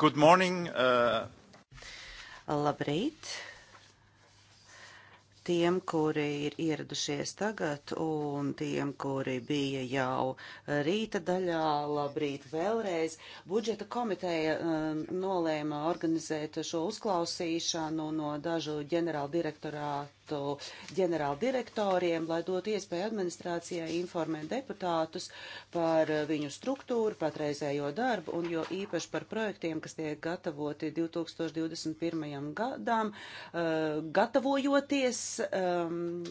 Good morning. Uh... Labrīt. Tiem, kuri ir ieradušies tagad un tiem, kuri bija jau rīta daļā, labrīt vēlreiz. Budžeta komiteja um, nolēma organizēt šo uzklausīšanu no dažu ģenerāla direktorātu deputātu ģenerāla direktoriem, lai dotu iespēju administrācijai informēt deputātus par eh, viņu struktūru, patreizējo darbu un jo īpaši par projektiem, kas tiek gatavoti 2021. gadām, eh, gatavojoties um,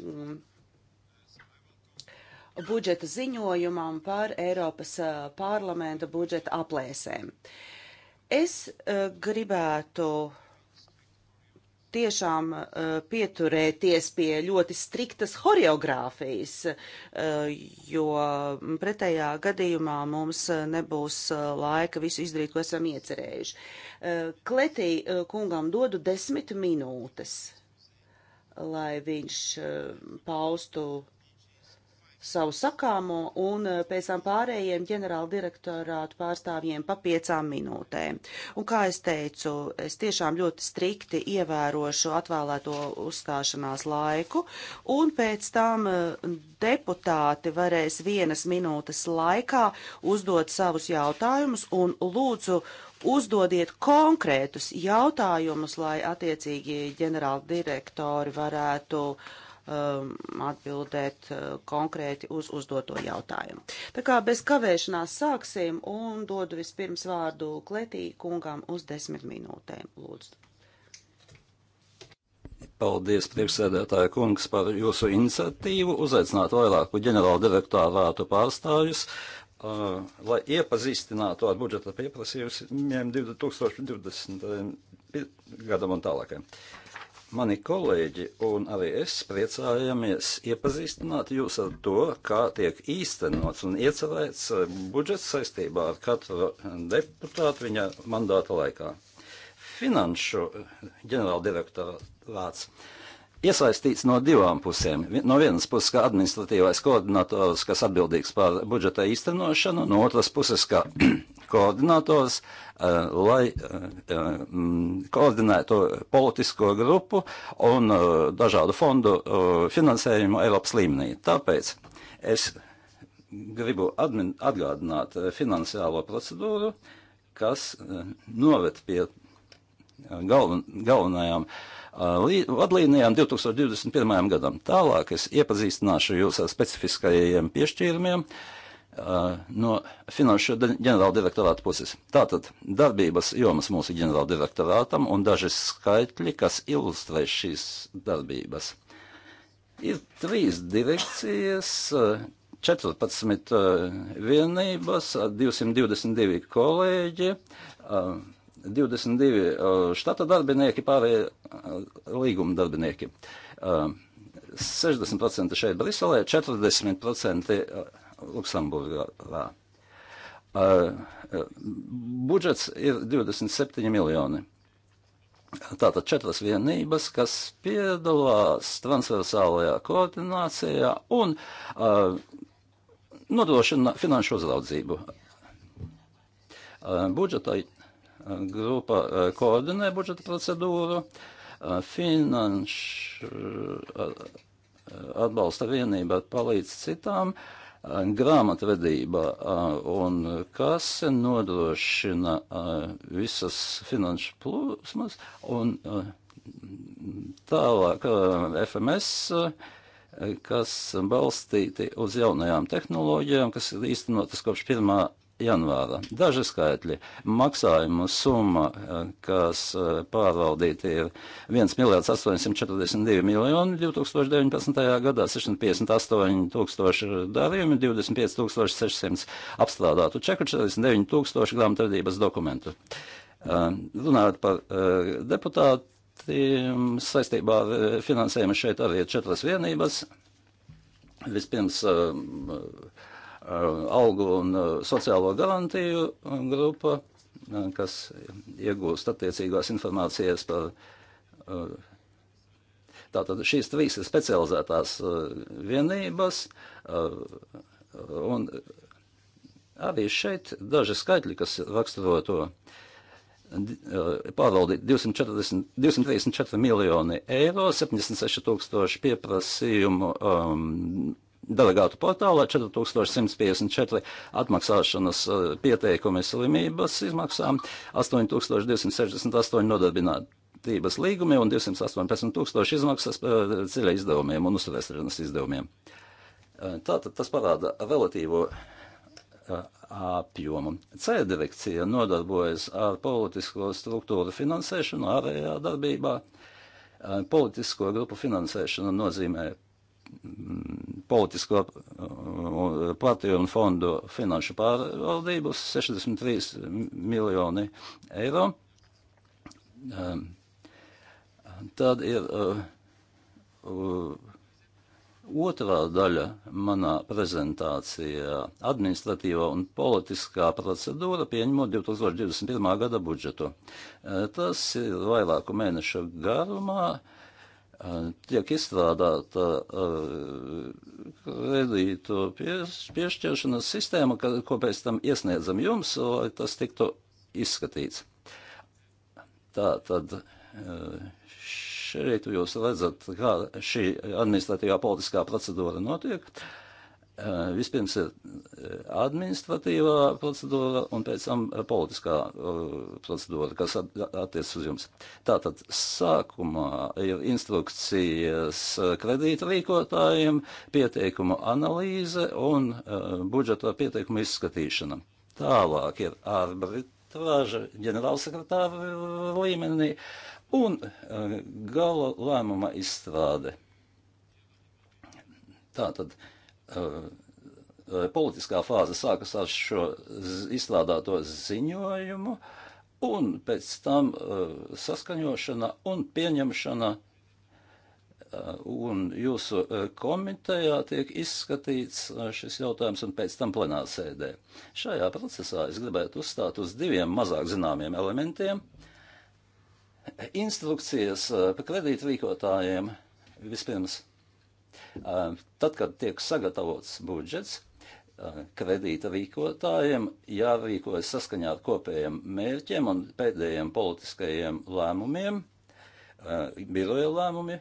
budžeta ziņojumam par Eiropas eh, parlamenta budžeta aplēsēm. Es uh, gribētu uh, tiešām eh, pieturēties pie ļoti striktas horeogrāfijas, eh, jo pretējā gadījumā mums eh, nebūs laika visu izdarīt, ko esam iecerējuši. Kletī kungam dodu desmit minūtes, lai viņš paustu savu sakāmo un eh, pēc tam pārējiem ģenerāla direktorātu pārstāvjiem pa piecām minūtēm. Un kā es teicu, es tiešām ļoti strikti ievērošu atvēlēto uzstāšanās laiku un pēc tam eh, deputāti varēs vienas minūtes laikā uzdot savus jautājumus un lūdzu uzdodiet konkrētus jautājumus, lai attiecīgi ģenerāla direktori varētu uh, Um, atbildēt uh, konkrēti uz uzdoto jautājumu. Tā kā bez kavēšanās sāksim un dodu vispirms vārdu Kletī kungam uz desmit minūtēm. Lūdzu. Paldies, priekšsēdētāja kungs, par jūsu iniciatīvu uzaicināt vairāku ģenerāla direktorātu pārstāvjus, uh, lai iepazīstinātu ar budžeta pieprasījumiem 2020. gadam un tālākajam. Uh, Mani kolēģi un arī es priecājamies iepazīstināt jūs ar to, kā tiek īstenots un iecerēts eh, budžets saistībā ar katru deputātu viņa mandāta laikā. Finanšu eh, ģenerāldirektorāts iesaistīts no divām pusēm. No vienas puses, kā administratīvais koordinators, kas atbildīgs par budžeta īstenošanu, no otras puses, kā koordinators, eh, lai eh, mm, koordinētu politisko grupu un eh, dažādu fondu finansējumu Eiropas līmenī. Tāpēc es gribu atgādināt finansiālo procedūru, kas noved pie galven, galvenajām uh, vadlīnijām 2021. gadam. Tālāk es iepazīstināšu jūs ar specifiskajiem piešķīrumiem no finanšu ģenerāla direktorāta puses. Tātad darbības jomas mūsu ģenerāla direktorātam un daži skaitļi, kas ilustrē šīs darbības. Ir trīs direkcijas, 14 vienības, 222 kolēģi, 22 eh, štata darbinieki, pārējie eh, līguma darbinieki. 60% eh, šeit Briselē, 40% Luksemburgā. Budžets ir 27 miljoni. Tātad četras vienības, kas piedalās transversālajā koordinācijā un uh, nodrošina finanšu uzraudzību. Uh, budžeta grupa e, koordinē budžeta procedūru, e, finanšu e, atbalsta vienība palīdz citām, grāmatvedība un kase nodrošina visas finanšu plūsmas un tālāk FMS kas balstīti uz jaunajām tehnoloģijām, kas ir īstenotas kopš 1 janvāra. Daži skaitļi - maksājumu summa, eh, kas eh, pārvaldīta ir 1 miljards 842 miljoni 2019. gadā, 658 tūkstoši darījumi, 25 tūkstoši 600 apstrādātu čeku, 49 tūkstoši grāmatvedības dokumentu. Eh, runājot par deputātiem, saistībā ar finansējumu šeit arī ir četras vienības. Vispirms uh, Uh, algu un uh, sociālo garantiju uh, grupa, kas iegūst attiecīgās informācijas par. Tātad šīs trīs ir specializētās vienības, un arī šeit daži skaitļi, kas raksturo to pārvaldīt 240, 234 miljoni eiro, 76 tūkstoši pieprasījumu um, delegātu portālā 4154 atmaksāšanas eh, pieteikumi slimības izmaksām, 8268 nodarbinātības līgumi un 218 tūkstoši izmaksas ceļa eh, izdevumiem un uzturēšanas izdevumiem. Eh, tātad tas parāda relatīvo apjomu. C direkcija nodarbojas ar politisko struktūru finansēšanu ārējā darbībā. Politisko grupu finansēšana nozīmē politisko uh, partiju un fondu finanšu pārvaldības 63 miljoni eiro. Um, tad ir uh, uh, otrā daļa manā prezentācijā - administratīvā un politiskā procedūra pieņemot 2021. gada budžetu. Tas ir vairāku mēnešu garumā Eh, tiek izstrādāta eh, kredītu pieš, piešķiršanas sistēma, ka, ko pēc tam iesniedzam jums, lai tas tiktu izskatīts. Tā tad eh, šeit jūs redzat, kā šī administratīvā politiskā procedūra notiek. Uh, Vispirms ir administratīvā procedūra un pēc tam politiskā procedūra, kas attiec uz jums. Tātad sākumā ir instrukcijas kredīta rīkotājiem, pieteikumu analīze un budžeta pieteikumu izskatīšana. Tālāk ir arbitrāža ģenerālsekretāra līmenī un gala lēmuma izstrāde. Tātad. tad politiskā fāze sākas ar šo izstrādāto ziņojumu, un pēc tam saskaņošana un pieņemšana. Un jūsu komitejā tiek izskatīts šis jautājums, un pēc tam plenārsēdē. Šajā procesā es gribētu uzstāt uz diviem mazāk zināmiem elementiem. Instrukcijas par kredītrīkotājiem vispirms Um, tad, kad tiek sagatavots budžets, um, kredīta rīkotājiem jārīkojas saskaņā ar kopējiem mērķiem un pēdējiem politiskajiem lēmumiem, uh, biroja lēmumi,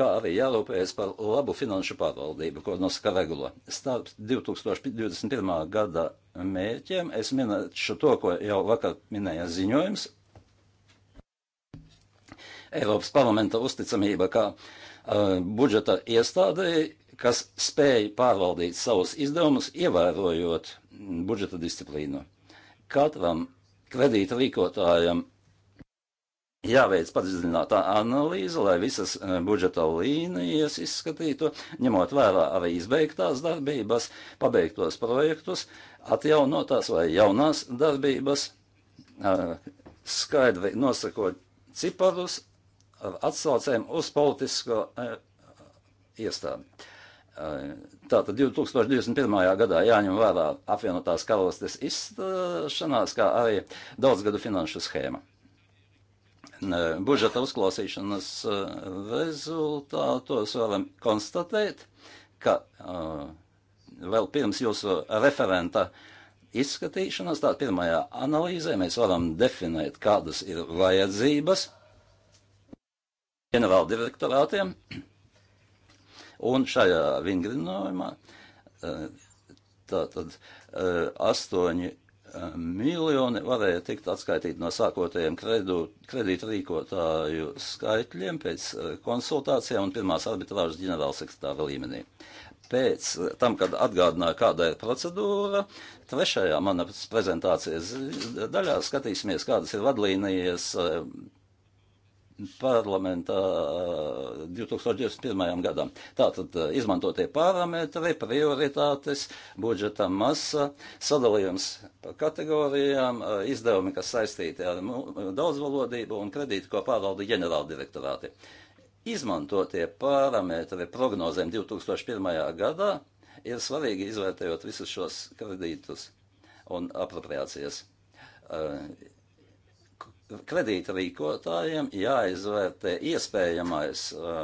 kā arī jārūpējas par labu finanšu pārvaldību, ko nosaka regula. Starp 2021. gada mērķiem es minēšu to, ko jau vakar minēja ziņojums. Eiropas parlamenta uzticamība kā Eh, budžeta iestādei, kas spēja pārvaldīt savus izdevumus, ievērojot budžeta disciplīnu. Katram kredīta rīkotājam jāveic padziļinātā analīze, lai visas eh, budžeta līnijas izskatītu, ņemot vērā arī izbeigtās darbības, pabeigtos projektus, atjaunotās vai jaunās darbības, eh, skaidri nosakot ciparus atsaucēm uz politisko e, iestādi. E, tātad 2021. gadā jāņem vērā apvienotās karalistes izstāšanās, kā arī daudzgadu finanšu schēma. E, budžeta uzklausīšanas rezultātos varam konstatēt, ka uh, vēl pirms jūsu referenta izskatīšanas, tā pirmajā analīzē, mēs varam definēt, kādas ir vajadzības ģenerāla direktorātiem. Un šajā vingrinājumā eh, tātad eh, astoņi eh, miljoni varēja tikt atskaitīti no sākotējiem kredītrīkotāju skaitļiem pēc konsultācijām un pirmās arbitrāžas ģenerālsekretāra līmenī. Pēc tam, kad atgādināja, kāda ir procedūra, trešajā manas prezentācijas daļā skatīsimies, kādas ir vadlīnijas parlamentā 2021. gadam. Tātad izmantotie parametri, prioritātes, budžeta masa, sadalījums pa kategorijām, izdevumi, kas saistīti ar daudzvalodību un kredīti, ko pārvalda ģenerāldirektorāti. Izmantotie parametri prognozēm 2001. gadā ir svarīgi izvērtējot visus šos kredītus un apropriācijas. Uh, kredīta rīkotājiem jāizvērtē iespējamais uh,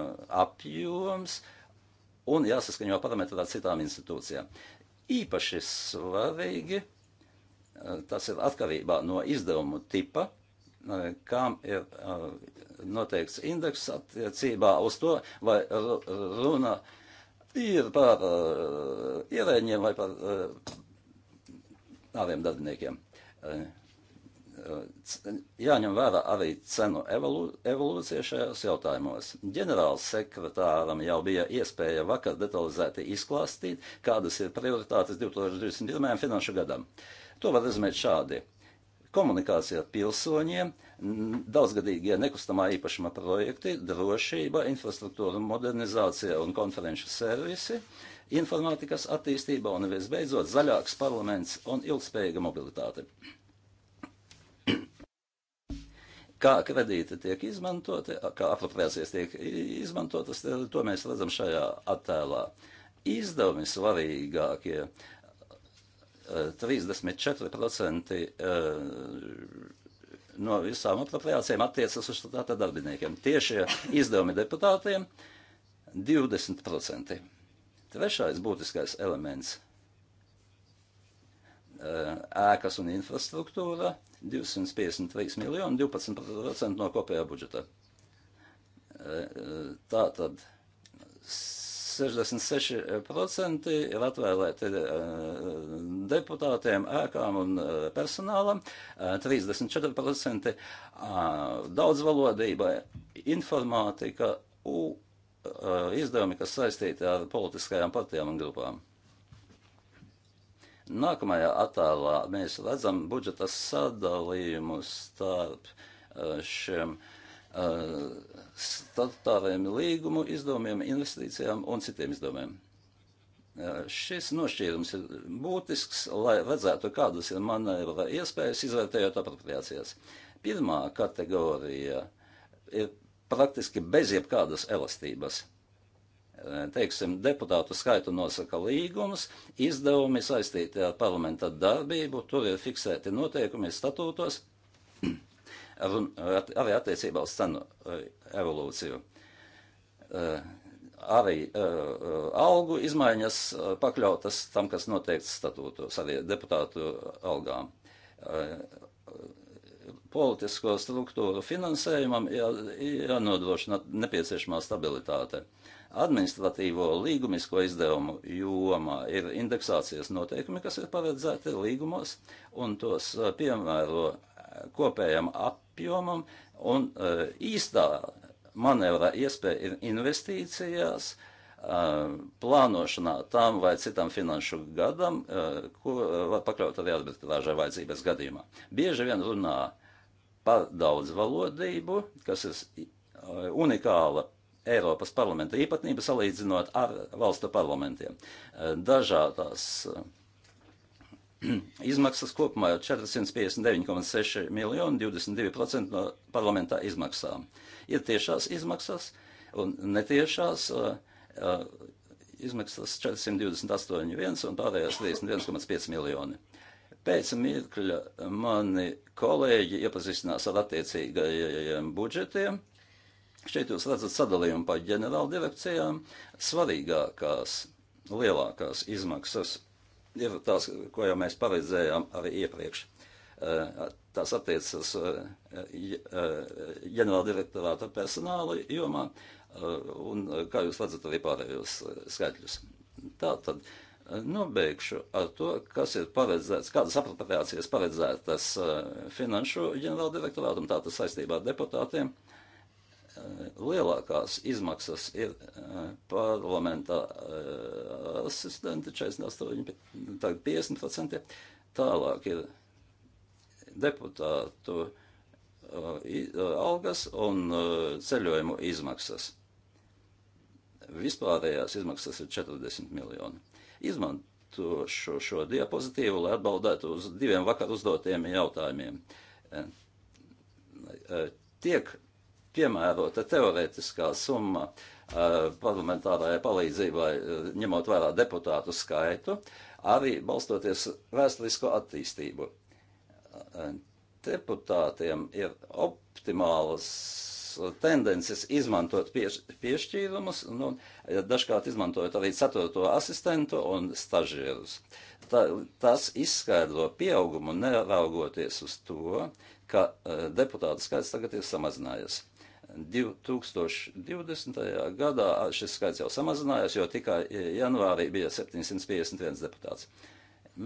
apjoms un jāsaskaņo parametri ar citām institūcijām. Īpaši svarīgi uh, tas ir atkarībā no izdevumu tipa, uh, kam ir uh, noteikts indeks attiecībā uz to, vai runa ir par uh, ierēģiem vai par uh, āriem darbiniekiem. Uh, jāņem vērā arī cenu evolu, evolūcija šajos jautājumos. Ģenerāls sekretāram jau bija iespēja vakar detalizēti izklāstīt, kādas ir prioritātes 2021. finanšu gadam. To var rezumēt šādi. Komunikācija ar pilsoņiem, daudzgadīgie nekustamā īpašuma projekti, drošība, infrastruktūra modernizācija un konferenču servisi, informātikas attīstība un visbeidzot zaļāks parlaments un ilgspējīga mobilitāte kā kredīti tiek izmantoti, kā apropriācijas tiek izmantotas, to mēs redzam šajā attēlā. Izdevumi svarīgākie 34% eh, eh, no visām apropriācijām attiecas uz tātad darbiniekiem. Tiešie izdevumi deputātiem 20%. Trešais būtiskais elements Eh, ēkas un infrastruktūra 253 miljoni, 12% no kopējā budžeta. Eh, tā tad 66% ir atvēlēti eh, deputātiem, ēkām un personālam, 34% daudzvalodībai, informātika, izdevumi, kas saistīti ar politiskajām partijām un grupām. Nākamajā attēlā mēs redzam budžeta sadalījumu starp eh, šiem eh, startāriem līgumu izdevumiem, investīcijām un citiem izdevumiem. Eh, šis nošķīrums ir būtisks, lai redzētu, kādas ir manevra iespējas, izvērtējot apropriācijas. Pirmā kategorija ir praktiski bez jebkādas elastības teiksim, deputātu skaitu nosaka līgums, izdevumi saistīti ar parlamenta darbību, tur ir fiksēti noteikumi statūtos, ar, ar, arī attiecībā uz cenu eh, evolūciju. Eh, arī eh, algu izmaiņas pakļautas tam, kas noteikts statūtos, arī deputātu algām politisko struktūru finansējumam jā, jānodrošina nepieciešamā stabilitāte. Uh, Administratīvo līgumisko izdevumu jomā ir indeksācijas noteikumi, kas ir paredzēti līgumos, un tos eh, piemēro eh, kopējam apjomam, un eh, īstā manevra iespēja ir investīcijās, plānošanā tam vai citam finanšu gadam, ko var pakļaut arī arbitrāžai vajadzības gadījumā. Bieži vien runā par daudz valodību, kas ir unikāla Eiropas parlamenta īpatnība salīdzinot ar valstu parlamentiem. Eh, dažādās eh, izmaksas kopumā ir 459,6 miljoni, 22% no parlamentā izmaksām. Ir tiešās izmaksas un netiešās eh, izmaksas 428,1 un pārējās 31,5 miljoni. Pēc mirkļa mani kolēģi iepazīstinās ar attiecīgajiem budžetiem. Uh, Šeit jūs redzat sadalījumu pa ģenerāldirekcijām. Svarīgākās, lielākās izmaksas ir tās, ko jau mēs paredzējām arī iepriekš. Eh, tās attiecas eh, eh, ģenerāldirektorāta personāla jomā, un, kā jūs redzat, arī pārējos skaitļus. Tā tad nobeigšu ar to, kas ir paredzēts, kādas apropriācijas paredzētas finanšu ģenerāldirektorātam, tātad saistībā ar deputātiem lielākās izmaksas ir eh, parlamentā eh, asistenti 48, tagad 50%, tālāk ir deputātu eh, algas un ceļojumu izmaksas. Vispārējās izmaksas ir 40 miljoni. Izmantošu šo diapozitīvu, lai atbaldētu uz diviem vakar uzdotiem jautājumiem. Tiek piemērota teorētiskā summa eh, parlamentārajai palīdzībai, eh, ņemot vērā deputātu skaitu, arī balstoties vēsturisko attīstību. Eh, deputātiem ir optimālas tendences izmantot pieš, piešķīrumus, nu, dažkārt izmantojot arī ceturto asistentu un stažierus. Ta, tas izskaidro pieaugumu, neraugoties uz to, ka uh, deputātu skaits tagad ir samazinājies. 2020. gadā šis skaits jau samazinājās, jo tikai e, janvārī bija 751 deputāts.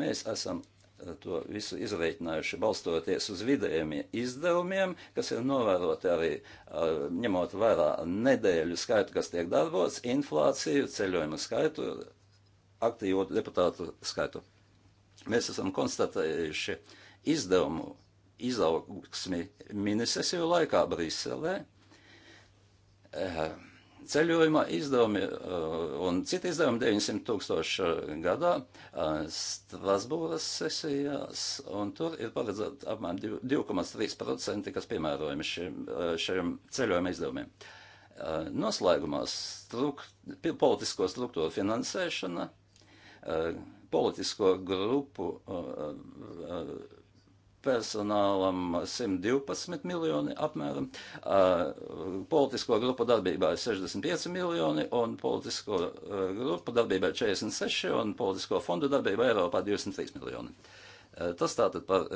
Mēs esam e, to visu izreikinājuši balstoties uz vidējiem izdevumiem, kas ir novēroti arī ņemot vērā nedēļu skaitu, kas tiek darbots, inflāciju, ceļojumu skaitu, aktīvo deputātu skaitu. Mēs esam konstatējuši izdevumu izaugsmi minisesiju laikā Briselē Ceļojuma izdevumi eh, un citi izdevumi 900 tūkstoši eh, gadā eh, Strasbūras sesijās, un tur ir paredzēta apmēram 2,3%, kas piemērojami šiem, šiem ceļojuma izdevumiem. Noslēgumā struk, politisko struktūru finansēšana, politisko grupu personālam 112 miljoni apmēram, politisko grupu darbībā ir 65 miljoni un politisko grupu darbībā ir 46 un politisko fondu darbībā Eiropā 203 miljoni. Tas tātad par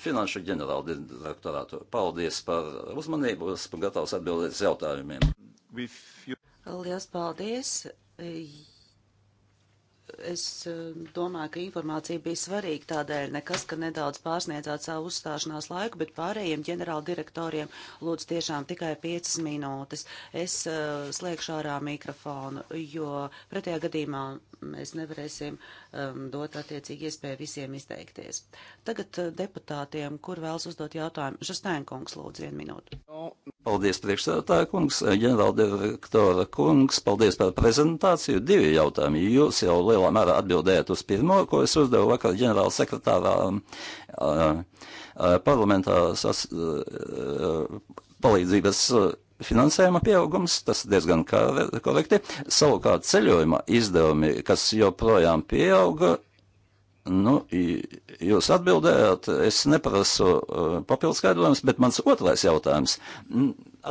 finanšu ģenerālu direktorātu. Paldies par uzmanību, esmu gatavs atbildēt uz jautājumiem. Liels paldies! es eh, domāju, ka informācija bija svarīga tādēļ nekas, ka nedaudz pārsniedzāt savu uzstāšanās laiku, bet pārējiem ģenerāla direktoriem lūdzu tiešām tikai 5 minūtes. Es uh, slēgšu ārā mikrofonu, jo pretējā gadījumā mēs nevarēsim um, dot attiecīgi iespēju visiem izteikties. Tagad uh, deputātiem, kur vēlas uzdot jautājumu, Žastēnkungs lūdzu vienu minūtu. Paldies, priekšsēdētāja kungs, ģenerāldirektora kungs, paldies par prezentāciju. Divi jautājumi. Jūs jau lielā mērā atbildējat uz pirmo, ko es uzdevu vakar ģenerāla sekretārā um, uh, uh, parlamentā sas, uh, palīdzības uh, finansējuma pieaugums, tas diezgan korekti. Savukārt ceļojuma izdevumi, kas joprojām pieauga, nu, jūs atbildējāt, es neprasu uh, papildus skaidrojumus, bet mans otrais jautājums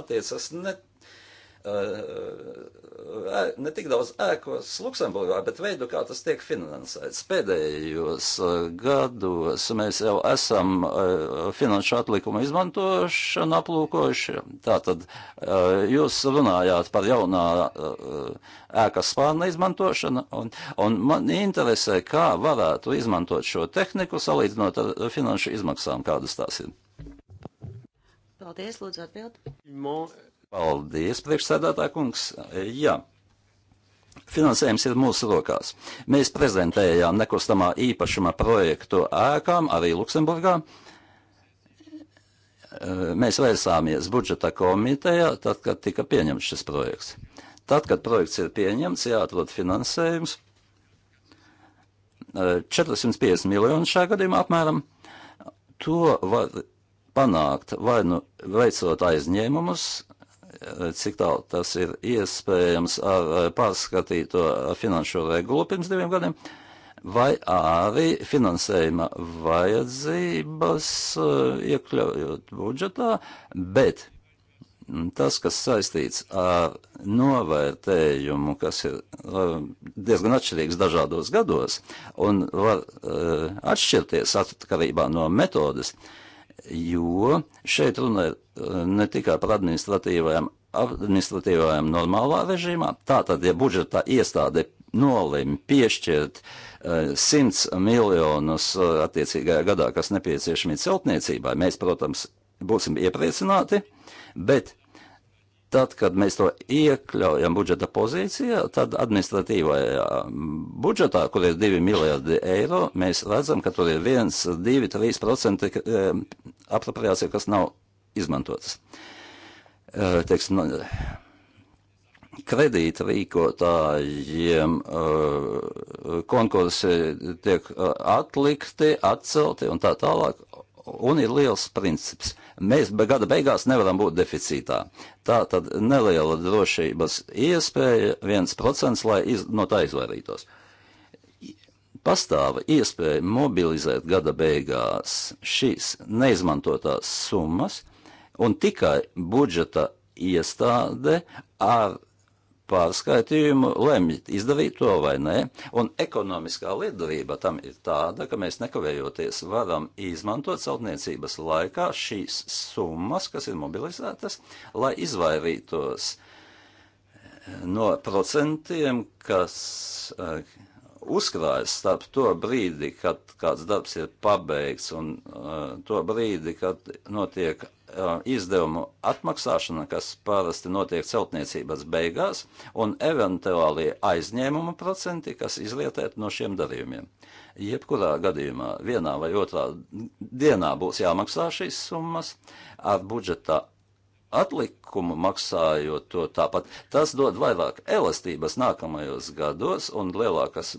attiecas ne ne tik daudz ēkos Luksemburgā, bet veidu, kā tas tiek finansēts. Pēdējos gados mēs jau esam finanšu atlikumu izmantošanu aplūkojuši. Tātad jūs runājāt par jaunā ēkas spārna izmantošanu, un, un man interesē, kā varētu izmantot šo tehniku salīdzinot ar finanšu izmaksām, kādas tās ir. Paldies, lūdzu atbildi. Paldies, priekšsēdētāja kungs. Jā. Finansējums ir mūsu rokās. Mēs prezentējām nekustamā īpašuma projektu ēkām arī Luksemburgā. Mēs vērsāmies budžeta komitejā, tad, kad tika pieņemts šis projekts. Tad, kad projekts ir pieņemts, jāatrod finansējums. 450 miljonu šā gadījumā apmēram. To var panākt vai nu veicot aizņēmumus, cik tālu tas ir iespējams ar eh, pārskatīto finanšu regulu pirms diviem gadiem, vai arī finansējuma vajadzības eh, iekļaujot budžetā, bet tas, kas saistīts ar novērtējumu, kas ir eh, diezgan atšķirīgs dažādos gados un var atšķirties atkarībā no metodas, uh, jo šeit runa ir eh, ne tikai par administratīvajām, administratīvajām normālā režīmā, tātad, ja budžeta iestāde nolēma piešķirt uh, eh, 100 miljonus uh, attiecīgajā gadā, kas nepieciešami celtniecībai, mēs, protams, būsim iepriecināti, bet Tad, kad mēs to iekļaujam budžeta pozīcijā, tad administratīvajā budžetā, kur ir 2 miljardi eiro, mēs redzam, ka tur ir 1, 2, 3 procenti e, apropriācija, kas nav izmantotas. E, teiksim, kredīta rīkotājiem e, konkursi tiek atlikti, atcelti un tā tālāk. Un ir liels princips mēs be gada beigās nevaram būt deficītā. Tā tad neliela drošības iespēja, viens procents, lai iz, no tā izvairītos. Pastāva iespēja mobilizēt gada beigās šīs neizmantotās summas, un tikai budžeta iestāde ar pārskaitījumu lemj izdarīt to vai nē, un ekonomiskā lietuvība tam ir tāda, ka mēs nekavējoties varam izmantot celtniecības laikā šīs summas, kas ir mobilizētas, lai izvairītos eh, no procentiem, kas eh, uzkrājas starp to brīdi, kad kāds darbs ir pabeigts, un uh, to brīdi, kad notiek Uh, izdevumu atmaksāšana, kas parasti notiek celtniecības beigās, un eventuālie aizņēmuma procenti, kas izlietēti no šiem darījumiem. Jebkurā gadījumā vienā vai otrā dienā būs jāmaksā šīs summas ar budžeta atlikumu maksājot to tāpat. Tas dod vairāk elastības nākamajos gados un lielākas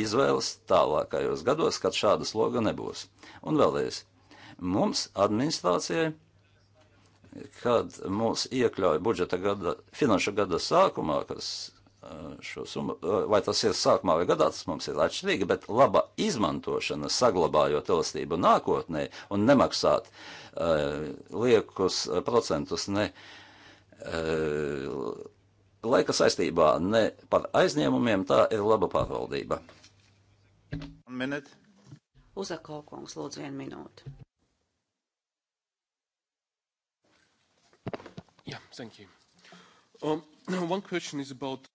izvēles tālākajos gados, kad šāda sloga nebūs. Un vēlreiz, mums administrācijai kad mūs iekļauj budžeta gada, finanšu gada sākumā, kas šo summu, vai tas ir sākumā vai gadā, tas mums ir atšķirīgi, bet laba izmantošana, saglabājot elastību nākotnē un nemaksāt uh, liekus procentus ne uh, laika saistībā, ne par aizņēmumiem, tā ir laba pārvaldība. Uzakaukungs, lūdzu, vienu minūti. Yeah, thank you. Um, one question is about.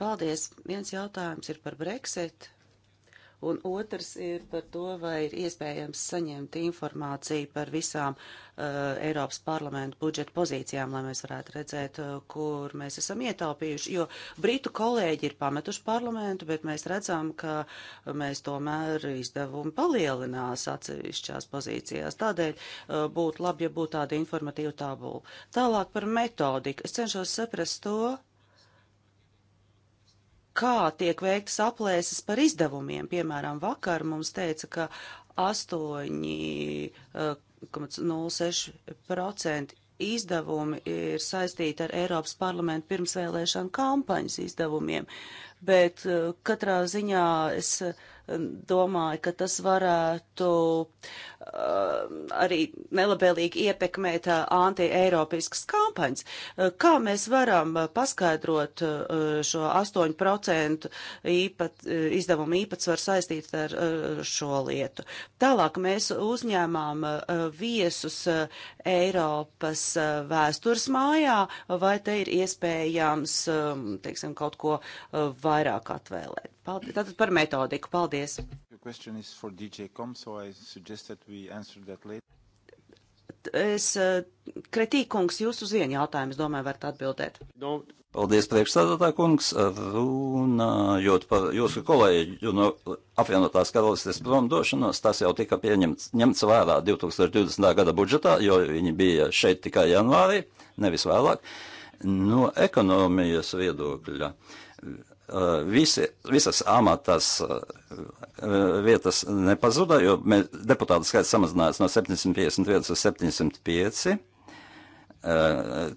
Paldies. Viens jautājums ir par Brexit un otrs ir par to, vai ir iespējams saņemt informāciju par visām uh, Eiropas parlamentu budžeta pozīcijām, lai mēs varētu redzēt, uh, kur mēs esam ietaupījuši, jo Britu kolēģi ir pametuši parlamentu, bet mēs redzam, ka mēs tomēr izdevumi palielinās atsevišķās pozīcijās. Tādēļ uh, būtu labi, ja būtu tāda informatīva tabula. Tālāk par metodiku. Es cenšos saprast to, kā tiek veiktas aplēses par izdevumiem. Piemēram, vakar mums teica, ka 8,06% eh, izdevumi ir saistīti ar Eiropas parlamentu pirmsvēlēšanu kampaņas izdevumiem bet eh, katrā ziņā es eh, domāju, ka tas varētu uh, arī nelabēlīgi iepekmēt uh, anti-eiropiskas kampaņas. Uh, kā mēs varam paskaidrot šo 8% īpat, izdevumu īpatsvaru saistīt ar šo lietu? Tālāk mēs uzņēmām viesus Eiropas vēstures mājā, vai te ir iespējams, teiksim, kaut ko vai vairāk atvēlēt. Paldies. Tātad par metodiku. Paldies. Com, so es, eh, Kretīkungs, jūs uz vienu jautājumu, es domāju, varat atbildēt. No. Paldies, priekšstādātā kungs, runājot par jūsu kolēģi no apvienotās karalistes promdošanos, tas jau tika pieņemts, ņemts vērā 2020. gada budžetā, jo viņi bija šeit tikai janvārī, nevis vēlāk, no ekonomijas viedokļa. Uh, Visi, visas amatās vietas nepazuda, jo mēs, deputātu skaits samazinājās no 750 vietas uz 705.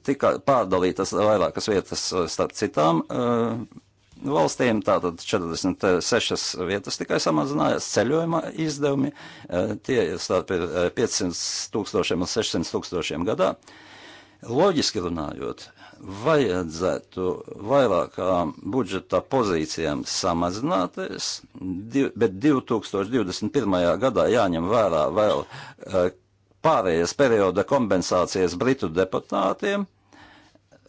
Tika pārdalītas vairākas vietas starp citām valstīm, tātad 46 vietas tikai samazinājās, ceļojuma izdevumi tie ir starp 500 tūkstošiem un 600 tūkstošiem gadā. Loģiski runājot, vajadzētu vairākām budžeta pozīcijām samazināties, div, bet 2021. gadā jāņem vērā vēl uh, pārējais perioda kompensācijas Britu deputātiem.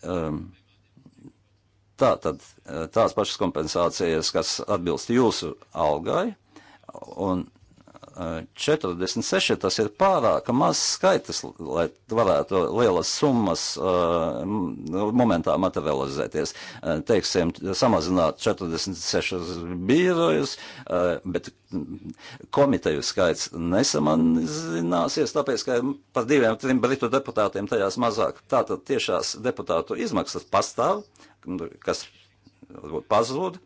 Um, ehm, tā tad eh, tās pašas kompensācijas, kas atbilst jūsu algai, un 46, tas ir pārāk maz skaitas, lai varētu lielas summas uh, momentā materializēties. Uh, teiksim, samazināt 46 birojus, uh, bet mm, komiteju skaits nesamazināsies, tāpēc, ka par diviem, trim britu deputātiem tajās mazāk. Tātad tiešās deputātu izmaksas pastāv, kas pazūd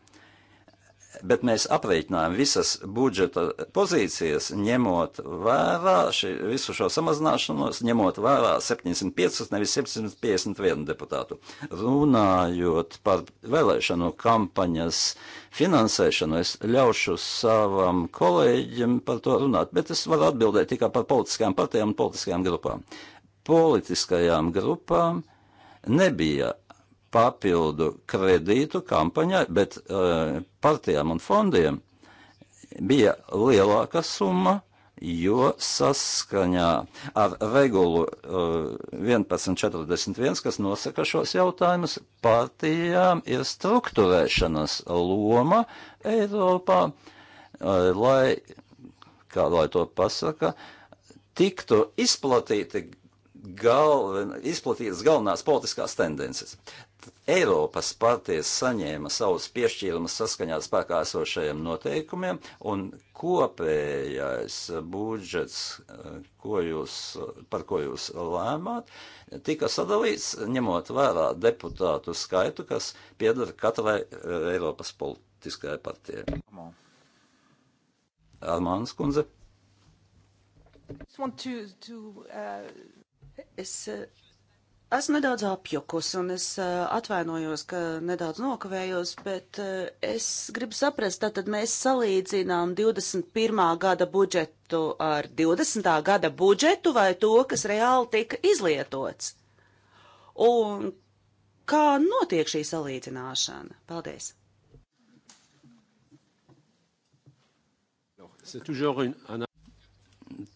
bet mēs aprēķinājām visas budžeta pozīcijas, ņemot vērā ši, visu šo samazināšanos, ņemot vērā 705, nevis 751 deputātu. Runājot par vēlēšanu kampaņas finansēšanu, es ļaušu savam kolēģim par to runāt, bet es varu atbildēt tikai par politiskajām partijām un politiskajām grupām. Politiskajām grupām nebija papildu kredītu kampaņai, bet uh, partijām un fondiem bija lielāka summa, jo saskaņā ar regulu uh, eh, 1141, kas nosaka šos jautājumus, partijām ir struktūrēšanas loma Eiropā, uh, lai, kā lai to pasaka, tiktu izplatīti galven, izplatītas galvenās politiskās tendences. Eiropas partijas saņēma savus piešķīrumus saskaņā spēkā esošajiem noteikumiem, un kopējais budžets, ko jūs, par ko jūs lēmāt, tika sadalīts ņemot vērā deputātu skaitu, kas piedara katrai e, Eiropas politiskajai partijai. Armāns kundze. To, to, uh... Es uh Esmu nedaudz apjukus un es eh, atvainojos, ka nedaudz nokavējos, bet eh, es gribu saprast, tātad mēs salīdzinām 21. gada budžetu ar 20. gada budžetu vai to, kas reāli tika izlietots. Un kā notiek šī salīdzināšana? Paldies!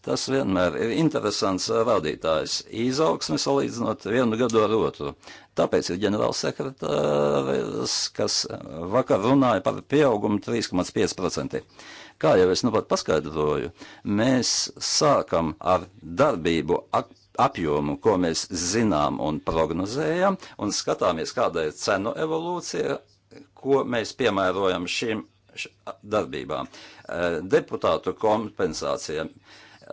Tas vienmēr ir interesants rādītājs eh, - izaugsme salīdzinot vienu gadu ar otru. Tāpēc ir ģenerālsekretārs, kas eh, vakar runāja par pieaugumu 3,5%. Kā jau es nu pat paskaidroju, mēs sākam ar darbību apjomu, ko mēs zinām un prognozējam, un skatāmies, kāda ir cenu evolūcija, ko mēs piemērojam šīm darbībām, eh, deputātu kompensācijām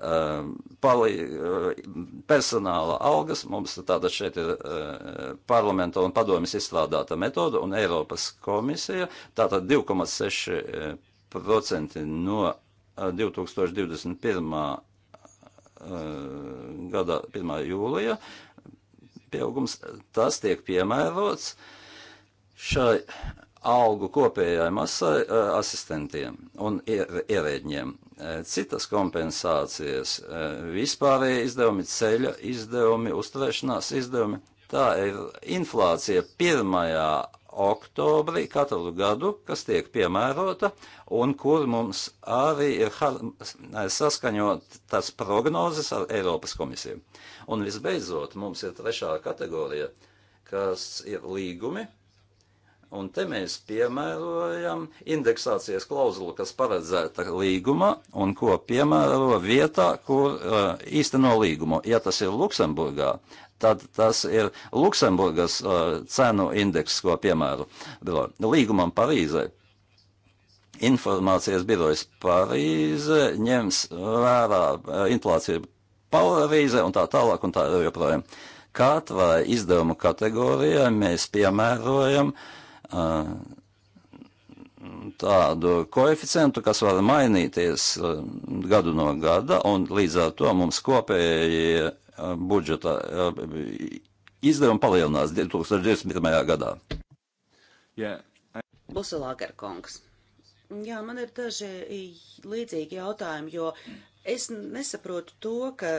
Ehm, pali, ehm, personāla algas. Mums tāda šeit ir ehm, parlamenta un padomjas izstrādāta metoda un Eiropas komisija. Tātad 2,6% no 2021. Eh, gada 1. jūlija pieaugums, tas tiek piemērots šai algu kopējai masai eh, asistentiem un ierēģiem. Eh, citas kompensācijas, eh, vispārējie izdevumi, ceļa izdevumi, uzturēšanās izdevumi. Tā ir inflācija 1. oktobrī katru gadu, kas tiek piemērota un kur mums arī ir eh, saskaņotas prognozes ar Eiropas komisiju. Un visbeidzot, mums ir trešā kategorija, kas ir līgumi, Un te mēs piemērojam indeksācijas klauzulu, kas paredzēta līgumā un ko piemēro vietā, kur uh, īsteno līgumu. Ja tas ir Luksemburgā, tad tas ir Luksemburgas uh, cenu indeks, ko piemēro līgumam Parīzē. Informācijas birojas Parīze ņems vērā uh, inflāciju Parīzē un tā tālāk un tā joprojām. Katrai izdevuma kategorijai mēs piemērojam uh, tādu koeficientu, kas var mainīties gadu no gada, un līdz ar to mums kopēji budžeta izdevumi palielinās 2021. gadā. Yeah. I... Busu Lagerkungs. Jā, man ir daži līdzīgi jautājumi, jo Es nesaprotu to, ka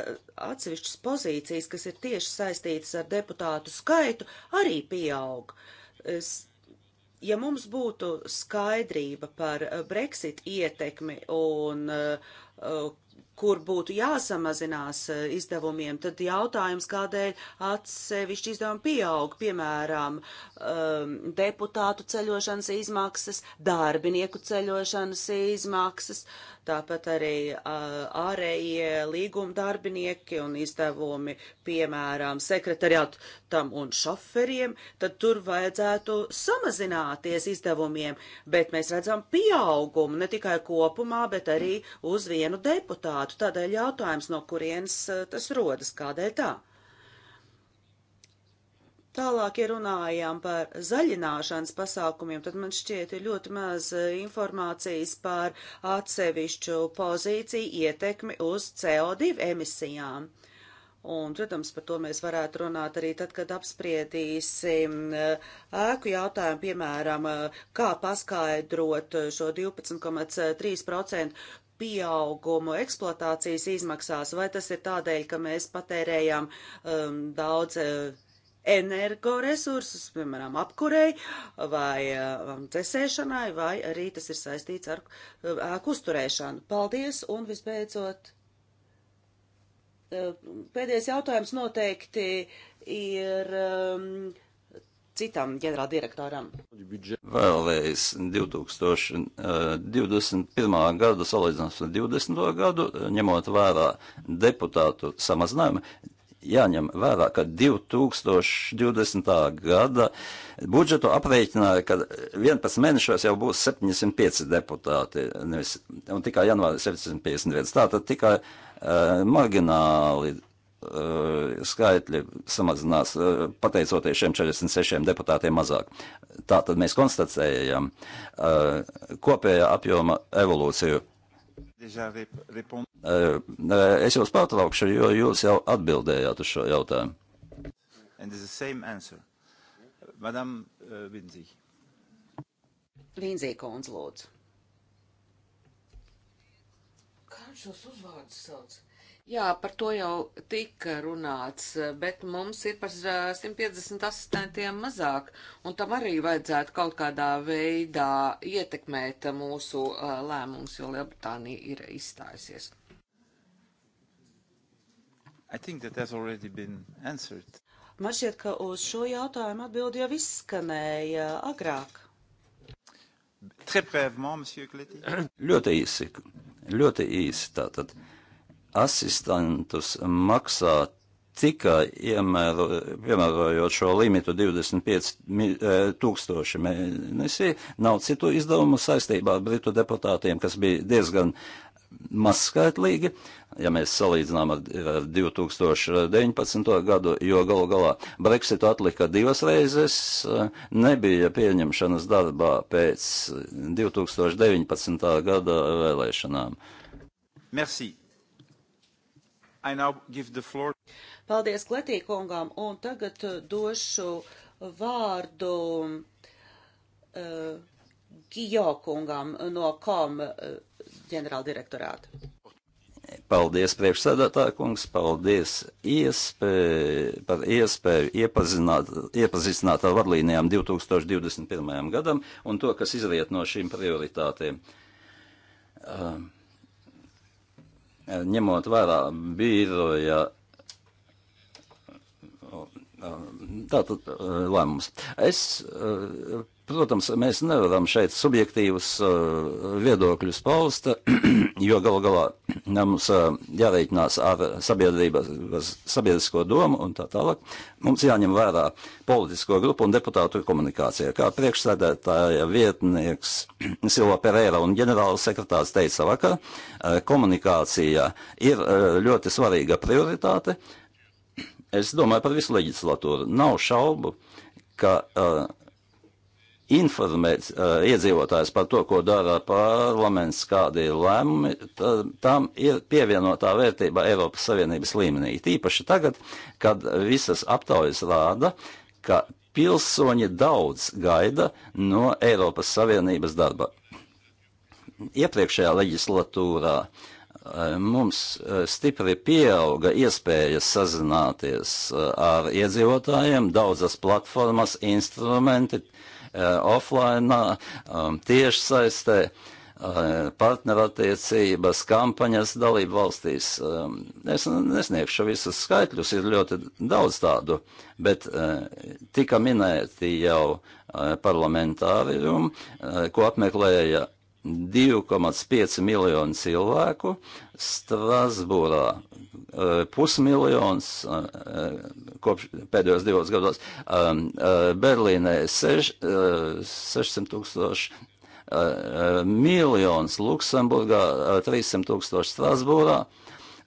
atsevišķas pozīcijas, kas ir tieši saistītas ar deputātu skaitu, arī pieaug. Es ja mums būtu skaidrība par eh, Brexit ietekmi un eh, eh, kur būtu jāsamazinās izdevumiem, tad jautājums, kādēļ atsevišķi izdevumi pieaug, piemēram, ehm, deputātu ceļošanas izmaksas, darbinieku ceļošanas izmaksas, tāpat arī ārējie līguma darbinieki un izdevumi, piemēram, sekretariātam un šoferiem, tad tur vajadzētu samazināties izdevumiem, bet mēs redzam pieaugumu ne tikai kopumā, bet arī uz vienu deputātu. Tādēļ jautājums, no kurienes tas rodas, kādēļ tā? Tālāk, ja runājām par zaļināšanas pasākumiem, tad man šķiet ir ļoti maz eh, informācijas par atsevišķu pozīciju ietekmi uz CO2 emisijām. Un, protams, par to mēs varētu runāt arī tad, kad apspriedīsim eh, ēku jautājumu, piemēram, eh, kā paskaidrot šo 12,3% pieaugumu eksploatācijas izmaksās, vai tas ir tādēļ, ka mēs patērējam um, daudz uh, energoresursus, piemēram, apkurei vai cesēšanai, eh, um, vai arī tas ir saistīts ar eh, ēku uzturēšanu. Paldies un visbeidzot. Eh, pēdējais jautājums noteikti ir um, citam ģenerāldirektoram. Vēlreiz 2021. gadu salīdzinājums ar 2020. gadu, ņemot vērā deputātu samazinājumu, jāņem vērā, ka 2020. gada budžetu aprēķināja, ka 11 mēnešos jau būs 705 deputāti, nevis, un tikai janvāri 751. Tātad tikai uh, margināli uh, skaitļi samazinās, uh, pateicoties šiem 46 deputātiem mazāk. Tātad mēs konstatējam uh, kopējā apjoma evolūciju Eh, eh, es jūs pārtraukšu, jo jūs jau atbildējāt uz šo jautājumu. Madam uh, Vinzī. Vinzī kundze, lūdzu. Kā viņš šos uzvārdus sauc? Jā, par to jau tika runāts, bet mums ir par 150 asistentiem mazāk, un tam arī vajadzētu kaut kādā veidā ietekmēt mūsu lēmumus, jo Lielbritānija ir izstājusies. Man šķiet, ka uz šo jautājumu atbildi jau izskanēja agrāk. Très brèvement, monsieur Kleti. Ļoti īsi, ļoti īsi tātad. Uh, asistentus maksā tikai iemēro, piemērojot šo limitu 25 e, tūkstoši mēnesī. Nav citu izdevumu saistībā ar britu deputātiem, kas bija diezgan mazskaitlīgi, ja mēs salīdzinām ar, ar 2019. gadu, jo galu galā Brexitu atlika divas reizes, e, nebija pieņemšanas darbā pēc 2019. gada vēlēšanām. Merci. Paldies Kletīkungām, un tagad uh, došu vārdu uh, Gijokungam no KOM uh, ģenerāldirektorāta. Paldies priekšsēdētāja kungs, paldies iespēju, par iespēju iepazināt, iepazīstināt ar vadlīnijām 2021. gadam un to, kas izriet no šīm prioritātēm. Um, ņemot vērā bīroja Tātad eh, lēmums. Es, eh, protams, mēs nevaram šeit subjektīvus eh, viedokļus paust, jo galu galā mums jārēķinās ar sabiedrības, sabiedrisko domu un tā tālāk. Mums jāņem vērā politisko grupu un deputātu komunikācija. Kā priekšsēdētāja vietnieks Silva Pereira un ģenerāla sekretārs teica vakar, komunikācija ir ļoti svarīga prioritāte es domāju par visu leģislatūru. Nav šaubu, ka uh, informēt uh, iedzīvotājs par to, ko dara parlaments, kādi ir lēmumi, tā, tam ir pievienotā vērtība Eiropas Savienības līmenī. Tīpaši tagad, kad visas aptaujas rāda, ka pilsoņi daudz gaida no Eiropas Savienības darba. Iepriekšējā leģislatūrā uh, Mums eh, stipri pieauga iespējas sazināties eh, ar iedzīvotājiem, daudzas platformas, instrumenti, eh, offline, um, tiešsaistē, partnerattiecības, kampaņas dalību valstīs. Um, es nesniegšu visus skaitļus, ir ļoti daudz tādu, bet tika minēti jau parlamentāriumi, ko apmeklēja 2,5 miljonu cilvēku, Strasbūrā eh, pusmiljons eh, kopš pēdējos divos gados, um, eh, Berlīnē sež, 600 tūkstoši, miljons Luksemburgā, 300 tūkstoši Strasbūrā.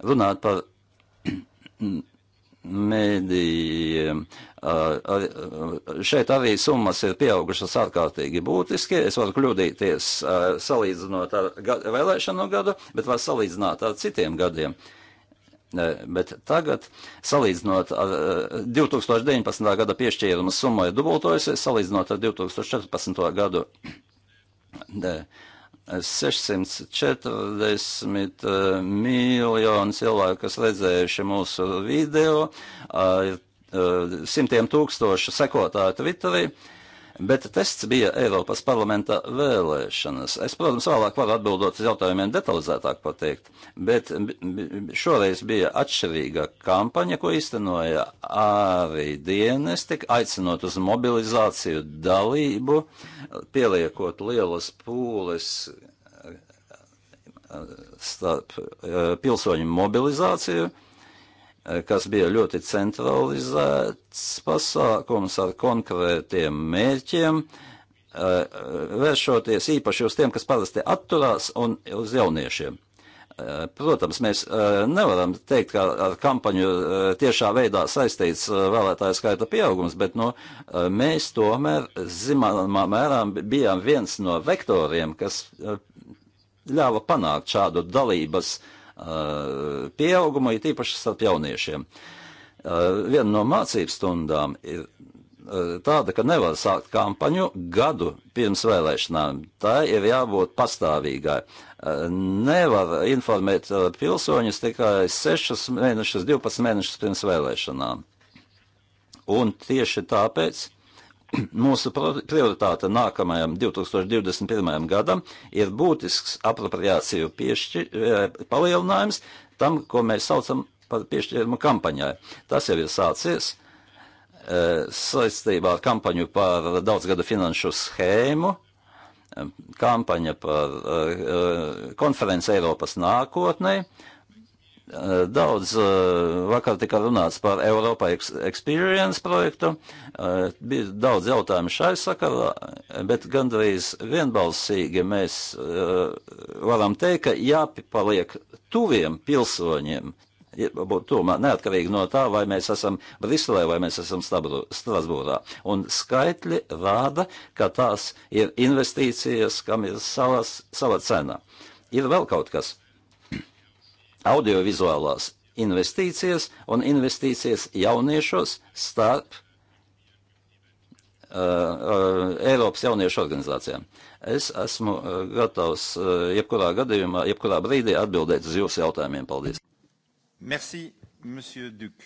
Runāt par mēdījiem. Uh, uh, uh, šeit arī summas ir pieaugušas ārkārtīgi būtiski. Es varu kļūdīties salīdzinot ar gadu, vēlēšanu gadu, bet var salīdzināt ar citiem gadiem. Bet tagad, salīdzinot ar 2019. gada piešķīrumu summu, ir dubultojusies, salīdzinot ar 2014. gadu 640 miljonu cilvēku, kas redzējuši mūsu video, ir Uh, simtiem tūkstošu sekotāju Twitterī, bet tests bija Eiropas parlamenta vēlēšanas. Es, protams, vēlāk varu atbildot uz jautājumiem detalizētāk pateikt, bet šoreiz bija atšķirīga kampaņa, ko īstenoja arī dienesti, aicinot uz mobilizāciju dalību, pieliekot lielas pūles uh, starp uh, pilsoņu mobilizāciju kas bija ļoti centralizēts pasākums ar konkrētiem mērķiem, eh, vēršoties īpaši uz tiem, kas parasti atturās, un uz jauniešiem. Eh, protams, mēs eh, nevaram teikt, ka ar kampaņu tiešā veidā saistīts vēlētāju skaita pieaugums, bet no, nu, mēs tomēr, zināmā mērā, bijām viens no vektoriem, kas ļāva panākt šādu dalības uh, Uh, pieauguma, ir tīpaši starp jauniešiem. Uh, viena no mācības stundām ir uh, tāda, ka nevar sākt kampaņu gadu pirms vēlēšanām. Tā ir jābūt pastāvīgai. Nevar informēt pilsoņus tikai 6 mēnešus, 12 mēnešus pirms vēlēšanām. Un tieši tāpēc Mūsu prioritāte nākamajam 2021. gadam ir būtisks apropriāciju piešķi, e, palielinājums tam, ko mēs saucam par piešķīrumu kampaņai. Tas jau ir sācies e, saistībā ar kampaņu par daudzgada finanšu schēmu, e, kampaņa par konferenci Eiropas nākotnei Eh, daudz eh, vakar tika runāts par Eiropa Experience projektu, eh, bija daudz jautājumu šai sakarā, bet gandrīz vienbalsīgi mēs varam teikt, ka jāpaliek tuviem pilsoņiem, tomēr neatkarīgi no tā, vai mēs esam Briselē vai mēs esam Strasbūrā. Un skaitļi rāda, ka tās ir investīcijas, kam ir savas, sava cena. Ir vēl kaut kas audiovizuālās investīcijas un investīcijas jauniešos starp uh, uh, Eiropas jauniešu organizācijām. Es esmu uh, gatavs uh, jebkurā gadījumā, jebkurā brīdī atbildēt uz jūsu jautājumiem. Paldies! Merci, monsieur Duk.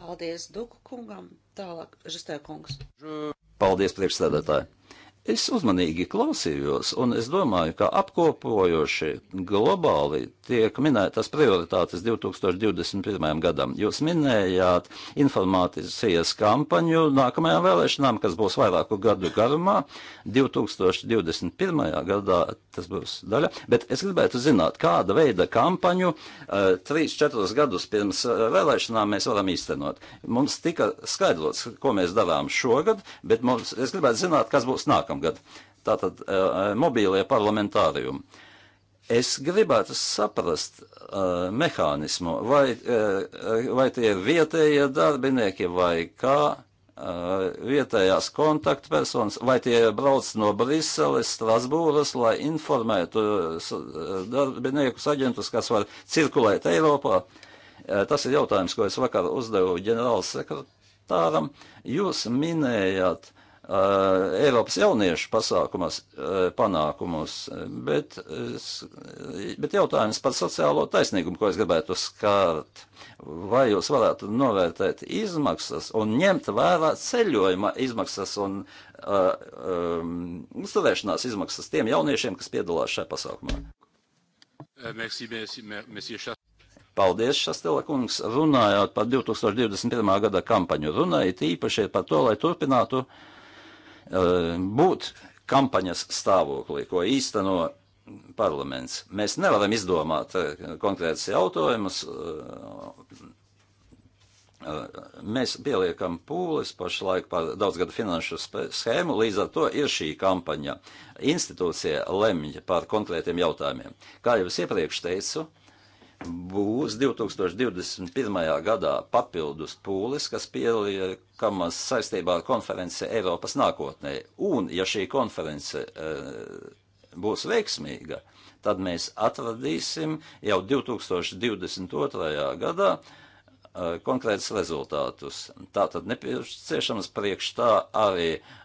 Paldies, Duku kungam. Tālāk, Žestē kungs. Je... Paldies, priekšsēdētāji. Es uzmanīgi klausījos, un es domāju, ka apkopojoši globāli tiek minētas prioritātes 2021. gadam. Jūs minējāt informācijas kampaņu nākamajām vēlēšanām, kas būs vairāku gadu garumā. 2021. gadā tas būs daļa, bet es gribētu zināt, kāda veida kampaņu uh, eh, 3-4 gadus pirms eh, vēlēšanām mēs varam īstenot. Mums tika skaidrots, ko mēs darām šogad, bet mums, es gribētu zināt, kas būs nākamajā nākamgad. Tātad mobīlie parlamentāriumi. Es gribētu saprast uh, mehānismu, vai, uh, vai tie ir vietējie darbinieki vai kā uh, vietējās kontaktpersonas, vai tie brauc no Briseles, Strasbūras, lai informētu darbiniekus, aģentus, kas var cirkulēt Eiropā. Uh, tas ir jautājums, ko es vakar uzdevu ģenerālsekretāram. Jūs minējāt uh, uh, Eiropas jauniešu pasākumas, uh, panākumus, eh, bet, bet jautājums par sociālo taisnīgumu, ko es gribētu skārt. Vai jūs varētu novērtēt izmaksas un ņemt vērā ceļojuma izmaksas un uh, um, uzturēšanās izmaksas tiem jauniešiem, kas piedalās šajā pasākumā? Merci, merci, merci, Paldies, Šastela kungs, runājot par 2021. gada kampaņu. Runājiet īpaši par to, lai turpinātu uh, Eh, būt kampaņas stāvoklī, ko īsteno parlaments. Mēs nevaram izdomāt eh, konkrētus jautājumus. Eh, mēs pieliekam pūles pašlaik par daudzgadu finanšu schēmu, līdz ar to ir šī kampaņa. Institūcija lemj par konkrētiem jautājumiem. Kā jau es iepriekš teicu, uh, būs 2021. gadā papildus pūles, kas pieliekamas saistībā ar konferenci Eiropas nākotnē. Un, ja šī konference eh, būs veiksmīga, tad mēs atradīsim jau 2022. gadā eh, konkrētus rezultātus. Tātad nepieciešams priekš tā arī uh,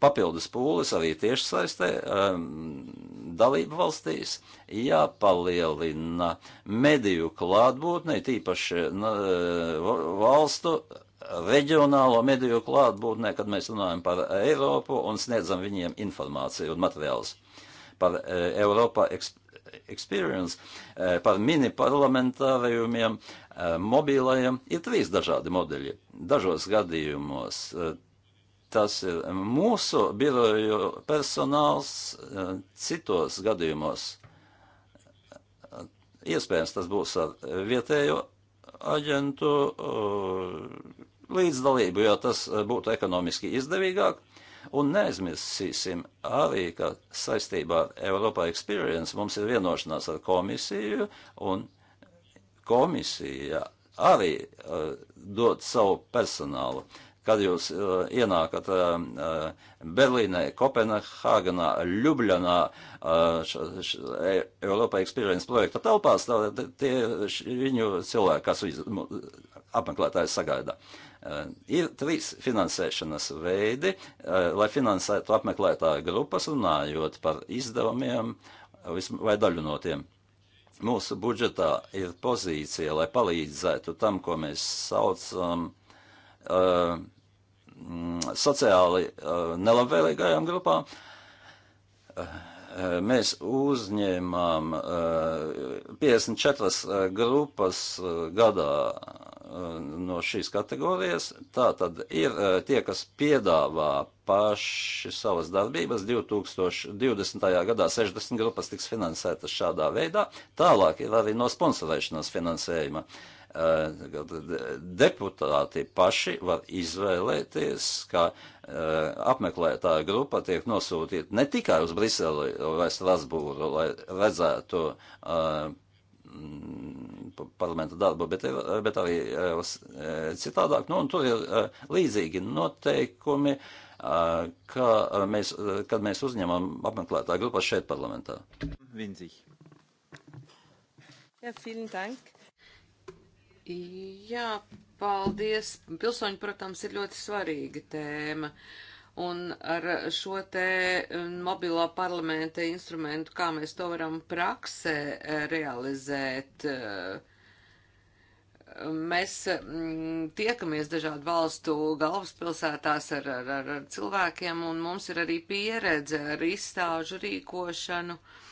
papildus pūles arī tiešsaistē um, dalību valstīs jāpalielina mediju klātbūtne, tīpaši uh, valstu reģionālo mediju klātbūtnē, kad mēs runājam par Eiropu un sniedzam viņiem informāciju un materiālus par uh, Eiropā Experience, uh, par mini parlamentārajumiem, mobilajiem. Ir trīs dažādi modeļi. Dažos gadījumos tas ir mūsu biroju personāls e, citos gadījumos. E, iespējams, tas būs ar vietējo aģentu e, līdzdalību, jo tas būtu ekonomiski izdevīgāk. Un neaizmirsīsim arī, ka saistībā ar Eiropā Experience mums ir vienošanās ar komisiju, un komisija arī uh, dod savu personālu. Uh, kad jūs uh, ienākat uh, Berlīnē, Kopenhāganā, Ljubljanā, uh, Eiropa Experience projekta telpās, tā, tie viņu cilvēki, kas apmeklētājs sagaida. Uh, ir trīs finansēšanas veidi, uh, lai finansētu apmeklētāju grupas, runājot par izdevumiem vai daļu no tiem. Mūsu budžetā ir pozīcija, lai palīdzētu tam, ko mēs saucam. Um, uh, Mm, sociāli uh, nelabvēlīgajām grupām. Uh, mēs uzņēmām 54 uh, grupas gadā no šīs kategorijas. Tā tad ir tie, kas piedāvā paši savas darbības. 2020. gadā 60 grupas tiks finansētas šādā veidā. Tālāk ir arī no sponsorēšanas finansējuma. Uh, Eh, eh, deputāti paši var izvēlēties, ka eh, apmeklētāja grupa tiek nosūtīta ne tikai uz Briseli vai Strasbūru, lai redzētu parlamenta darbu, bet, bet arī citādāk. Nu, un tur ir līdzīgi noteikumi, ka mēs, kad mēs uzņemam apmeklētāju grupas šeit parlamentā. Vinzīgi. Ja, vielen Dank. Jā, paldies. Pilsoņi, protams, ir ļoti svarīga tēma. Un ar šo te mm, mobilo parlamenta instrumentu, kā mēs to varam praksē eh, realizēt, eh, mēs mm, tiekamies dažādu valstu galvaspilsētās ar, ar, ar cilvēkiem, un mums ir arī pieredze ar izstāžu rīkošanu. Uh,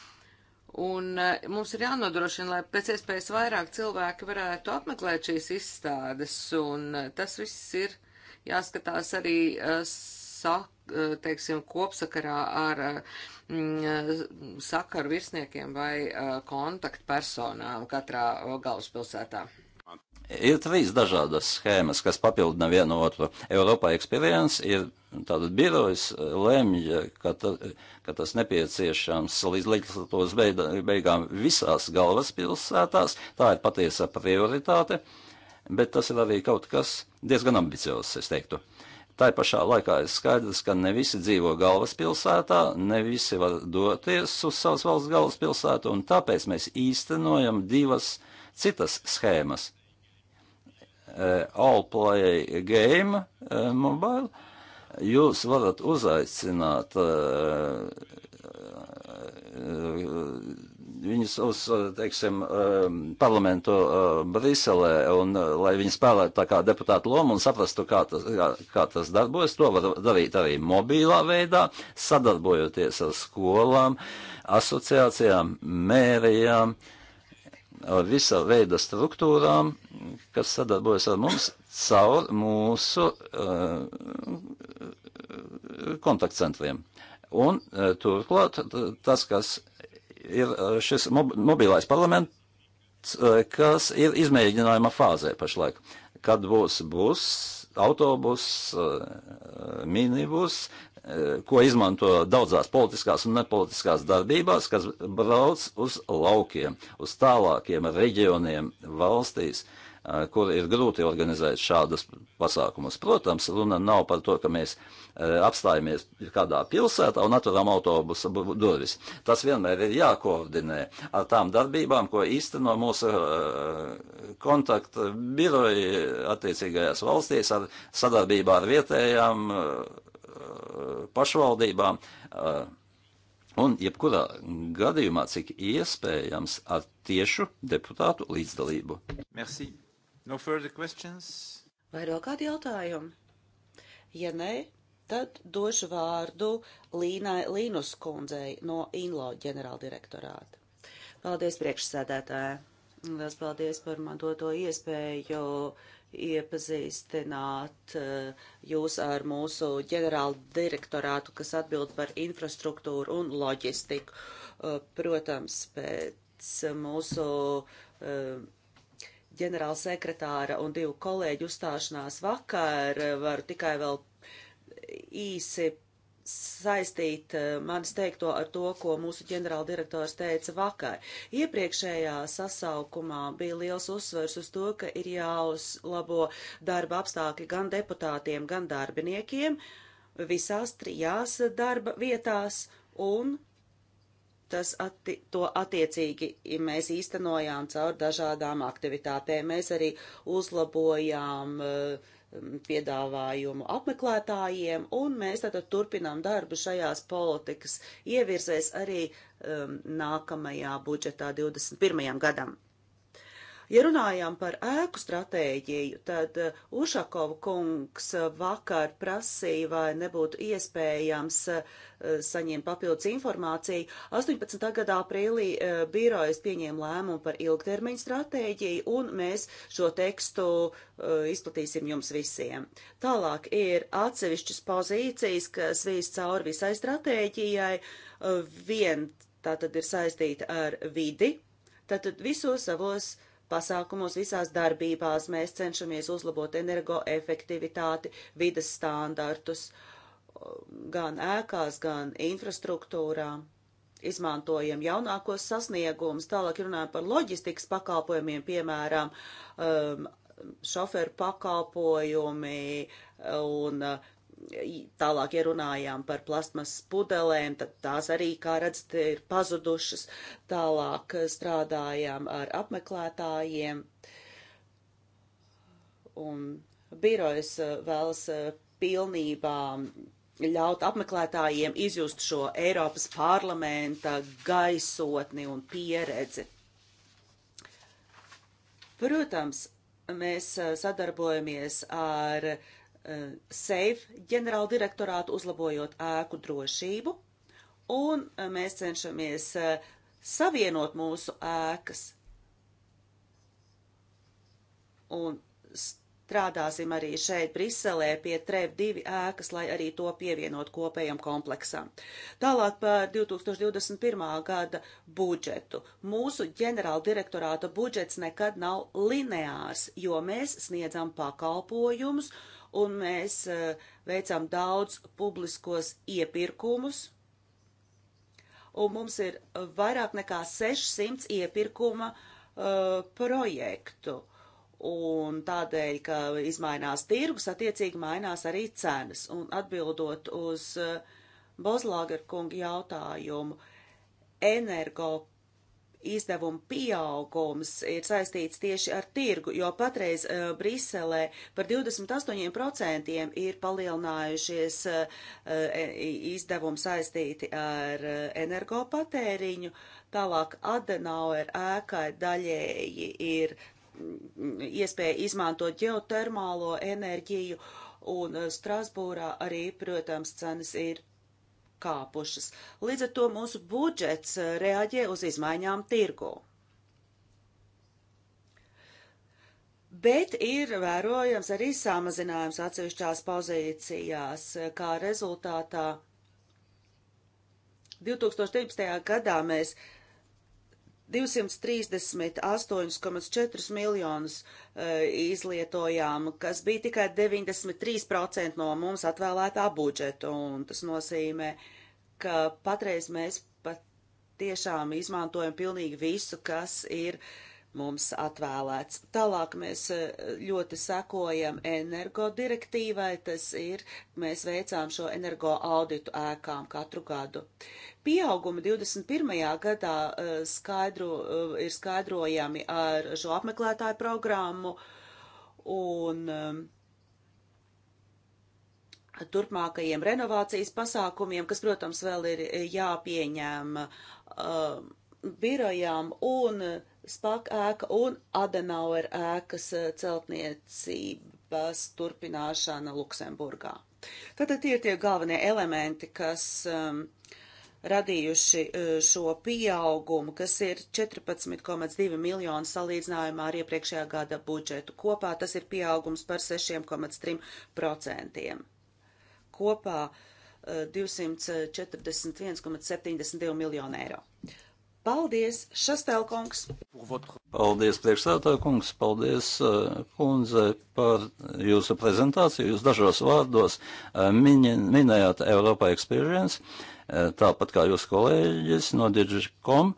Un eh, mums ir jānodrošina, lai pēc iespējas vairāk cilvēki varētu apmeklēt šīs izstādes, un eh, tas viss ir jāskatās arī eh, sak, teiksim, kopsakarā ar m, mm, sakaru virsniekiem vai kontaktpersonām katrā galvaspilsētā. Ir trīs dažādas schēmas, kas papildina vienu otru. Eiropā Experience ir tāda birojas lemj, ka, ta, ka tas nepieciešams līdz legislatūras beigām visās galvaspilsētās. Tā ir patiesa prioritāte, bet tas ir arī kaut kas diezgan ambiciozs, es teiktu. Tā ir pašā laikā ir skaidrs, ka ne visi dzīvo galvaspilsētā, ne visi var doties uz savas valsts galvaspilsētu, un tāpēc mēs īstenojam divas citas schēmas Eh, All Play Game eh, mobile. Jūs varat uzaicināt eh, viņus uz, teiksim, parlamentu Briselē, un lai viņi spēlētu tā kā deputātu lomu un saprastu, kā tas, kā, kā tas darbojas, to var darīt arī mobīlā veidā, sadarbojoties ar skolām, asociācijām, mērijām, visa veida struktūrām, kas sadarbojas ar mums caur mūsu uh, kontaktcentriem. Un uh, turklāt tas, kas ir eh, šis mob mobilais parlaments, uh, kas ir izmēģinājuma fāzē pašlaik, kad būs bus, autobus, uh, minibus, ko izmanto daudzās politiskās un nepolitiskās darbībās, kas brauc uz laukiem, uz tālākiem reģioniem valstīs, Eh, kur ir grūti organizēt šādas pasākumus. Protams, runa nav par to, ka mēs eh, apstājamies kādā pilsētā un atveram autobusa durvis. Tas vienmēr ir jākoordinē ar tām darbībām, ko īsteno mūsu eh, kontaktu biroji attiecīgajās valstīs ar sadarbībā ar vietējām pašvaldībām. Un, jebkurā gadījumā, cik iespējams, ar tiešu deputātu līdzdalību. Merci. No further questions? Vai ir vēl kādi jautājumi? Ja nē, tad došu vārdu Līnai Līnus kundzei no INLO ģenerāldirektorāta. Paldies priekšsēdētāji! Liels paldies par man doto iespēju iepazīstināt eh, jūs ar mūsu ģenerālu direktorātu, kas atbild par infrastruktūru un loģistiku. Eh, protams, pēc mūsu eh, ģenerāla sekretāra un divu kolēģu uzstāšanās vakar varu tikai vēl īsi saistīt eh, manis teikto ar to, ko mūsu ģenerāldirektors teica vakar. Iepriekšējā sasaukumā bija liels uzsvers uz to, ka ir jāuzlabo darba apstākļi gan deputātiem, gan darbiniekiem visās trijās darba vietās un tas atti, to attiecīgi ja mēs īstenojām caur dažādām aktivitātēm. Mēs arī uzlabojām uh, piedāvājumu apmeklētājiem, un mēs tātad turpinām darbu šajās politikas ievirzēs arī um, nākamajā budžetā 21. gadam. Ja runājām par ēku stratēģiju, tad eh, Ušakova kungs eh, vakar prasīja, vai nebūtu iespējams eh, saņemt papildus informāciju. 18. gada aprīlī birojas pieņēma lēmumu par ilgtermiņu stratēģiju, un mēs šo tekstu izplatīsim jums visiem. Tālāk ir atsevišķas pozīcijas, kas vīs cauri visai stratēģijai. Vien tā tad ir saistīta ar vidi, Tātad visos savos pasākumos, visās darbībās. Mēs cenšamies uzlabot energoefektivitāti, vidas standartus gan ēkās, gan infrastruktūrā. Izmantojam jaunākos sasniegumus, tālāk runājam par loģistikas pakalpojumiem, piemēram, um, šoferu pakalpojumi un uh, Tālāk, ja runājām par plasmasas pudelēm, tad tās arī, kā redzat, ir pazudušas. Tālāk strādājām ar apmeklētājiem. Un birojas eh, vēlas eh, pilnībā ļaut apmeklētājiem izjust šo Eiropas parlamenta gaisotni un pieredzi. Protams, mēs eh, sadarbojamies ar uh, Eh, SAFE ģenerāldirektorātu uzlabojot ēku drošību, un eh, mēs cenšamies eh, savienot mūsu ēkas. Un strādāsim arī šeit Briselē pie TREV divi ēkas, lai arī to pievienot kopējam kompleksam. Tālāk par 2021. gada budžetu. Mūsu ģenerāldirektorāta budžets nekad nav lineārs, jo mēs sniedzam pakalpojumus, uh, un mēs eh, veicam daudz publiskos iepirkumus. Un mums ir eh, vairāk nekā 600 iepirkuma uh, projektu. Un tādēļ, ka izmainās tirgus, attiecīgi mainās arī cenas. Un atbildot uz uh, Bozlāga kunga jautājumu, energo izdevumu pieaugums ir saistīts tieši ar tirgu, jo patreiz uh, Briselē par 28% ir palielinājušies uh, izdevumi saistīti ar uh, energopatēriņu, tālāk Adenauer ēkai daļēji ir mm, iespēja izmantot ģeotermālo enerģiju, un Strasbūrā arī, protams, cenas ir kāpušas. Līdz ar to mūsu budžets eh, reaģē uz izmaiņām tirgū. Bet ir vērojams arī samazinājums atsevišķās pozīcijās, eh, kā rezultātā 2017. gadā mēs uh, 238,4 miljonus e, izlietojām, kas bija tikai 93% no mums atvēlētā budžeta, un tas nozīmē, ka patreiz mēs pat tiešām izmantojam pilnīgi visu, kas ir uh, mums atvēlēts. Tālāk mēs e, ļoti sekojam energodirektīvai, tas ir, mēs veicām šo energo auditu ēkām katru gadu. Pieaugumi 21. gadā e, skaidru, e, ir skaidrojami ar šo apmeklētāju programmu un turpmākajiem renovācijas pasākumiem, kas, protams, vēl ir jāpieņem uh, birojām un uh, Spāk ēka un Adenauer ēkas eh, celtniecības turpināšana Luksemburgā. Tātad tie ir tie galvenie elementi, kas um, radījuši eh, šo pieaugumu, kas ir 14,2 miljonu salīdzinājumā ar iepriekšējā gada budžetu. Kopā tas ir pieaugums par 6,3%. Kopā 241,72 eh, miljonu eiro. Uh, Paldies, Šastēlkungs! Paldies, priekšsētāja kungs! Paldies, eh, kundze, par jūsu prezentāciju. Jūs dažos vārdos eh, miņi, minējāt Eiropā Experience, eh, tāpat kā jūsu kolēģis no Digicom.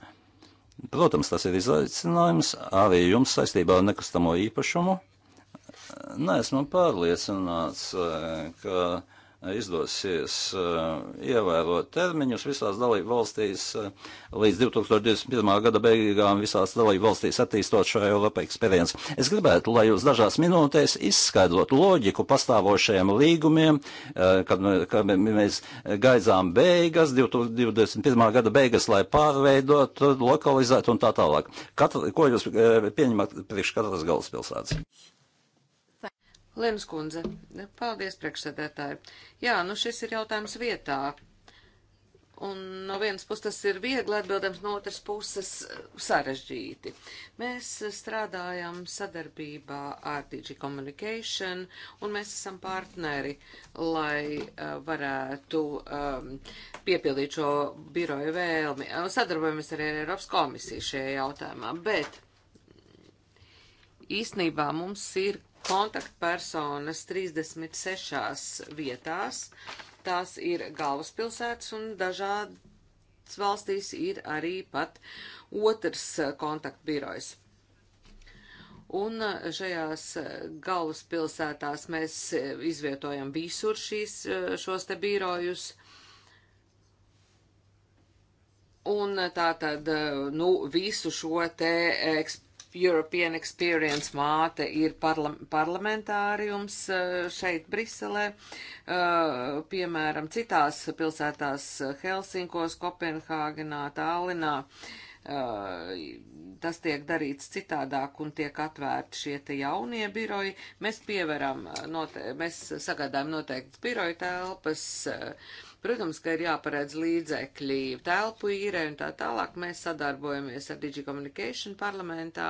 Protams, tas ir izaicinājums arī jums saistībā ar nekustamo īpašumu. Nē, esmu pārliecināts, ka Eh, izdosies eh, ievērot termiņus visās dalību valstīs eh, līdz 2021. gada beigām visās dalību valstīs attīstot šo Eiropa eksperienci. Es gribētu, lai jūs dažās minūtēs izskaidrot loģiku pastāvošajiem līgumiem, kad, kad mēs gaidzām beigas, 2021. gada beigas, lai pārveidot, lokalizētu un tā tālāk. Katru, ko jūs pieņemat priekš katras galvaspilsētas? Lems kundze, paldies priekšsēdētāji. Jā, nu šis ir jautājums vietā. Un no vienas puses tas ir viegli atbildams, no otras puses sarežģīti. Mēs strādājam sadarbībā ar DG Communication, un mēs esam partneri, lai uh, varētu um, piepildīt šo biroju vēlmi. Sadarbojamies arī ar Eiropas komisiju šajā jautājumā, bet īstenībā mums ir kontaktpersonas 36 vietās. Tās ir galvaspilsētas un dažādas valstīs ir arī pat otrs kontaktbirojs. Un šajās galvaspilsētās mēs izvietojam visur šīs, šos te birojus. Un tā tad, nu, visu šo te eksp European Experience māte ir parla parlamentāriums eh, šeit Briselē, eh, piemēram, citās pilsētās eh, Helsinkos, Kopenhāgenā, Tālinā. Tas tiek darīts citādāk un tiek atvērti šie te jaunie biroji. Mēs pieveram, note mēs sagādājam noteikts biroju telpas. Uh, Protams, ka ir jāparedz līdzekļi telpu īrē un tā tālāk. Mēs sadarbojamies ar DigiCommunication parlamentā,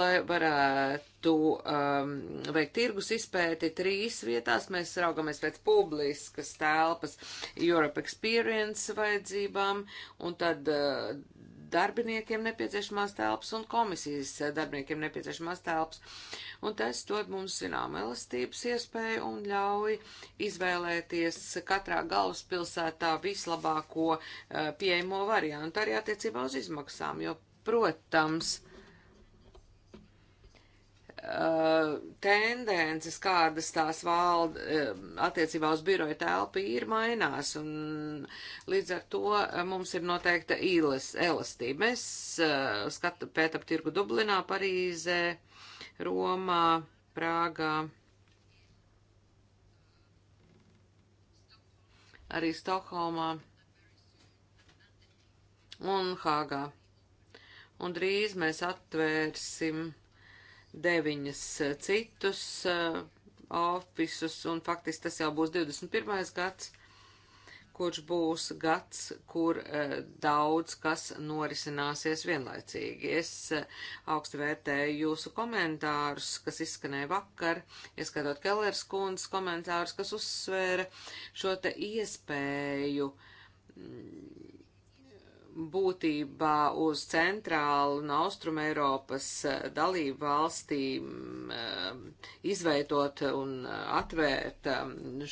lai varētu um, veikt tirgus izpēti trīs vietās. Mēs raugamies pēc publiskas telpas Europe Experience vajadzībām un tad. Uh, darbiniekiem nepieciešamās telpas un komisijas darbiniekiem nepieciešamās telpas. Un tas dod mums zinām elastības iespēju un ļauj izvēlēties katrā galvaspilsētā vislabāko eh, pieejamo variantu arī attiecībā uz izmaksām, jo, protams, Uh, tendences, kādas tās valda um, attiecībā uz biroju telpu, ir mainās, un līdz ar to uh, mums ir noteikta īles elastība. Mēs uh, skatu pētap tirgu Dublinā, Parīzē, Romā, Prāgā, arī Stokholmā un Hāgā. Un drīz mēs atvērsim deviņas eh, citus uh, ofisus, un faktiski tas jau būs 21. gads, kurš būs gads, kur uh, daudz kas norisināsies vienlaicīgi. Es uh, augstu vērtēju jūsu komentārus, kas izskanēja vakar, ieskatot Kellers kundas komentārus, kas uzsvēra šo te iespēju. Mm, būtībā uz centrālu un austrumu Eiropas eh, dalību valstīm eh, izveidot un eh, atvērt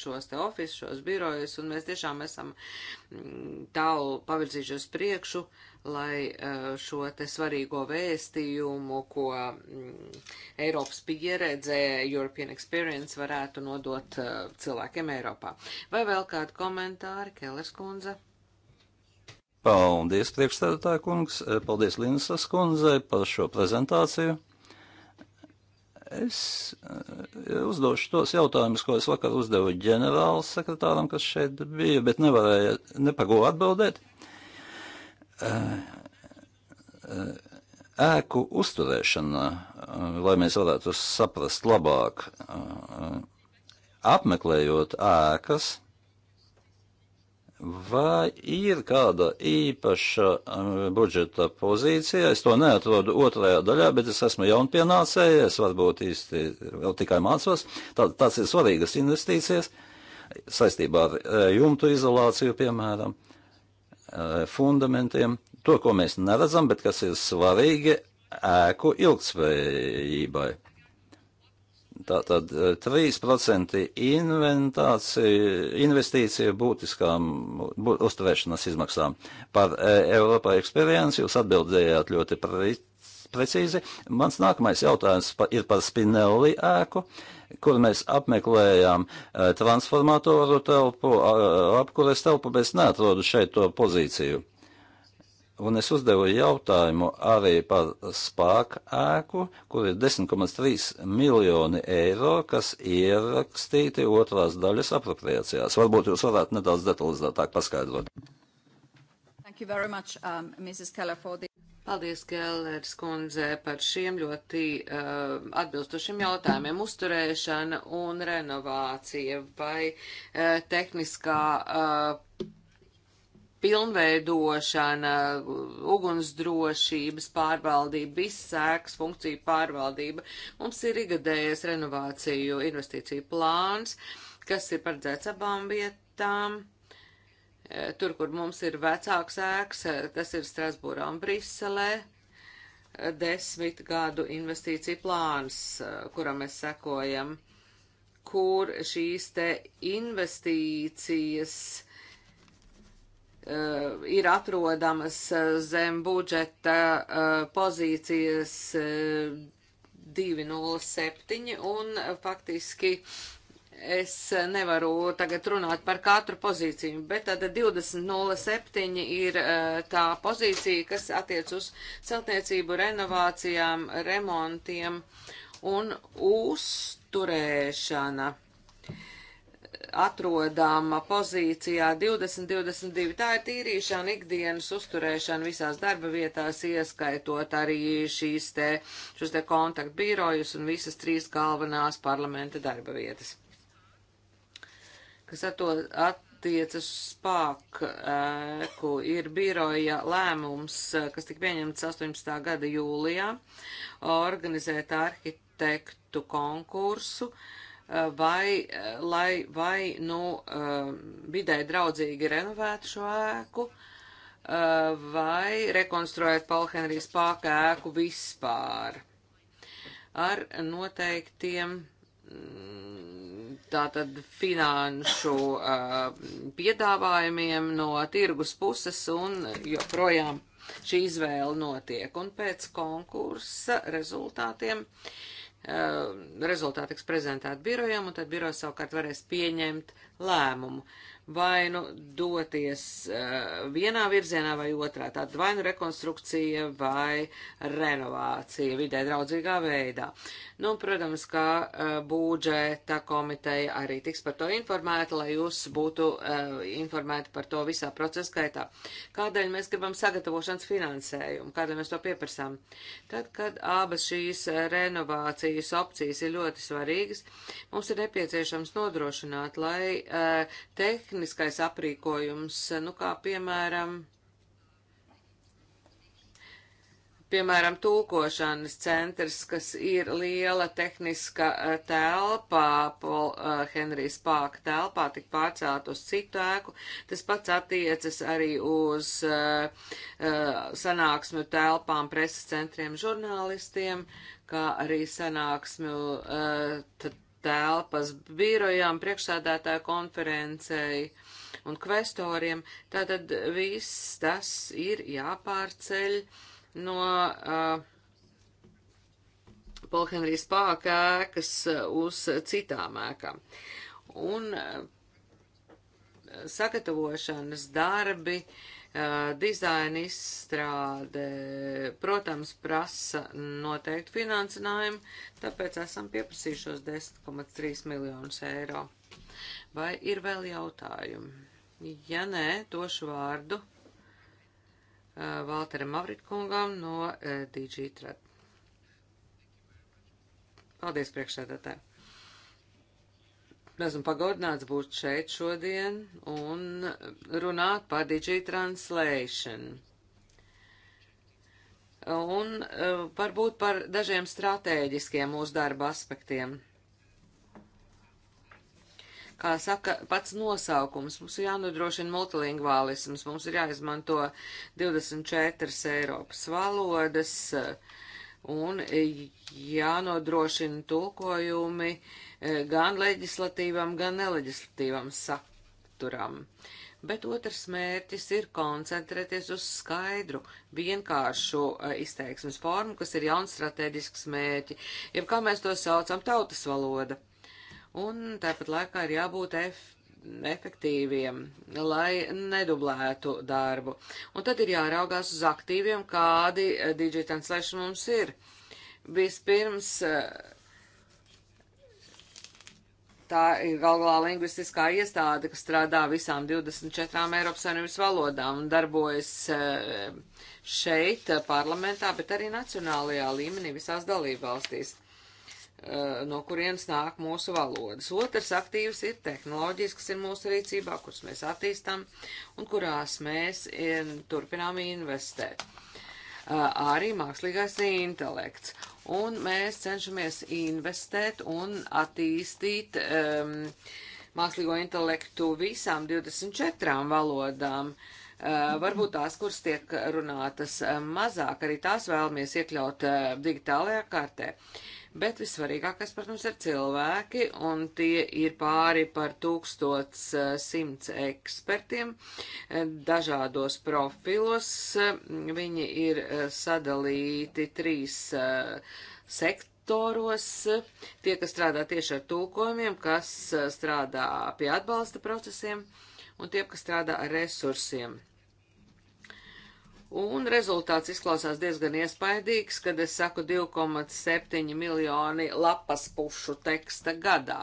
šos te ofisus, šos birojus, un mēs tiešām esam mm, tālu pavirzījušies priekšu, lai šo te svarīgo vēstījumu, ko mm, Eiropas pieredze, European Experience varētu nodot cilvēkiem Eiropā. Vai vēl kādi komentāri, Kellers kundze? Paldies, priekšstādātāja kungs, eh, paldies Linsas kundzei par šo prezentāciju. Es eh, uzdošu tos jautājumus, ko es vakar uzdevu ģenerāls sekretāram, kas šeit bija, bet nevarēja nepago atbildēt. Eh, ēku uzturēšana, lai mēs varētu saprast labāk, apmeklējot ēkas Vai ir kāda īpaša um, budžeta pozīcija? Es to neatrodu otrajā daļā, bet es esmu jaunpienācējies, varbūt īsti vēl tikai mācos. Tā, tās ir svarīgas investīcijas saistībā ar eh, jumtu izolāciju, piemēram, eh, fundamentiem. To, ko mēs neredzam, bet kas ir svarīgi ēku ilgtspējībai. Tātad 3% eh, investīcija būtiskām būt, uzturēšanas izmaksām. Par eh, Eiropā eksperienci jūs atbildējāt ļoti pre, precīzi. Mans nākamais jautājums pa, ir par Spinelli ēku, kur mēs apmeklējām eh, transformatoru telpu, apkures telpu, bet es neatrodu šeit to pozīciju un es uzdevu jautājumu arī par spāku ēku, kur ir 10,3 miljoni eiro, kas ierakstīti otrās daļas apropriācijās. Varbūt jūs varētu nedaudz detalizētāk paskaidrot. Much, um, Keller, the... Paldies, Kellers kundze, par šiem ļoti uh, atbilstošiem jautājumiem. Uzturēšana un renovācija vai uh, tehniskā uh, pilnveidošana, ugunsdrošības pārvaldība, viss sēks funkciju pārvaldība. Mums ir igadējies renovāciju investīciju plāns, kas ir paredzēts abām vietām. E, tur, kur mums ir vecāks ēks, e, tas ir Strasbūrā un Briselē, e, desmit gadu investīciju plāns, kuram mēs sekojam, kur šīs te investīcijas uh, Eh, ir atrodamas eh, zem budžeta eh, pozīcijas 207 un faktiski es nevaru tagad runāt par katru pozīciju, bet tad 20.07 ir tā pozīcija, kas attiec uz celtniecību, renovācijām, remontiem un uzturēšana. Uh, atrodama pozīcijā 2022. Tā ir tīrīšana, ikdienas uzturēšana visās darba vietās, ieskaitot arī šīs te, šos te kontaktbīrojus un visas trīs galvenās parlamenta darba vietas. Kas ato, attiecas spāku, ir biroja lēmums, kas tika pieņemts 18. gada jūlijā, organizēt arhitektu konkursu. Uh, Eh, vai, eh, lai, vai nu eh, vidē draudzīgi renovētu šo ēku, vai rekonstruēt Palhenrijas pāka ēku vispār ar noteiktiem mm, tātad finanšu piedāvājumiem no tirgus puses un joprojām šī izvēle notiek. Un pēc konkursa rezultātiem uh, Eh, rezultāti tiks prezentēti birojam, un tad birojs savukārt varēs pieņemt lēmumu. Vai nu doties uh, vienā virzienā vai otrā, tad vai nu rekonstrukcija vai renovācija vidē draudzīgā veidā. Nu, protams, kā uh, e, būdžeta komiteja arī tiks par to informēta, lai jūs būtu uh, informēti par to visā procesa gaitā. Kādēļ mēs gribam sagatavošanas finansējumu? Kādēļ mēs to pieprasām? Tad, kad abas šīs renovācijas opcijas ir ļoti svarīgas, mums ir nepieciešams nodrošināt, lai uh, tehniskais aprīkojums, nu, kā piemēram, piemēram, tūkošanas centrs, kas ir liela tehniska eh, telpā, Pol uh, eh, Henrijs Pāka telpā, tik pārcelt uz citu ēku. Tas pats attiecas arī uz uh, eh, uh, sanāksmu telpām, preses centriem, žurnālistiem, kā arī sanāksmu telpas birojām, priekšsādātāju konferencei un kvestoriem. Tātad viss tas ir jāpārceļ. Uh, no uh, Polhenrijas pāka ēkas uh, uz citām ēkām. Un uh, sagatavošanas darbi, uh, dizaina izstrāde, protams, prasa noteiktu finansinājumu, tāpēc esam pieprasījušos 10,3 miljonus eiro. Vai ir vēl jautājumi? Ja nē, došu vārdu Valteram Avritkungam no eh, DG Trad. Paldies priekšsēdētāji. Esmu pagodināts būt šeit šodien un runāt par DG Translation. Un eh, varbūt par dažiem stratēģiskiem mūsu darba aspektiem. Kā saka pats nosaukums, mums ir jānodrošina multilingvālisms, mums ir jāizmanto 24 Eiropas valodas un jānodrošina tulkojumi e, gan leģislatīvam, gan neleģislatīvam sakturam. Bet otrs mērķis ir koncentrēties uz skaidru, vienkāršu e, izteiksmes formu, kas ir jauns strateģisks mērķi, jeb kā mēs to saucam tautas valoda un tāpat laikā ir jābūt F efektīviem, lai nedublētu darbu. Un tad ir jāraugās uz aktīviem, kādi eh, DJ translation mums ir. Vispirms eh, tā ir galvā lingvistiskā iestāde, kas strādā visām 24 Eiropas Savienības valodām un darbojas eh, šeit parlamentā, bet arī nacionālajā līmenī visās dalībvalstīs. Eh, no kurienes nāk mūsu valodas. Otrs aktīvs ir tehnoloģijas, kas ir mūsu rīcībā, kuras mēs attīstām un kurās mēs turpinām investēt. Eh, arī mākslīgais intelekts. Un mēs cenšamies investēt un attīstīt um, mākslīgo intelektu visām 24 valodām. Uh, varbūt tās, kuras tiek runātas mazāk, arī tās vēlamies iekļaut uh, digitālajā kartē. Uh, Bet vissvarīgākais, protams, ir cilvēki, un tie ir pāri par 1100 ekspertiem dažādos profilos. Mm, viņi ir eh, sadalīti trīs eh, sektoros. Tie, kas strādā tieši ar tulkojumiem, kas eh, strādā pie atbalsta procesiem, un tie, kas strādā ar resursiem. Un rezultāts izklausās diezgan iespaidīgs, kad es saku 2,7 miljoni lapas pušu teksta gadā,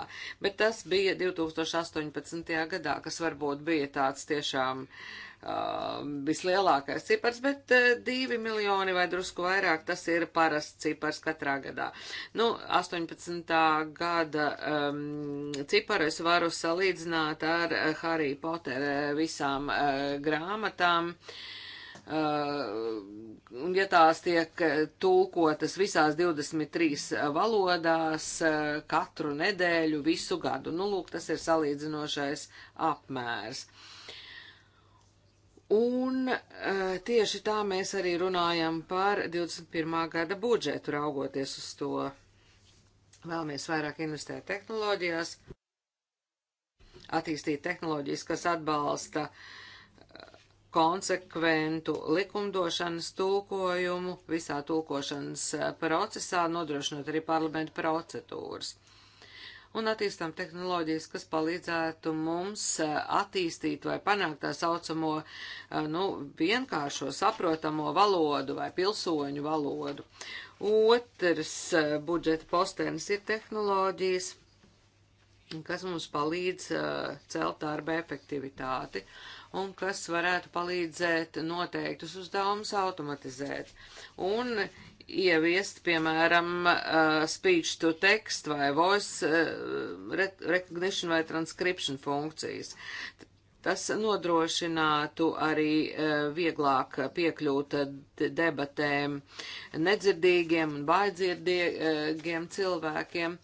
bet tas bija 2018. gadā, kas varbūt bija tāds tiešām uh, vislielākais cipars, bet uh, 2 miljoni vai drusku vairāk tas ir parasts cipars katrā gadā. Nu, 18. gada um, ciparu es varu salīdzināt ar Harry Potter visām uh, grāmatām. Uh, Uh, un ja tās tiek tulkotas visās 23 valodās uh, katru nedēļu visu gadu, nu lūk, tas ir salīdzinošais apmērs. Un e, tieši tā mēs arī runājam par 21. gada budžetu, raugoties uz to. Vēlamies vairāk investēt tehnoloģijās, attīstīt tehnoloģijas, kas atbalsta uh, konsekventu likumdošanas tulkojumu visā tulkošanas eh, procesā, nodrošinot arī parlamentu procedūras. Un attīstām tehnoloģijas, kas palīdzētu mums eh, attīstīt vai panākt tā saucamo eh, nu, vienkāršo, saprotamo valodu vai pilsoņu valodu. Otrs budžeta postenis ir tehnoloģijas, kas mums palīdz celt darba efektivitāti un kas varētu palīdzēt noteiktus uzdevumus automatizēt. Un ieviest, piemēram, uh, speech to text vai voice uh, recognition vai transcription funkcijas. Tas nodrošinātu arī uh, vieglāk piekļūt debatēm nedzirdīgiem un baidzirdīgiem cilvēkiem.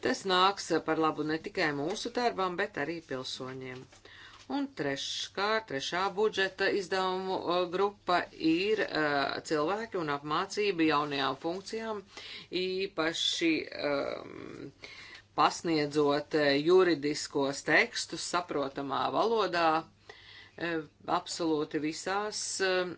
Tas nāks par labu ne tikai mūsu darbam, bet arī pilsoņiem. Un treškārt, trešā budžeta izdevumu uh, grupa ir uh, cilvēki un apmācība jaunajām funkcijām, īpaši um, pasniedzot uh, juridiskos tekstus saprotamā valodā, uh, absolūti visās uh,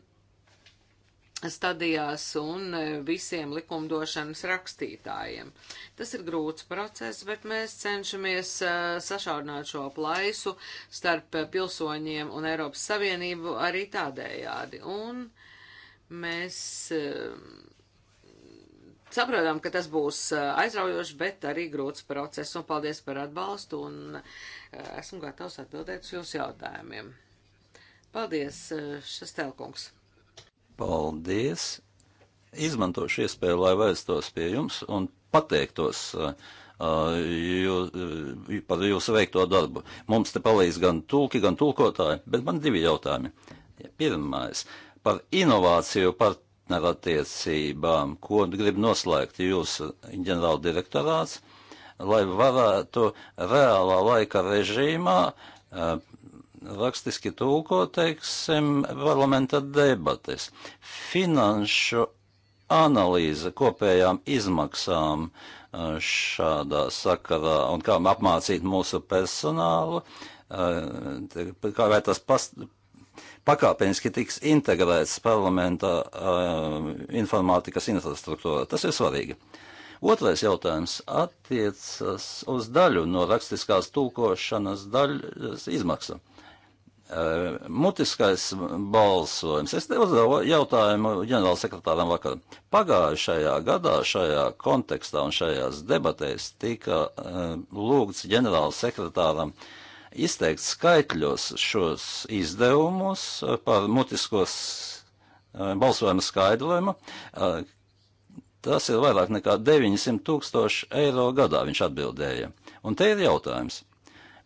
stadijās un e, visiem likumdošanas rakstītājiem. Tas ir grūts process, bet mēs cenšamies e, sašaurināt šo plaisu starp pilsoņiem un Eiropas Savienību arī tādējādi. Un mēs e, saprotam, ka tas būs aizraujošs, bet arī grūts process. Un paldies par atbalstu un esmu gatavs atbildēt uz jūsu jautājumiem. Paldies, Šastelkungs! Paldies! Izmantošu iespēju, lai vēstos pie jums un pateiktos uh, uh, jū, par jūsu veikto darbu. Mums te palīdz gan tulki, gan tulkotāji, bet man divi jautājumi. Pirmais - par inovāciju partnerattiecībām, ko grib noslēgt jūsu ģenerāldirektorāts, lai varētu reālā laika režīmā uh, rakstiski tulko, teiksim, parlamenta debates. Finanšu analīze kopējām izmaksām šādā sakarā un kā apmācīt mūsu personālu, kā vai tas past, pakāpeniski tiks integrēts parlamentā informātikas infrastruktūra. Tas ir svarīgi. Otrais jautājums attiecas uz daļu no rakstiskās tulkošanas daļas izmaksām. Eh, mutiskais balsojums. Es uzdevu jautājumu ģenerāla sekretāram vakar. Pagājušajā gadā šajā kontekstā un šajās debatēs tika uh, lūgts ģenerāla sekretāram izteikt skaitļos šos izdevumus eh, par mutiskos uh, balsojumu skaidrojumu. Uh, tas ir vairāk nekā 900 tūkstoši eiro gadā, viņš atbildēja. Un te ir jautājums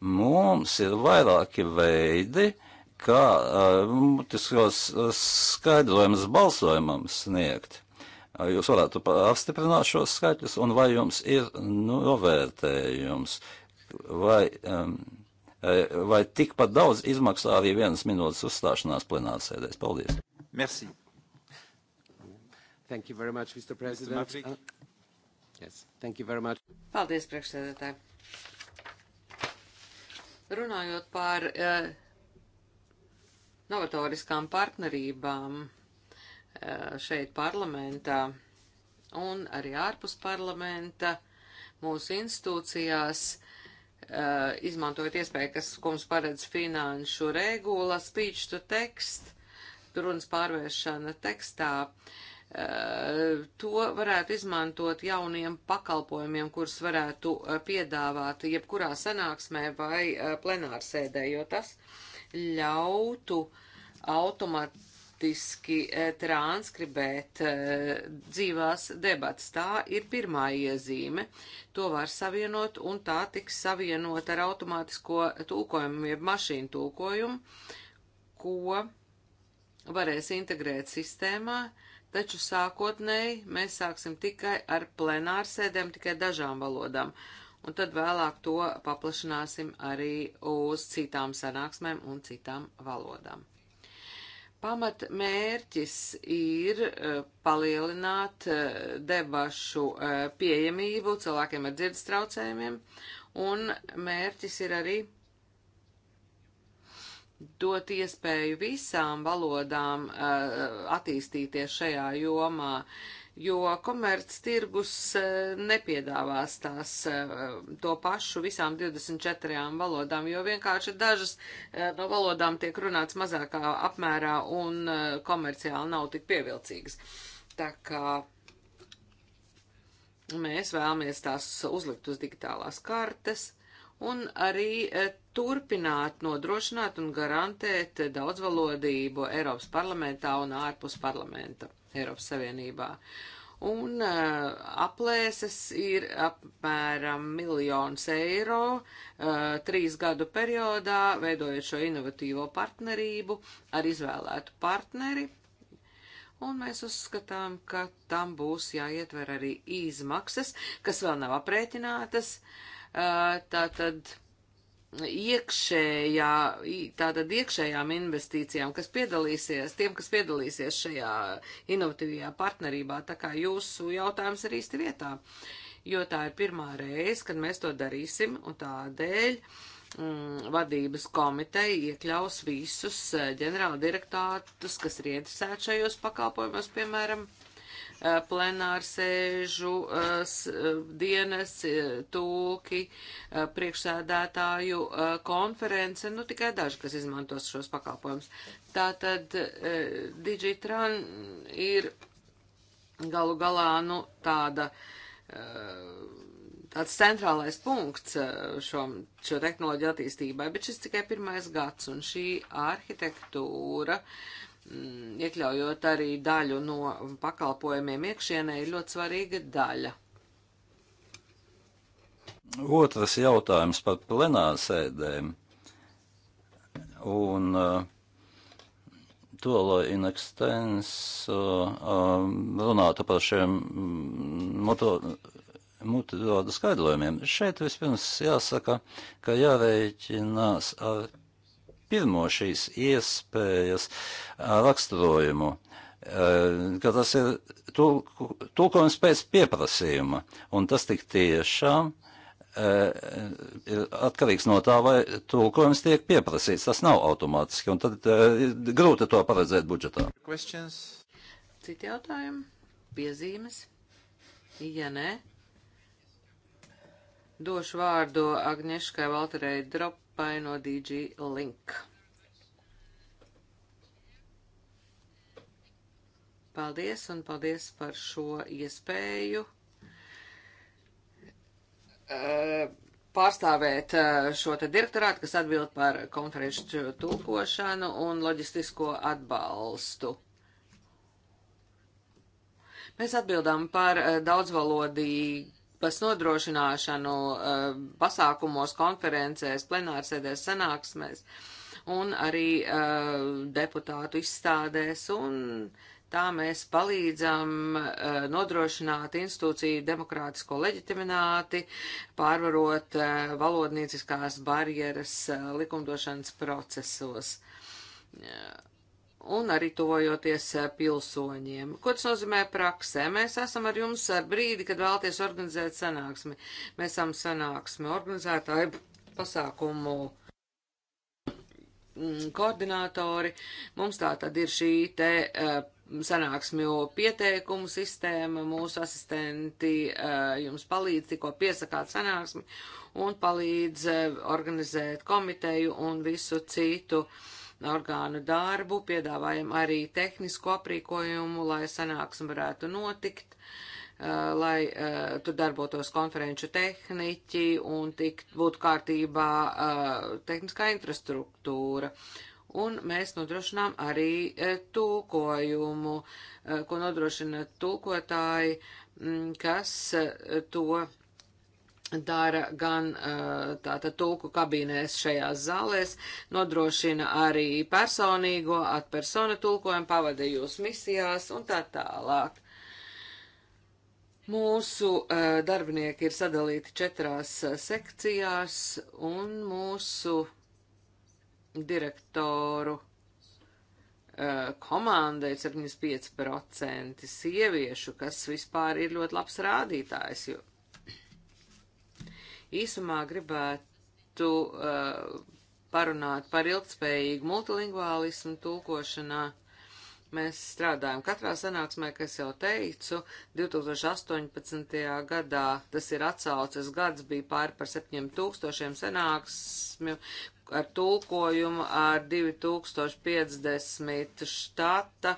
Mums ir vairāki veidi, kā uh, eh, mutiskos skaidrojumus balsojumam sniegt. Jūs varētu apstiprināt šos skaitļus, un vai jums ir novērtējums, vai, um, vai tikpat daudz izmaksā arī vienas minūtes uzstāšanās plenārsēdēs? Paldies! Merci! Thank you very much, Mr. President. Mr. Uh, yes, thank you very much. Paldies, priekšsēdētāji. Runājot par eh, novatoriskām partnerībām eh, šeit parlamentā un arī ārpus parlamenta mūsu institūcijās, eh, izmantojot iespēju, kas, ko mums paredz finanšu regula, speech to text, runas pārvēršana tekstā. Uh, to varētu izmantot jauniem pakalpojumiem, kurus varētu eh, piedāvāt jebkurā sanāksmē vai eh, plenārsēdē, jo tas ļautu automatiski eh, transkribēt dzīvās debats. Tā ir pirmā iezīme. To var savienot un tā tiks savienot ar automātisko tūkojumu, jeb mašīnu tūkojumu, ko varēs integrēt sistēmā, uh, taču sākotnēji mēs sāksim tikai ar plenārsēdēm, tikai dažām valodām, un tad vēlāk to paplašināsim arī uz citām sanāksmēm un citām valodām. Pamat mērķis ir eh, palielināt eh, debašu eh, pieejamību cilvēkiem ar dzirdes traucējumiem, un mērķis ir arī dot iespēju visām valodām eh, attīstīties šajā jomā, jo komerc tirgus eh, nepiedāvās tās eh, to pašu visām 24 valodām, jo vienkārši dažas no valodām tiek runāts mazākā apmērā un komerciāli nav tik pievilcīgas. Tā kā mēs vēlamies tās uzlikt uz digitālās kartes un arī eh, turpināt nodrošināt un garantēt daudzvalodību Eiropas parlamentā un ārpus parlamenta Eiropas Savienībā. Un uh, aplēses ir apmēram miljons eiro uh, trīs gadu periodā, veidojot šo inovatīvo partnerību ar izvēlētu partneri. Un mēs uzskatām, ka tam būs jāietver arī izmaksas, kas vēl nav aprēķinātas. Uh, Eh, tātad iekšējā, tātad iekšējām investīcijām, kas piedalīsies, tiem, kas piedalīsies šajā inovatīvajā partnerībā, tā kā jūsu jautājums ir īsti vietā, jo tā ir pirmā reize, kad mēs to darīsim, un tādēļ mm, vadības komiteja iekļaus visus eh, ģenerāldirektātus, kas ir interesēti šajos pakalpojumos, piemēram, uh, Eh, plenārsēžu eh, eh, dienas, tūki, priekšsēdētāju konference, nu tikai daži, kas izmantos šos pakalpojumus. Tātad Digitran ir galu galā, nu, tāda tāds centrālais punkts šo, šo tehnoloģiju attīstībai, bet šis tikai pirmais gads, un šī arhitektūra Mm, iekļaujot arī daļu no pakalpojumiem iekšienē, ir ļoti svarīga daļa. Otrs jautājums par plenārsēdēm. Un uh, to, lai inekstens uh, uh, runātu par šiem mm, moto, mutu vārdu skaidrojumiem. Šeit vispirms jāsaka, ka jārēķinās ar pirmo šīs iespējas raksturojumu, ka tas ir tulkojums pēc pieprasījuma, un tas tik tiešām ir atkarīgs no tā, vai tulkojums tiek pieprasīts. Tas nav automātiski, un tad ir grūti to paredzēt budžetā. Questions? Citi jautājumi? Piezīmes? Ja nē, došu vārdu Agnieszkai Valterei Drop grupai no DG Link. Paldies un paldies par šo iespēju eh, pārstāvēt eh, šo te direktorātu, kas atbild par konferenču tulkošanu un loģistisko atbalstu. Mēs atbildām par eh, daudzvalodīgu grupas nodrošināšanu eh, pasākumos, konferencēs, plenārsēdēs, sanāksmēs un arī eh, deputātu izstādēs un Tā mēs palīdzam uh, nodrošināt institūciju demokrātisko leģitimitāti, pārvarot uh, valodnieciskās barjeras uh, likumdošanas procesos. Yeah un arī tuvojoties eh, pilsoņiem. Ko tas nozīmē praksē? Mēs esam ar jums brīdi, kad vēlaties organizēt sanāksmi. Mēs esam sanāksmi organizētāji pasākumu mm, koordinātori. Mums tā tad ir šī te eh, sanāksmju pieteikumu sistēma, mūsu asistenti eh, jums palīdz tikko piesakāt sanāksmi un palīdz organizēt komiteju un visu citu uh, orgānu darbu, piedāvājam arī tehnisko aprīkojumu, lai sanāksme varētu notikt, uh, lai uh, tur darbotos konferenču tehniķi un tikt, būtu kārtībā uh, tehniskā infrastruktūra un mēs nodrošinām arī tulkojumu, ko nodrošina tulkotāji, mm, kas to dara gan eh, tātad tulku kabīnēs šajās zālēs, nodrošina arī personīgo atpersona tulkojumu, pavada jūs misijās un tā tālāk. Mūsu uh, darbinieki ir sadalīti četrās eh, sekcijās un mūsu direktoru uh, komanda ir 75% sieviešu, kas vispār ir ļoti labs rādītājs, jo Īsumā gribētu uh, parunāt par ilgtspējīgu multilingvālismu tulkošanā. Mēs strādājam katrā sanāksmē, kas jau teicu, 2018. gadā, tas ir atsaucas gads, bija pāri par 7000 sanāksmju ar tulkojumu, ar 2050 štata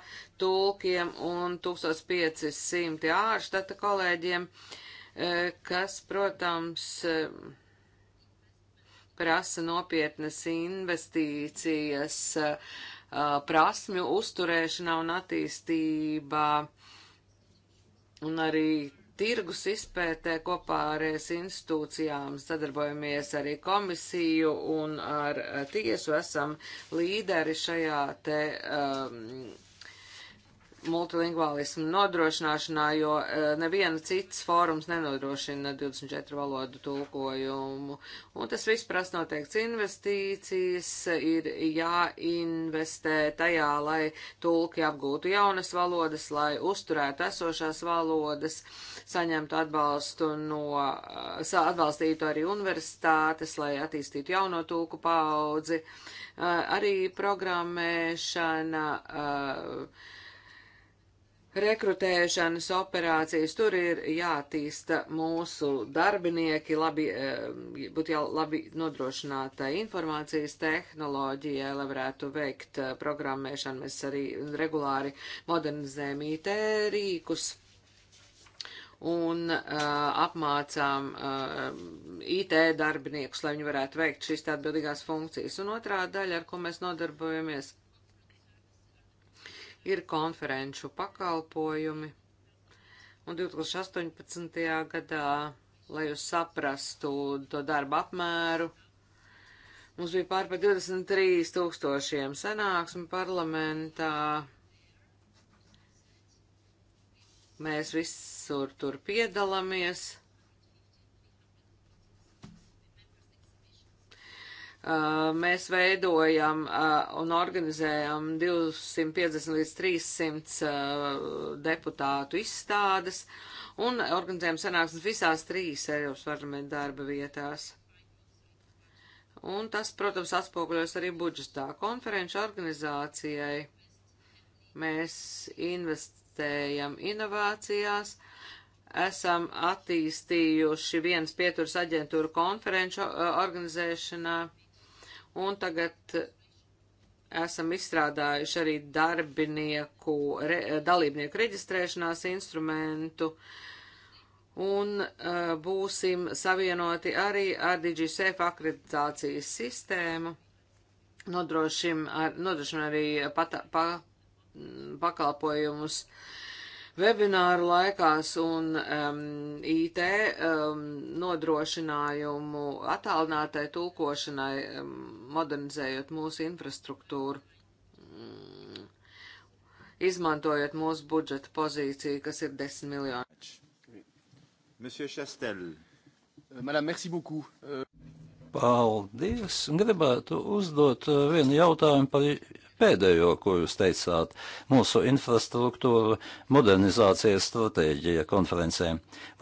tulkiem un 1500 ārštata kolēģiem. Uh, Eh, kas, protams, eh, prasa nopietnas investīcijas eh, prasmju uzturēšanā un attīstībā un arī tirgus izpētē kopā ar es institūcijām sadarbojamies arī komisiju un ar tiesu esam līderi šajā te um, multilingvālismu nodrošināšanā, jo e, neviena cits fórums nenodrošina 24 valodu tulkojumu. Un tas viss prasa noteikts investīcijas, ir jāinvestē tajā, lai tulki apgūtu jaunas valodas, lai uzturētu esošās valodas, saņemtu atbalstu no, e, atbalstītu arī universitātes, lai attīstītu jauno tulku paudzi. E, arī programmēšana, uh, rekrutēšanas operācijas. Tur ir jātīsta mūsu darbinieki, labi, eh, būtu jau labi nodrošināta informācijas tehnoloģija, lai varētu veikt eh, programmēšanu. Mēs arī regulāri modernizējam IT rīkus. Un uh, apmācām uh, IT darbiniekus, lai viņi varētu veikt šīs atbildīgās funkcijas. Un otrā daļa, ar ko mēs nodarbojamies, ir konferenču pakalpojumi. Un 2018. gadā, lai jūs saprastu to darbu apmēru, mums bija pār par 23 tūkstošiem sanāksmi parlamentā. Mēs visur tur piedalāmies. Uh, mēs veidojam uh, un organizējam 250 līdz 300 uh, deputātu izstādes un organizējam sanāksmes visās trīs Eiropas parlamenta darba vietās. Un tas, protams, atspoguļos arī budžetā. Konferenču organizācijai mēs investējam inovācijās, esam attīstījuši viens pieturs aģentūru konferenču organizēšanā Un tagad esam izstrādājuši arī darbinieku, re, dalībnieku reģistrēšanās instrumentu un uh, būsim savienoti arī ar DigiSafe akreditācijas sistēmu. Nodrošim, ar, nodrošim arī pata, pa, pakalpojumus uh, webināru laikās un um, IT um, nodrošinājumu attālinātai tulkošanai, um, modernizējot mūsu infrastruktūru, um, izmantojot mūsu budžeta pozīciju, kas ir 10 miljoni. Monsieur Chastel. Euh, madame, merci beaucoup. Euh, Paldies. Gribētu uzdot eh, vienu jautājumu par pēdējo, ko jūs teicāt, mūsu infrastruktūra modernizācijas stratēģija konferencē.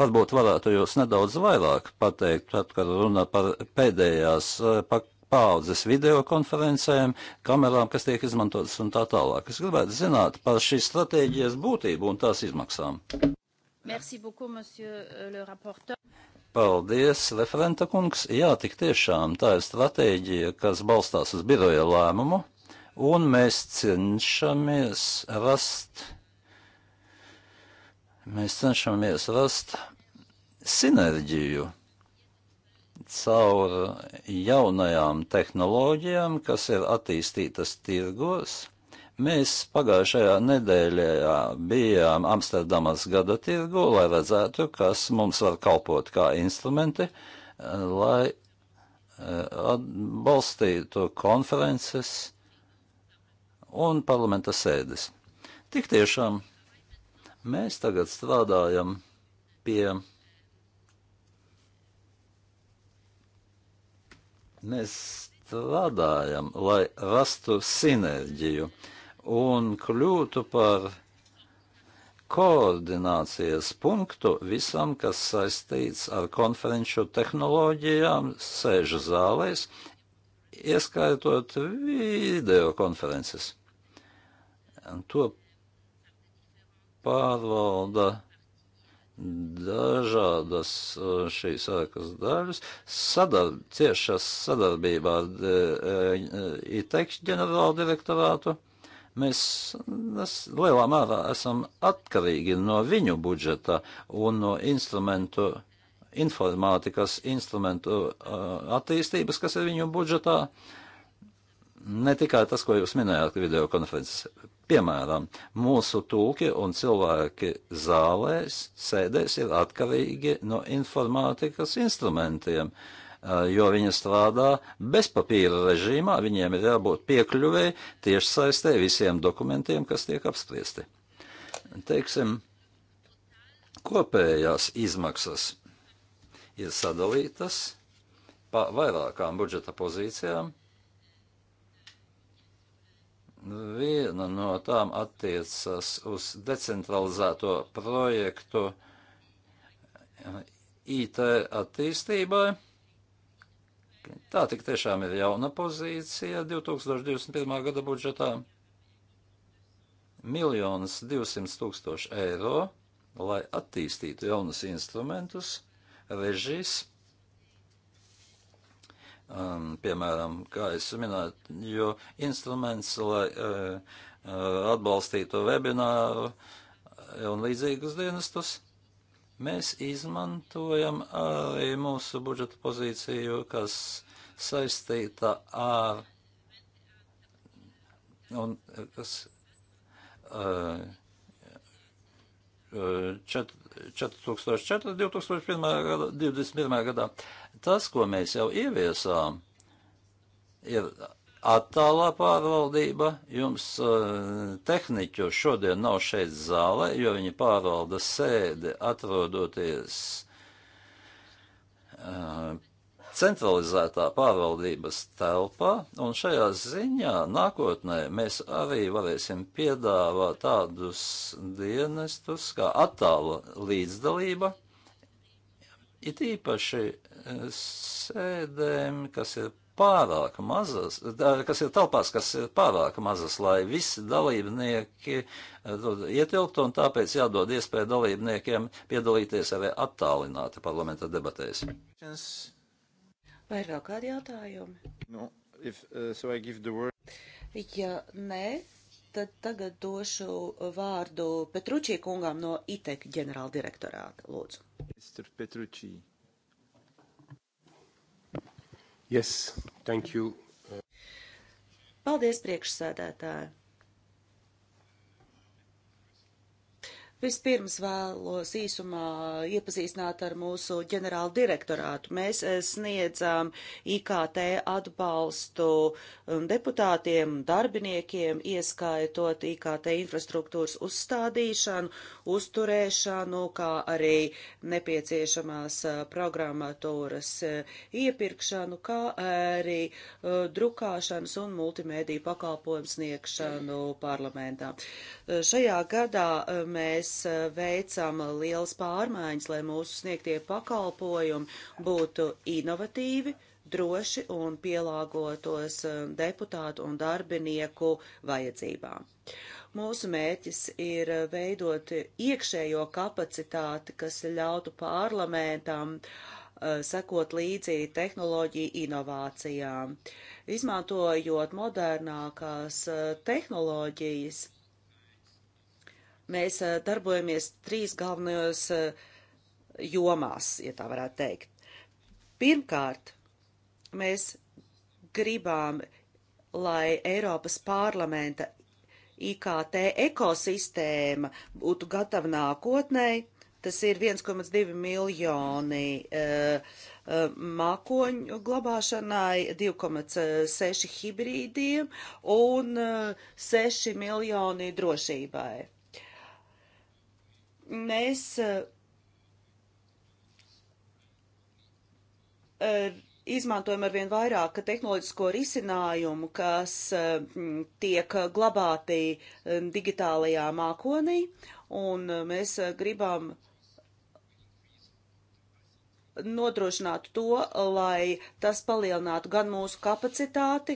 Varbūt varētu jūs nedaudz vairāk pateikt, tad, kad runa par pēdējās eh, pakāpienas paudzes videokonferencēm, kamerām, kas tiek izmantotas un tā tālāk. Es gribētu zināt par šīs stratēģijas būtību un tās izmaksām. Merci beaucoup, monsieur euh, le rapporteur. Paldies, referenta kungs. Jā, tik tiešām tā ir stratēģija, kas balstās uz biroja lēmumu un mēs cenšamies rast, mēs cenšamies rast sinerģiju caur jaunajām tehnoloģijām, kas ir attīstītas tirgos. Mēs pagājušajā nedēļā bijām Amsterdamas gada tirgu, lai redzētu, kas mums var kalpot kā instrumenti, lai eh, atbalstītu konferences, un parlamenta sēdes. Tik tiešām mēs tagad strādājam pie. Mēs strādājam, lai rastu sinerģiju un kļūtu par koordinācijas punktu visam, kas saistīts ar konferenču tehnoloģijām, sēžu zālēs, ieskaitot video konferences. To pārvalda dažādas uh, šīs ēkas daļas, sadar, ciešas sadarbībā ar uh, uh, ITEX ģenerāla direktorātu. Mēs es, lielā mērā esam atkarīgi no viņu budžeta un no instrumentu informātikas instrumentu attīstības, kas ir viņu budžetā. Uh, ne tikai tas, ko jūs minējāt video konferences. Piemēram, mūsu tūki un cilvēki zālēs, sēdēs ir atkarīgi no informātikas instrumentiem, jo viņi strādā bez papīra režīmā, viņiem ir jābūt piekļuvēji tiešsaistē visiem dokumentiem, kas tiek apspriesti. Teiksim, kopējās izmaksas ir sadalītas pa vairākām budžeta pozīcijām Viena no tām attiecas uz decentralizēto projektu IT attīstībai. Tā tik tiešām ir jauna pozīcija 2021. gada budžetā. Miljonus 200 tūkstoši eiro, lai attīstītu jaunus instrumentus, režīs, um, piemēram, kā es minēju, jo instruments, lai uh, uh atbalstītu webināru uh, un līdzīgus dienestus, mēs izmantojam arī mūsu budžeta pozīciju, kas saistīta ar un uh, kas uh, 4004. 2001. gadā, 2021. gadā Tas, ko mēs jau ieviesām, ir attālā pārvaldība. Jums uh, eh, tehniķu šodien nav šeit zālē, jo viņi pārvalda sēdi atrodoties uh, centralizētā pārvaldības telpā, un šajā ziņā nākotnē mēs arī varēsim piedāvāt tādus dienestus kā attāla līdzdalība, it īpaši sēdēm, kas ir pārāk mazas, kas ir telpās, kas ir pārāk mazas, lai visi dalībnieki eh, ietilptu, un tāpēc jādod iespēja dalībniekiem piedalīties arī attālināti parlamenta debatēs. Vai ir vēl kādi jautājumi? No, if, uh, so ja nē, tad tagad došu vārdu Petručī kungām no ITEK ģenerāldirektorāta. Lūdzu. Mr. Petručī. Yes, thank you. Paldies, priekšsēdētāji. Vispirms vēlos īsumā iepazīstināt ar mūsu ģenerālu direktorātu. Mēs eh, sniedzam IKT atbalstu um, deputātiem, darbiniekiem, ieskaitot IKT infrastruktūras uzstādīšanu, uzturēšanu, kā arī nepieciešamās eh, programmatūras eh, iepirkšanu, kā arī drukāšanas un multimēdiju pakalpojumu sniegšanu parlamentā. Šajā gadā mēs mēs eh, veicam lielas pārmaiņas, lai mūsu sniegtie pakalpojumi būtu inovatīvi, droši un pielāgotos eh, deputātu un darbinieku vajadzībām. Mūsu mērķis ir eh, veidot iekšējo kapacitāti, kas ļautu parlamentam sekot līdzi tehnoloģiju inovācijām, izmantojot modernākās tehnoloģijas Mēs eh, darbojamies trīs galvenajos eh, jomās, ja tā varētu teikt. Pirmkārt, mēs gribām, lai Eiropas parlamenta IKT ekosistēma būtu gatava nākotnēji. Tas ir 1,2 miljoni uh, uh, mākoņu glabāšanai, 2,6 hibrīdiem un uh, 6 miljoni drošībai mēs eh, izmantojam arvien vairāk tehnoloģisko risinājumu, kas eh, tiek glabāti eh, digitālajā mākonī, un mēs gribam nodrošināt to, lai tas palielinātu gan mūsu kapacitāti,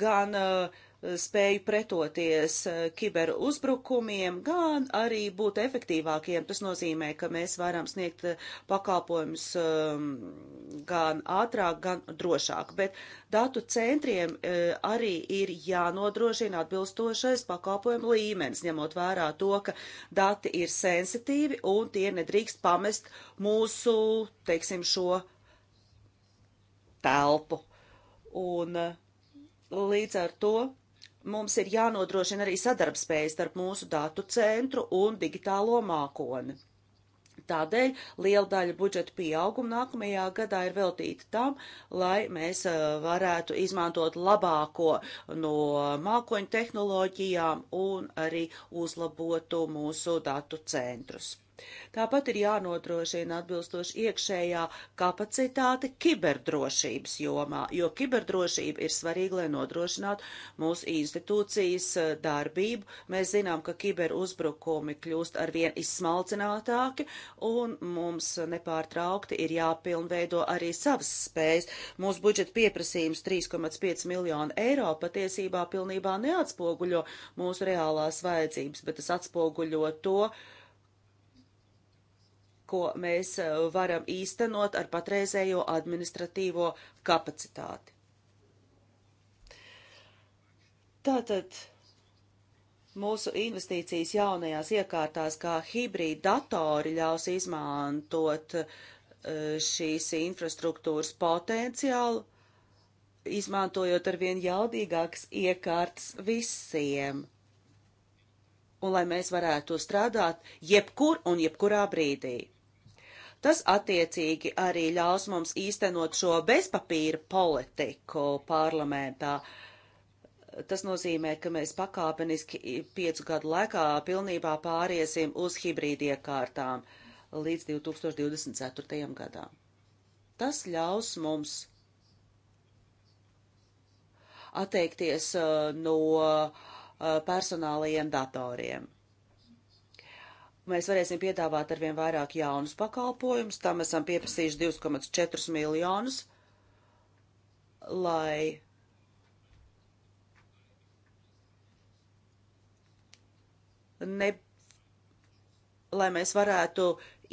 gan uh, spēju pretoties eh, kiberuzbrukumiem, gan arī būt efektīvākiem. Tas nozīmē, ka mēs varam sniegt eh, pakalpojumus ehm, gan ātrāk, gan drošāk. Bet datu centriem eh, arī ir jānodrošina atbilstošais pakalpojumu līmenis, ņemot vērā to, ka dati ir sensitīvi un tie nedrīkst pamest mūsu, teiksim, šo telpu. Un līdz ar to mums ir jānodrošina arī sadarbspēja starp mūsu datu centru un digitālo mākoni. Tādēļ liela daļa budžeta pieauguma nākamajā gadā ir veltīta tam, lai mēs eh, varētu izmantot labāko no mākoņu tehnoloģijām un arī uzlabotu mūsu datu centrus. Tāpat ir jānodrošina atbilstoši iekšējā kapacitāte kiberdrošības jomā, jo kiberdrošība ir svarīga, lai nodrošinātu mūsu institūcijas eh, darbību. Mēs zinām, ka kiberuzbrukumi kļūst arvien izsmalcinātāki, un mums nepārtraukti ir jāpilnveido arī savas spējas. Mūsu budžeta pieprasījums 3,5 miljonu eiro patiesībā pilnībā neatspoguļo mūsu reālās vajadzības, bet tas atspoguļo to, uh, ko mēs e, varam īstenot ar patreizējo administratīvo kapacitāti. Tātad mūsu investīcijas jaunajās iekārtās, kā hibrīd datori, ļaus izmantot e, šīs infrastruktūras potenciālu, izmantojot arvien jaudīgākas iekārtas visiem un lai mēs varētu strādāt jebkur un jebkurā brīdī. Tas attiecīgi arī ļaus mums īstenot šo bezpapīra politiku parlamentā. Tas nozīmē, ka mēs pakāpeniski piecu gadu laikā pilnībā pāriesim uz hibrīdiekārtām līdz 2024. gadām. Tas ļaus mums atteikties uh, no uh, personālajiem datoriem. Mēs varēsim piedāvāt arvien vairāk jaunus pakalpojumus, tam esam pieprasījuši 2,4 miljonus, lai ne, lai mēs varētu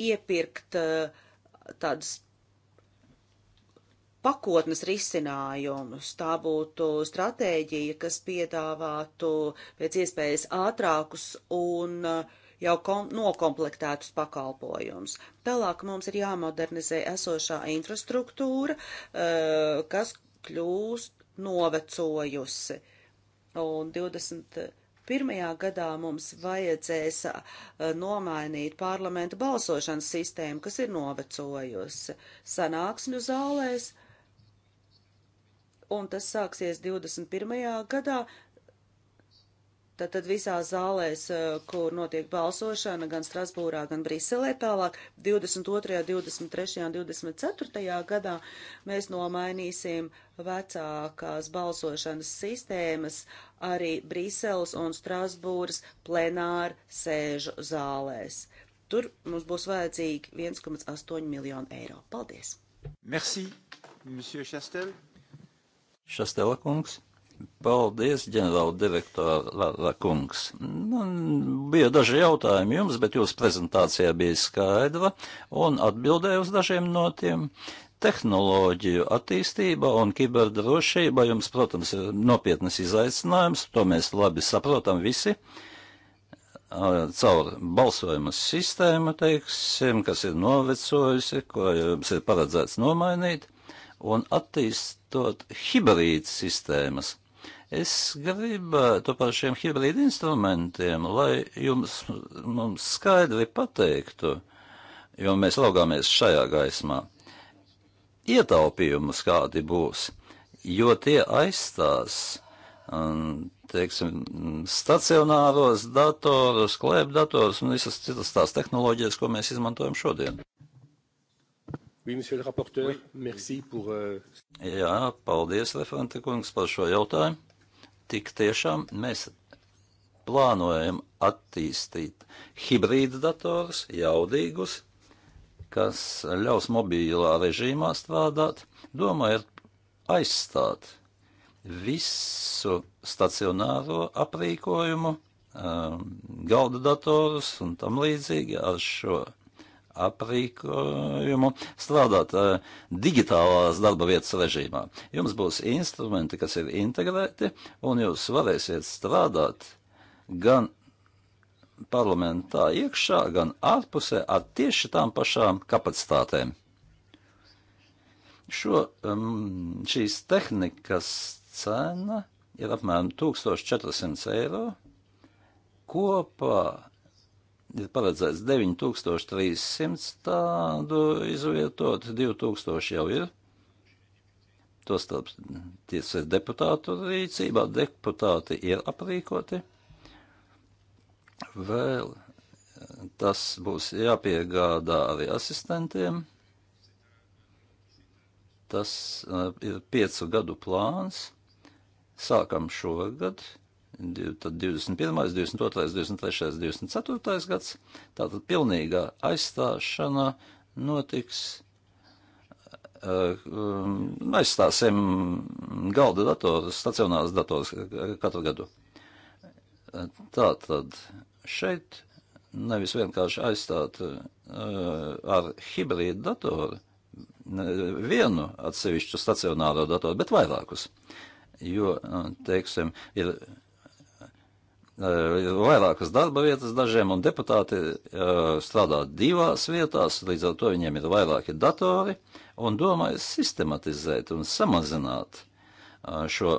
iepirkt uh, tādas pakotnes risinājumus. Tā būtu stratēģija, kas piedāvātu pēc iespējas ātrākus un uh, jau kom nokomplektētus pakalpojumus. Tālāk mums ir jāmodernizē esošā infrastruktūra, e, kas kļūst novecojusi. Un 20. Pirmajā gadā mums vajadzēs e, nomainīt parlamenta balsošanas sistēmu, kas ir novecojusi sanāksmju zālēs, un tas sāksies 21. gadā, Tātad visās zālēs, eh, kur notiek balsošana, gan Strasbūrā, gan Briselē tālāk, 22., 23. un 24. gadā mēs nomainīsim vecākās balsošanas sistēmas arī Briseles un Strasbūras plenāru sēžu zālēs. Tur mums būs vajadzīgi 1,8 miljonu eiro. Paldies! Merci, monsieur Chastel. Chastela kungs. Paldies, ģenerāla direktora kungs. Man bija daži jautājumi jums, bet jūsu prezentācijā bija skaidra un atbildēja uz dažiem no tiem. Tehnoloģiju attīstība un kiberdrošība jums, protams, ir nopietnas izaicinājums, to mēs labi saprotam visi caur balsojumu sistēmu, teiksim, kas ir novecojusi, ko jums ir paredzēts nomainīt, un attīstot hibrīd sistēmas. Es gribētu par šiem hibrīd instrumentiem, lai jums mums skaidri pateiktu, jo mēs raugāmies šajā gaismā, ietaupījumus kādi būs, jo tie aizstās, un, teiksim, stacionāros datorus, klēpdatorus un visas citas tās tehnoloģijas, ko mēs izmantojam šodien. Oui, monsieur le rapporteur, oui. merci pour. Euh... Jā, paldies, referente kungs, par šo jautājumu. Tik tiešām mēs plānojam attīstīt hibrīda dators, jaudīgus, kas ļaus mobīlā režīmā strādāt, domājot aizstāt visu stacionāro aprīkojumu, um, galda datorus un tam līdzīgi ar šo aprīkojumu, strādāt uh, digitālās darba vietas režīmā. Jums būs instrumenti, kas ir integrēti, un jūs varēsiet strādāt gan parlamentā iekšā, gan ārpusē ar tieši tām pašām kapacitātēm. Šo, um, šīs tehnikas cena ir apmēram 1400 eiro kopā ir paredzēts 9300 tādu izvietot, 2000 jau ir. Tostarp tiesas deputātu rīcībā deputāti ir aprīkoti. Vēl eh, tas būs jāpiegādā arī asistentiem. Tas eh, ir piecu gadu plāns. Sākam šogad tad 21., 22., 23., 24. gads. Tātad pilnīga aizstāšana notiks. Eh, um, aizstāsim galda datos, stacionārās datos eh, katru gadu. Eh, tātad šeit nevis vienkārši aizstāt ar hibrīdu datoru vienu atsevišķu stacionāro datoru, bet vairākus. Jo, teiksim, ir Eh, vairākas darba vietas dažiem, un deputāti uh, strādā divās vietās, līdz ar to viņiem ir vairāki datori, un domāju sistematizēt un samazināt uh, šo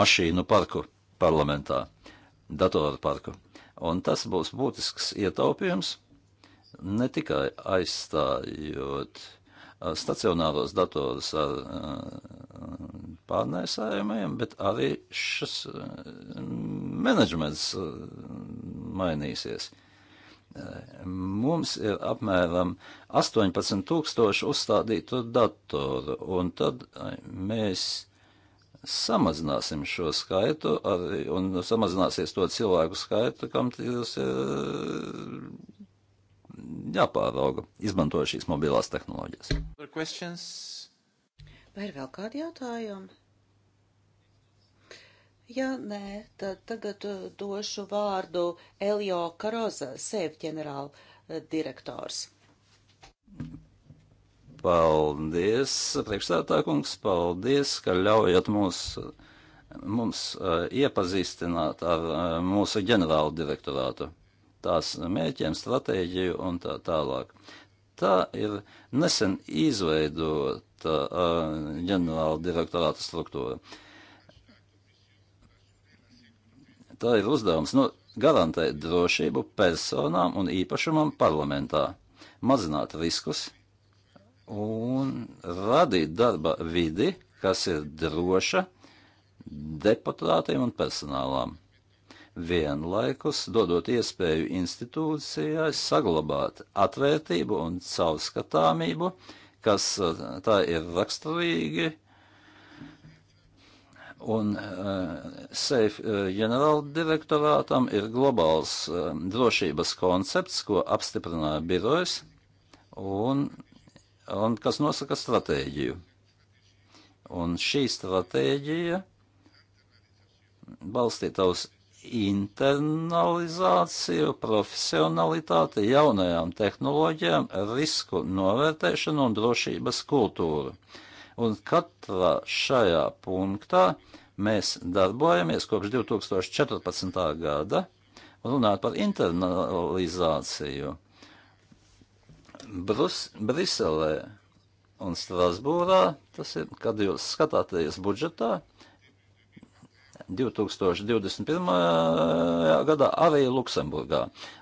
mašīnu parku parlamentā, datoru parku. Un tas būs būtisks ietaupījums, ne tikai aizstājot uh, stacionāros datorus ar eh, pārnēsājumiem, bet arī šis eh, menedžments eh, mainīsies. Mums ir apmēram 18,000 uzstādītu datoru, un tad mēs samazināsim šo skaitu, arī, un samazināsies to cilvēku skaitu, kam tas ir jāpārauga, izmantojot šīs mobilās tehnoloģijas. Vai ir vēl kādi jautājumi? Ja nē, tad tagad uh, došu vārdu Elio Karoza, sev ģenerāla uh, direktors. Paldies, priekšstādākungs, paldies, ka ļaujat mums, mums uh, iepazīstināt ar uh, mūsu ģenerālu direktorātu tās mērķiem, stratēģiju un tā tālāk. Tā ir nesen izveidota uh, ģenerāla direktorāta struktūra. Tā ir uzdevums nu, garantēt drošību personām un īpašumam parlamentā, mazināt riskus un radīt darba vidi, kas ir droša deputātiem un personālām vienlaikus dodot iespēju institūcijai saglabāt atvērtību un caurskatāmību, kas uh, tā ir raksturīgi. Un uh, SEIF uh, ģenerāldirektorātam ir globāls uh, drošības koncepts, ko apstiprināja birojas un, un kas nosaka stratēģiju. Un šī stratēģija balstīta uz internalizāciju, profesionalitāti, jaunajām tehnoloģijām, risku novērtēšanu un drošības kultūru. Un katrā šajā punktā mēs darbojamies kopš 2014. gada runāt par internalizāciju. Brus, Briselē un Strasbūrā, tas ir, kad jūs skatāties budžetā, 2021. gadā arī Luksemburgā.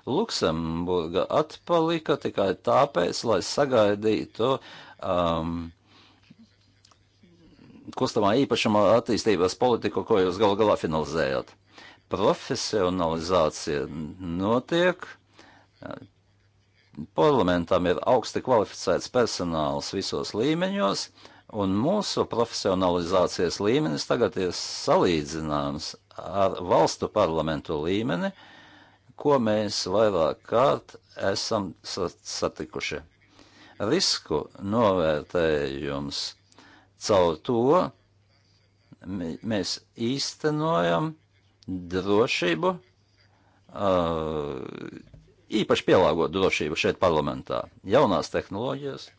Luksemburga atpalika tikai tāpēc, lai sagaidītu um, kustamā īpašuma attīstības politiku, ko jūs gal galā finalizējat. Profesionalizācija notiek. Parlamentam ir augsti kvalificēts personāls visos līmeņos, uh, Un mūsu profesionalizācijas līmenis tagad ir salīdzināms ar valstu parlamentu līmeni, ko mēs vairāk kārt esam satikuši. Risku novērtējums caur to mēs īstenojam drošību, īpaši pielāgot drošību šeit parlamentā, jaunās tehnoloģijas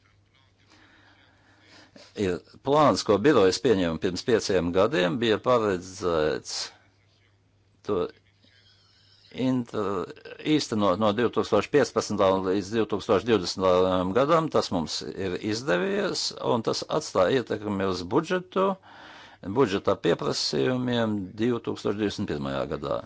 Ir plāns, ko birojas pieņēma pirms pieciem gadiem, bija paredzēts to inter, īstenot no 2015. līdz 2020. gadam. Tas mums ir izdevies, un tas atstāja ietekmi uz budžetu, budžetā pieprasījumiem 2021. gadā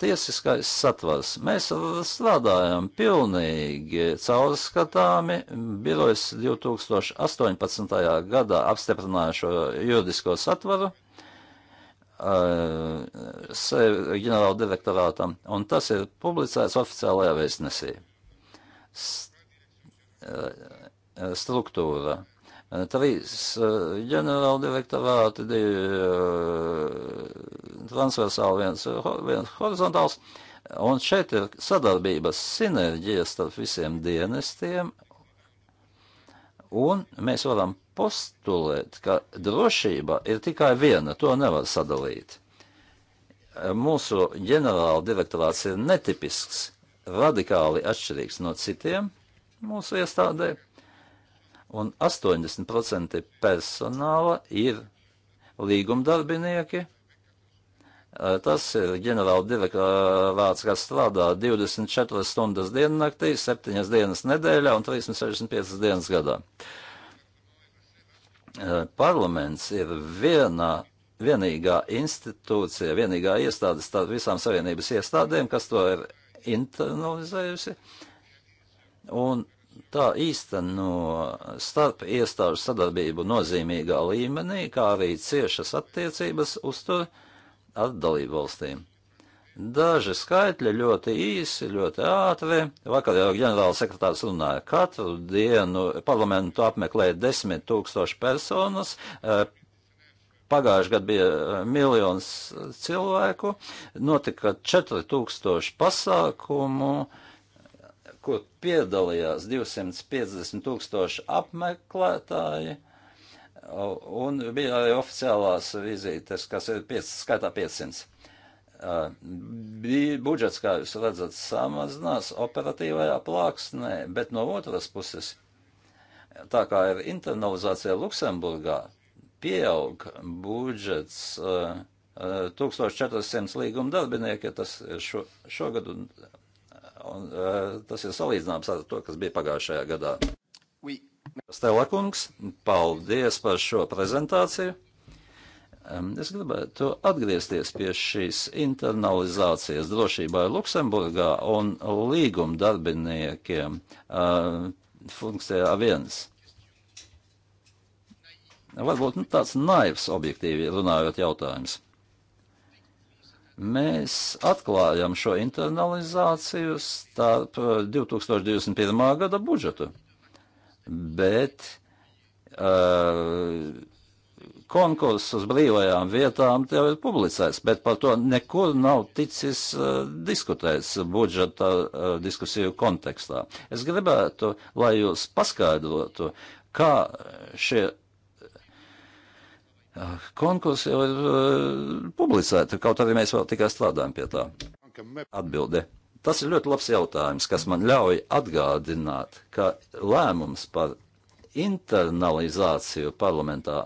tiesiskais satvars. Mēs strādājam pilnīgi caurskatāmi. Birojas 2018. gadā apstiprināja šo juridisko satvaru eh, sev ģenerāla direktorātam, un tas ir publicēts oficiālajā vēstnesī. St eh, struktūra E, trīs ģenerāla e, direktorāti, divi e, transversāli, viens, viens horizontāls. Un šeit ir sadarbības sinerģija starp visiem dienestiem, un mēs varam postulēt, ka drošība ir tikai viena, to nevar sadalīt. Mūsu ģenerāla direktorāts ir netipisks, radikāli atšķirīgs no citiem mūsu iestādēm un 80% personāla ir līgumdarbinieki. Tas ir ģenerāla direktorāts, kas strādā 24 stundas diennaktī, 7 dienas nedēļā un 365 dienas gadā. Parlaments ir vienā, vienīgā institūcija, vienīgā iestāde starp visām savienības iestādēm, kas to ir internalizējusi. Un tā īsteno starp iestāžu sadarbību nozīmīgā līmenī, kā arī ciešas attiecības uztur ar dalību valstīm. Daži skaitļi ļoti īsi, ļoti ātri. Vakar jau ģenerāla sekretārs runāja, katru dienu parlamentu apmeklē desmit tūkstoši personas, eh, Pagājuši gadu bija eh, miljons cilvēku, notika 4000 pasākumu, uh, kur piedalījās 250 tūkstoši apmeklētāji, un bija arī oficiālās vizītes, kas ir 5, skaitā 500. Bija budžets, kā jūs redzat, samazinās operatīvajā plāksnē, bet no otras puses, tā kā ir internalizācija Luksemburgā, pieaug budžets uh, 1400 līguma darbinieki, tas šo, šogad un Un, uh, tas ir salīdzināms ar to, kas bija pagājušajā gadā. Oui. Stelakungs, paldies par šo prezentāciju. Um, es gribētu atgriezties pie šīs internalizācijas drošībā Luksemburgā un līguma darbiniekiem uh, e, funkcijā viens. Varbūt nu, tāds naivs objektīvi runājot jautājums mēs atklājam šo internalizāciju starp 2021. gada budžetu. Bet uh, konkurss uz brīvajām vietām jau ir publicēts, bet par to nekur nav ticis uh, diskutēts budžeta uh, diskusiju kontekstā. Es gribētu, lai jūs paskaidrotu, kā šie Ah, konkursi jau ir eh, publicēti, kaut arī mēs vēl tikai strādājam pie tā. Atbilde. Tas ir ļoti labs jautājums, kas man ļauj atgādināt, ka lēmums par internalizāciju parlamentā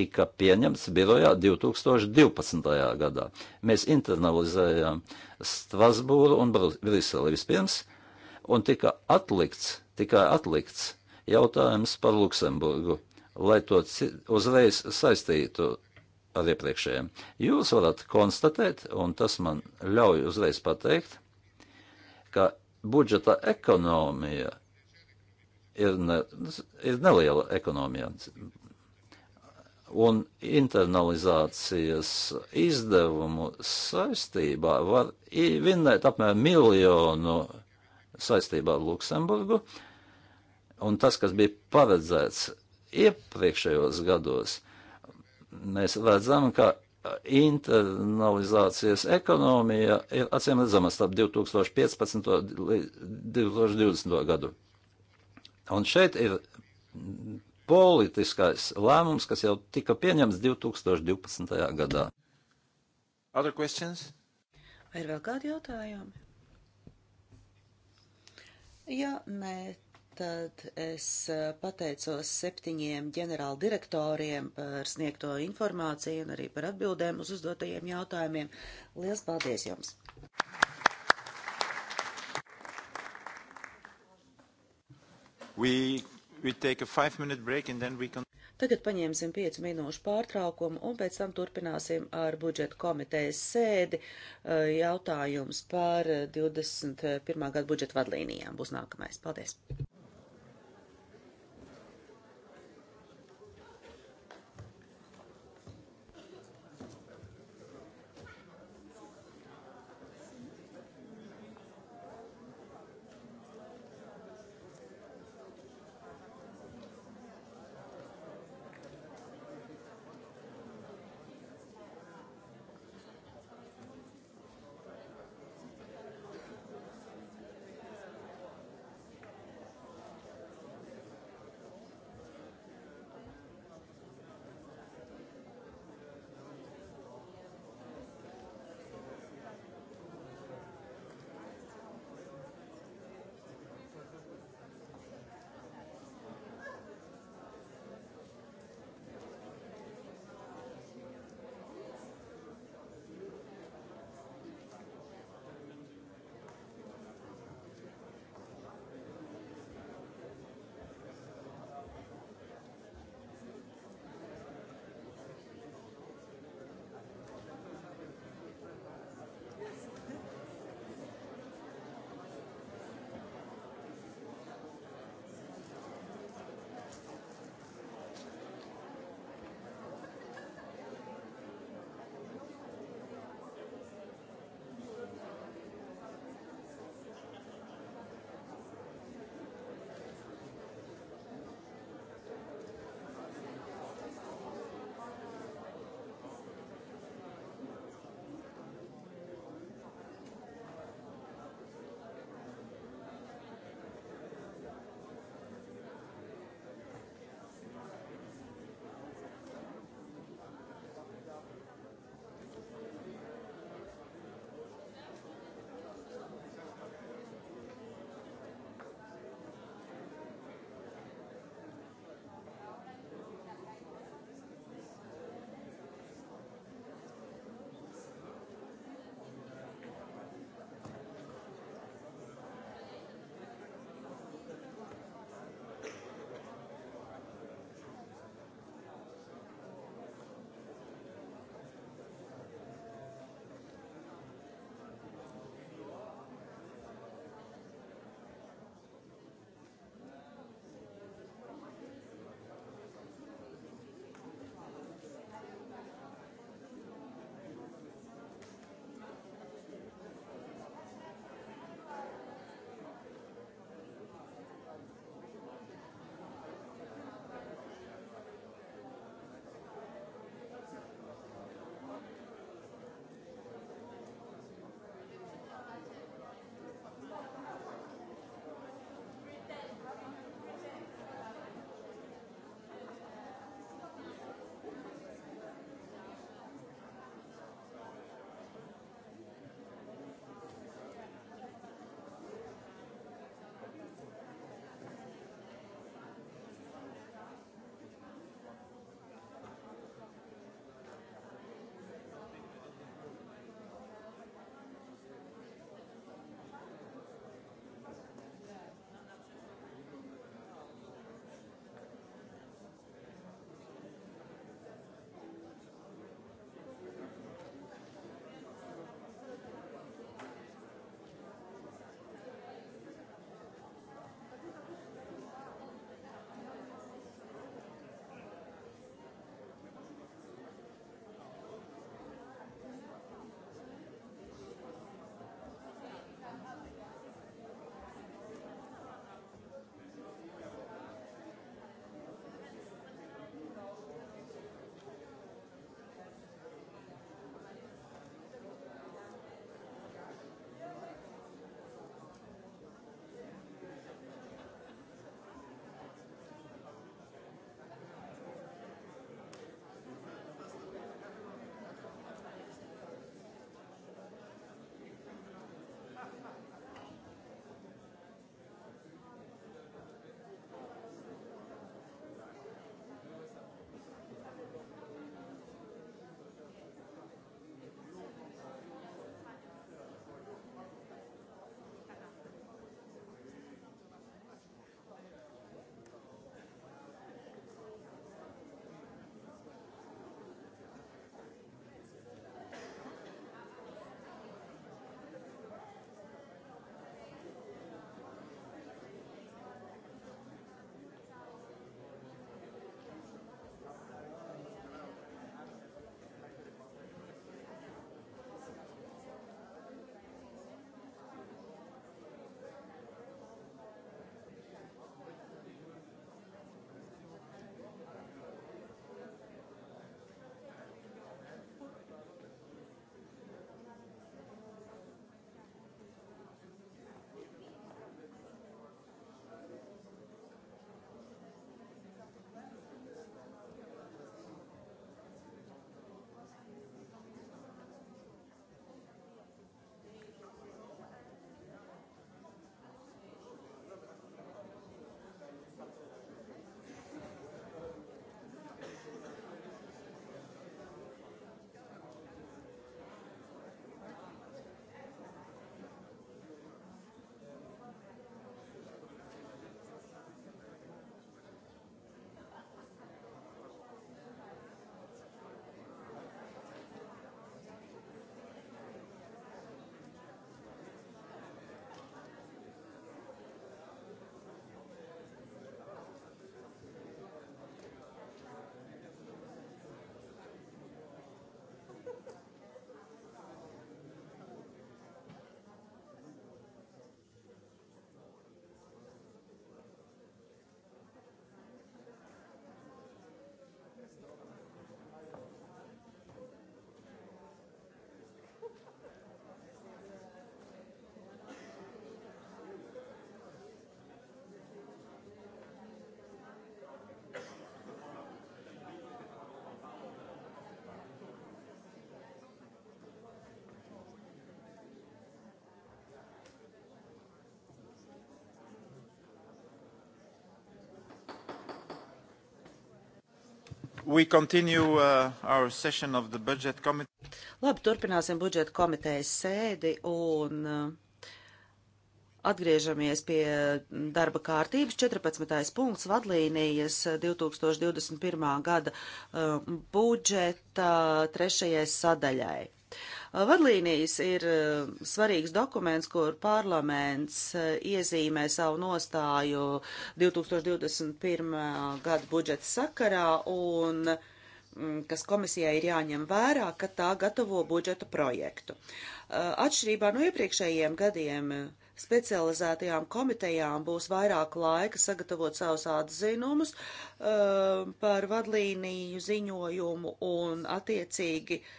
tika pieņemts birojā 2012. gadā. Mēs internalizējām Strasbūru un Briseli vispirms, un tika atlikts, tikai atlikts jautājums par Luksemburgu lai to uzreiz saistītu ar iepriekšējiem. Jūs varat konstatēt, un tas man ļauj uzreiz pateikt, ka budžeta ekonomija ir, ne, ir neliela ekonomija. Un internalizācijas izdevumu saistībā var vinnēt apmēram miljonu saistībā ar Luksemburgu. Un tas, kas bija paredzēts iepriekšējos gados mēs redzam, ka internalizācijas ekonomija ir acīm redzama starp 2015. līdz 2020. gadu. Un šeit ir politiskais lēmums, kas jau tika pieņemts 2012. gadā. Other questions? Vai ir vēl kādi jautājumi? Ja nē, Tad es eh, pateicos septiņiem ģenerāla direktoriem par sniegto informāciju un arī par atbildēm uz uzdotajiem jautājumiem. Lielas paldies jums! We, we can... Tagad paņemsim 5 minūšu pārtraukumu un pēc tam turpināsim ar budžeta komitejas sēdi. Eh, jautājums par 21. Eh, gadu budžeta vadlīnijām būs nākamais. Paldies! Continue, uh, Labi, turpināsim budžeta komitejas sēdi un uh, atgriežamies pie darba kārtības. 14. punkts vadlīnijas 2021. Uh, gada uh, budžeta trešajai sadaļai. Vadlīnijas ir eh, svarīgs dokuments, kur parlaments eh, iezīmē savu nostāju 2021. gada budžeta sakarā un mm, kas komisijai ir jāņem vērā, ka tā gatavo budžeta projektu. Eh, atšķirībā no iepriekšējiem gadiem specializētajām komitejām būs vairāk laika sagatavot savus atzinumus par vadlīniju ziņojumu un attiecīgi uh,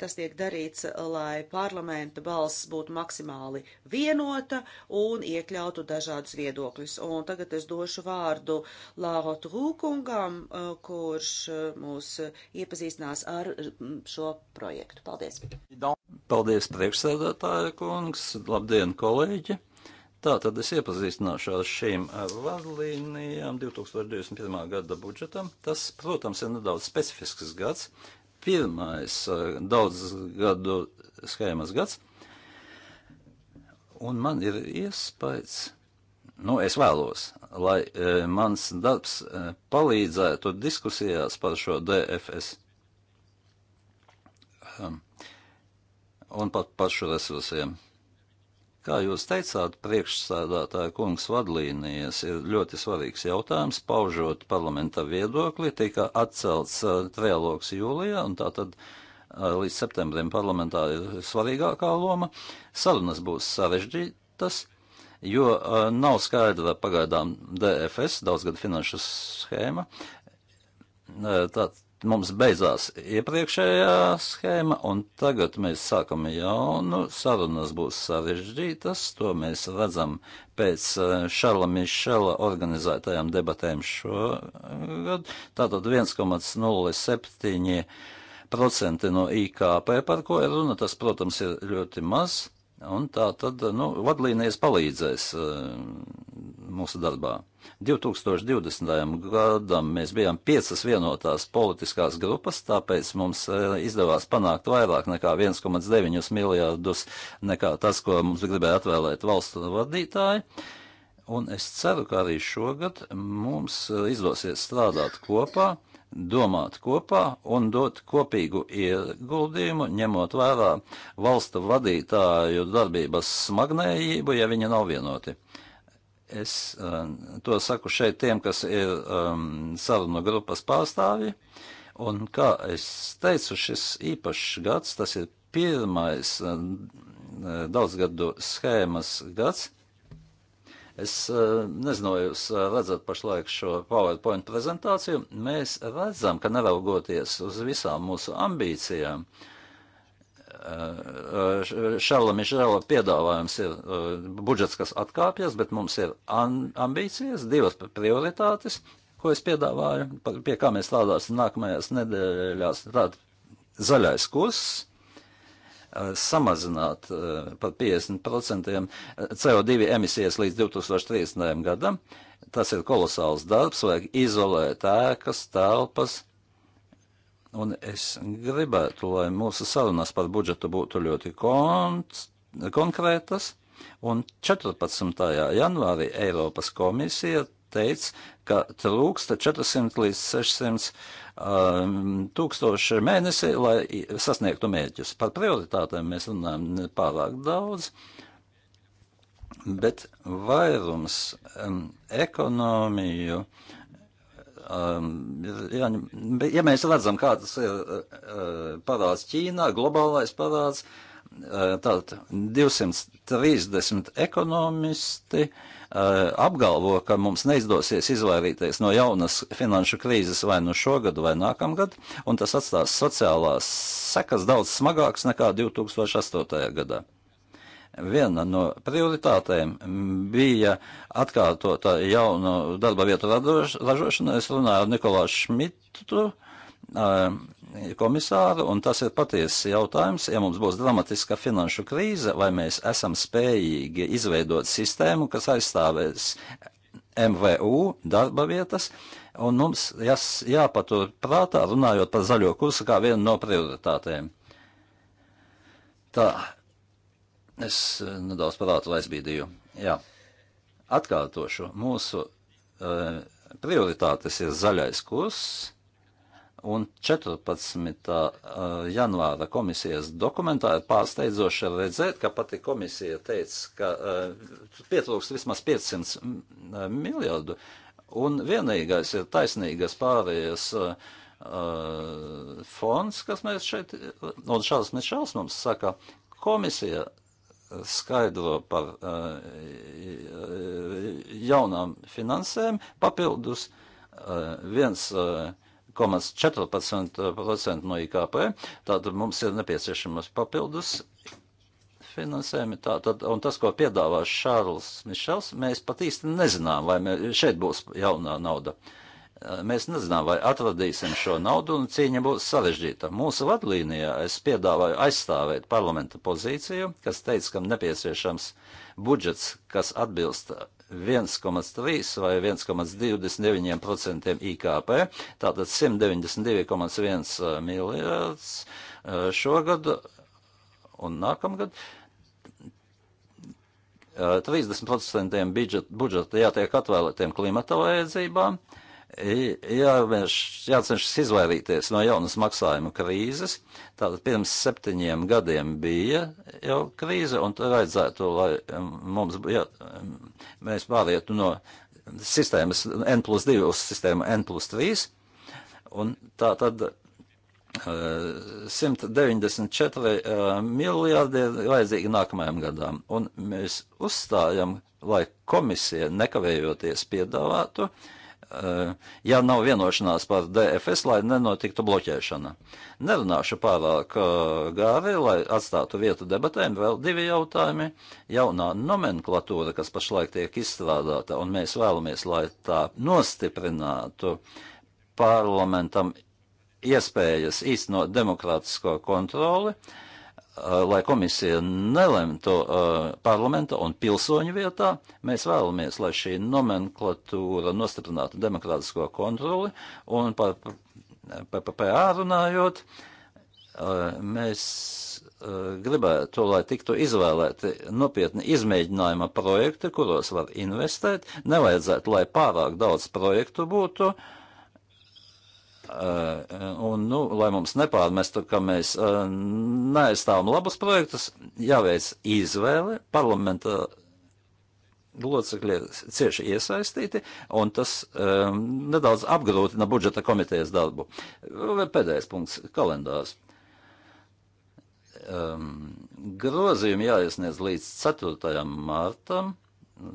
tas tiek darīts, lai parlamenta balss būtu maksimāli vienota un iekļautu dažādus viedokļus. Un tagad es došu vārdu Lāhotu Rūkungam, eh, kurš eh, mūs iepazīstinās ar šo projektu. Paldies! Paldies, priekšsēdētāja kungs! Labdien, kolēģi! Tā tad es iepazīstināšu ar šīm eh, vadlīnijām 2021. gada budžetam. Tas, protams, ir nedaudz specifisks gads, pirmais eh, daudz gadu skaimas gads, un man ir iespējas, nu, es vēlos, lai e, mans darbs e, palīdzētu diskusijās par šo DFS um, ehm, un par pašu resursiem. Kā jūs teicāt, priekšsādātāja kungs vadlīnijas ir ļoti svarīgs jautājums. Paužot parlamenta viedokli, tika atcelts uh, trialogs jūlijā, un tā tad uh, līdz septembrim parlamentā ir svarīgākā loma. Sarunas būs sarežģītas, jo uh, nav skaidra pagaidām DFS, daudzgad finanšu schēma. Uh, tā, Mums beidzās iepriekšējā schēma, un tagad mēs sākam jaunu. Sarunas būs sarežģītas, to mēs redzam pēc eh, Šarla Mišela organizētajām debatēm šogad. Tātad 1,07% no IKP, par ko ir runa, tas, protams, ir ļoti maz. Un tā tad, nu, vadlīnijas palīdzēs eh, mūsu darbā. 2020. gadam mēs bijām piecas vienotās politiskās grupas, tāpēc mums eh, izdevās panākt vairāk nekā 1,9 miljārdus nekā tas, ko mums gribēja atvēlēt valstu vadītāji. Un es ceru, ka arī šogad mums eh, izdosies strādāt kopā domāt kopā un dot kopīgu ieguldījumu, ņemot vērā valstu vadītāju darbības smagnējību, ja viņi nav vienoti. Es uh, to saku šeit tiem, kas ir um, sarunu grupas pārstāvji, un kā es teicu, šis īpašs gads, tas ir pirmais uh, daudzgadu schēmas gads, Es eh, nezinu, vai jūs eh, redzat pašlaik šo PowerPoint prezentāciju. Mēs redzam, ka neraugoties uz visām mūsu ambīcijām, eh, Šarla Mišela piedāvājums ir budžets, kas atkāpjas, bet mums ir ambīcijas, divas prioritātes, ko es piedāvāju, pie kā mēs strādāsim nākamajās nedēļās. Tātad zaļais kurs, Eh, samazināt eh, par 50% eh, CO2 emisijas līdz 2030. gadam. Tas ir kolosāls darbs, vajag izolēt ēkas, telpas. Un es gribētu, lai mūsu sarunas par budžetu būtu ļoti konkrētas. Un 14. janvārī Eiropas komisija teica, ka trūksta 400 līdz 600 Um, tūkstoši mēnesi, lai sasniegtu mērķus. Par prioritātēm mēs runājam pārāk daudz, bet vairums um, ekonomiju. Um, ja, ja mēs redzam, kāds ir uh, uh, parāds Ķīnā, globālais parāds, uh, tad 230 ekonomisti uh, Eh, apgalvo, ka mums neizdosies izvairīties no jaunas finanšu krīzes vai nu šogad vai nākamgad, un tas atstās sociālās sekas daudz smagākas nekā 2008. gadā viena no prioritātēm bija atkārtota jaunu darba vietu ražošana. Es runāju ar Nikolāšu Šmitu, eh, komisāru, un tas ir patiesas jautājums, ja mums būs dramatiska finanšu krīze, vai mēs esam spējīgi izveidot sistēmu, kas aizstāvēs MVU darba vietas, un mums jās, jāpatur prātā, runājot par zaļo kursu, kā vienu no prioritātēm. Tā, es eh, nedaudz parātu aizbīdīju. Jā, atkārtošu, mūsu uh, prioritātes ir zaļais kurss Un 14. Eh, janvāra komisijas dokumentā ir pārsteidzoši redzēt, ka pati komisija teica, ka uh, eh, pietrūks vismaz 500 eh, miljardu, un vienīgais ir taisnīgas pārējas uh, fonds, kas mēs šeit, un Šāls Mišāls mums saka, komisija skaidro par uh, jaunām finansēm papildus uh, viens. Uh, 1,14% no IKP. Tātad mums ir nepieciešamas papildus finansējumi. Tātad, un tas, ko piedāvā Šārls Mišels, mēs pat īsti nezinām, vai mē, šeit būs jaunā nauda. Mēs nezinām, vai atradīsim šo naudu, un cīņa būs sarežģīta. Mūsu vadlīnijā es piedāvāju aizstāvēt parlamenta pozīciju, kas teica, ka nepieciešams budžets, kas atbilst 1,3 vai 1,29% IKP, tātad 192,1 eh, miljards eh, šogad un nākamgad. 30% eh, budžeta, budžeta jātiek atvēlētiem klimata vajadzībām, jāvērš, jācenšas izvairīties no jaunas maksājuma krīzes. Tātad pirms septiņiem gadiem bija jau krīze, un vajadzētu, lai mm, mums jā, mēs pārietu no sistēmas N plus 2 uz sistēmu N plus 3, un tā tad 194 eh, eh, miljārdi ir vajadzīgi nākamajam gadam, un mēs uzstājam, lai komisija nekavējoties piedāvātu uh, Eh, ja nav vienošanās par DFS, lai nenotiktu bloķēšana. Nerunāšu pārāk eh, gāri, lai atstātu vietu debatēm. Vēl divi jautājumi. Jaunā nomenklatūra, kas pašlaik tiek izstrādāta, un mēs vēlamies, lai tā nostiprinātu parlamentam iespējas īstenot demokrātisko kontroli. Uh, Uh, lai komisija nelemtu uh, parlamenta un pilsoņu vietā. Mēs vēlamies, lai šī nomenklatūra nostiprinātu demokrātisko kontroli un par PPA runājot, uh, mēs uh, gribētu, lai tiktu izvēlēti nopietni izmēģinājuma projekti, kuros var investēt. Nevajadzētu, lai pārāk daudz projektu būtu. Uh, Eh, un, nu, lai mums nepārmestu, ka mēs eh, neaizstāvam labus projektus, jāveic izvēle parlamenta locekļi cieši iesaistīti, un tas um, nedaudz apgrūtina budžeta komitejas darbu. Pēdējais punkts - kalendārs. Um, grozījumi jāiesniedz līdz 4. martam.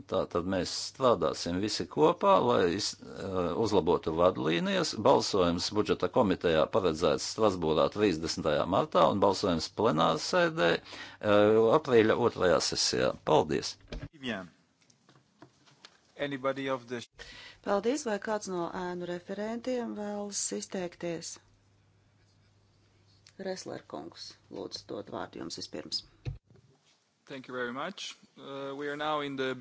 Tā tad mēs strādāsim visi kopā, lai eh, uzlabotu vadlīnijas. Balsojums budžeta komitejā paredzēts Strasbūrā 30. martā un balsojums plenāra sēdē eh, aprīļa 2. sesijā. Paldies! Paldies, vai kāds no ēnu referentiem vēlas izteikties? Resler kungs, lūdzu, dod vārdu jums vispirms. Thank you very much. Uh, we are now in the...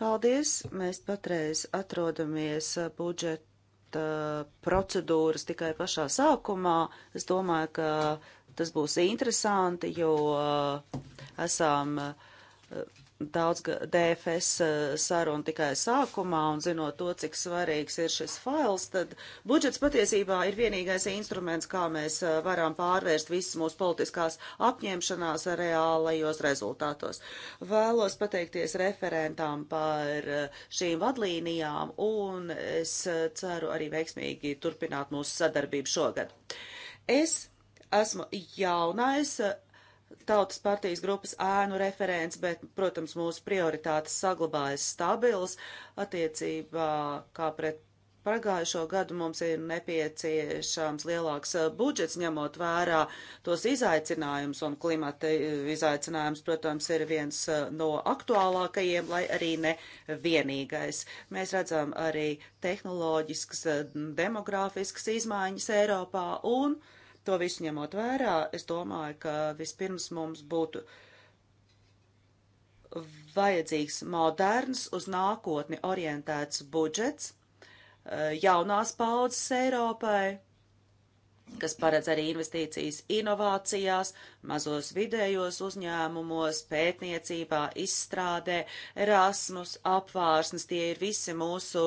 Paldies. Mēs patreiz atrodamies uh, budžeta uh, procedūras tikai pašā sākumā. Es domāju, ka tas būs interesanti, jo uh, esam daudz DFS uh, saruna tikai sākumā un zinot to, cik svarīgs ir šis fails, tad budžets patiesībā ir vienīgais instruments, kā mēs uh, varam pārvērst visas mūsu politiskās apņemšanās reālajos rezultātos. Vēlos pateikties referentām par uh, šīm vadlīnijām un es ceru arī veiksmīgi turpināt mūsu sadarbību šogad. Es esmu jaunais Tautas partijas grupas ēnu referents, bet, protams, mūsu prioritātes saglabājas stabils attiecībā kā pret pagājušo gadu mums ir nepieciešams lielāks eh, budžets, ņemot vērā tos izaicinājumus, un klimata eh, izaicinājums, protams, ir viens eh, no aktuālākajiem, lai arī ne vienīgais. Mēs redzam arī tehnoloģiskas, demografiskas izmaiņas Eiropā un. Uh, To visu ņemot vērā, es domāju, ka vispirms mums būtu vajadzīgs moderns, uz nākotni orientēts budžets eh, jaunās paudzes Eiropai kas paredz arī investīcijas inovācijās, mazos vidējos uzņēmumos, pētniecībā, izstrādē, Erasmus, apvārsnes, tie ir visi mūsu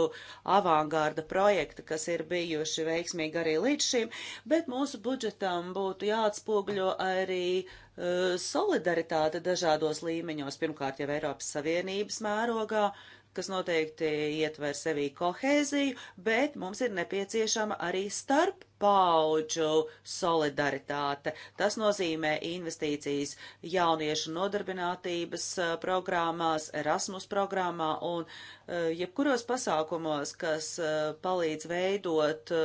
avangārda projekti, kas ir bijuši veiksmīgi arī līdz šim, bet mūsu budžetam būtu jāatspogļo arī uh, solidaritāte dažādos līmeņos, pirmkārt jau Eiropas Savienības mērogā, uh, kas noteikti ietver sevī kohēziju, bet mums ir nepieciešama arī starp paudžu solidaritāte. Tas nozīmē investīcijas jauniešu nodarbinātības programmās, Erasmus programmā un jebkuros pasākumos, kas palīdz veidot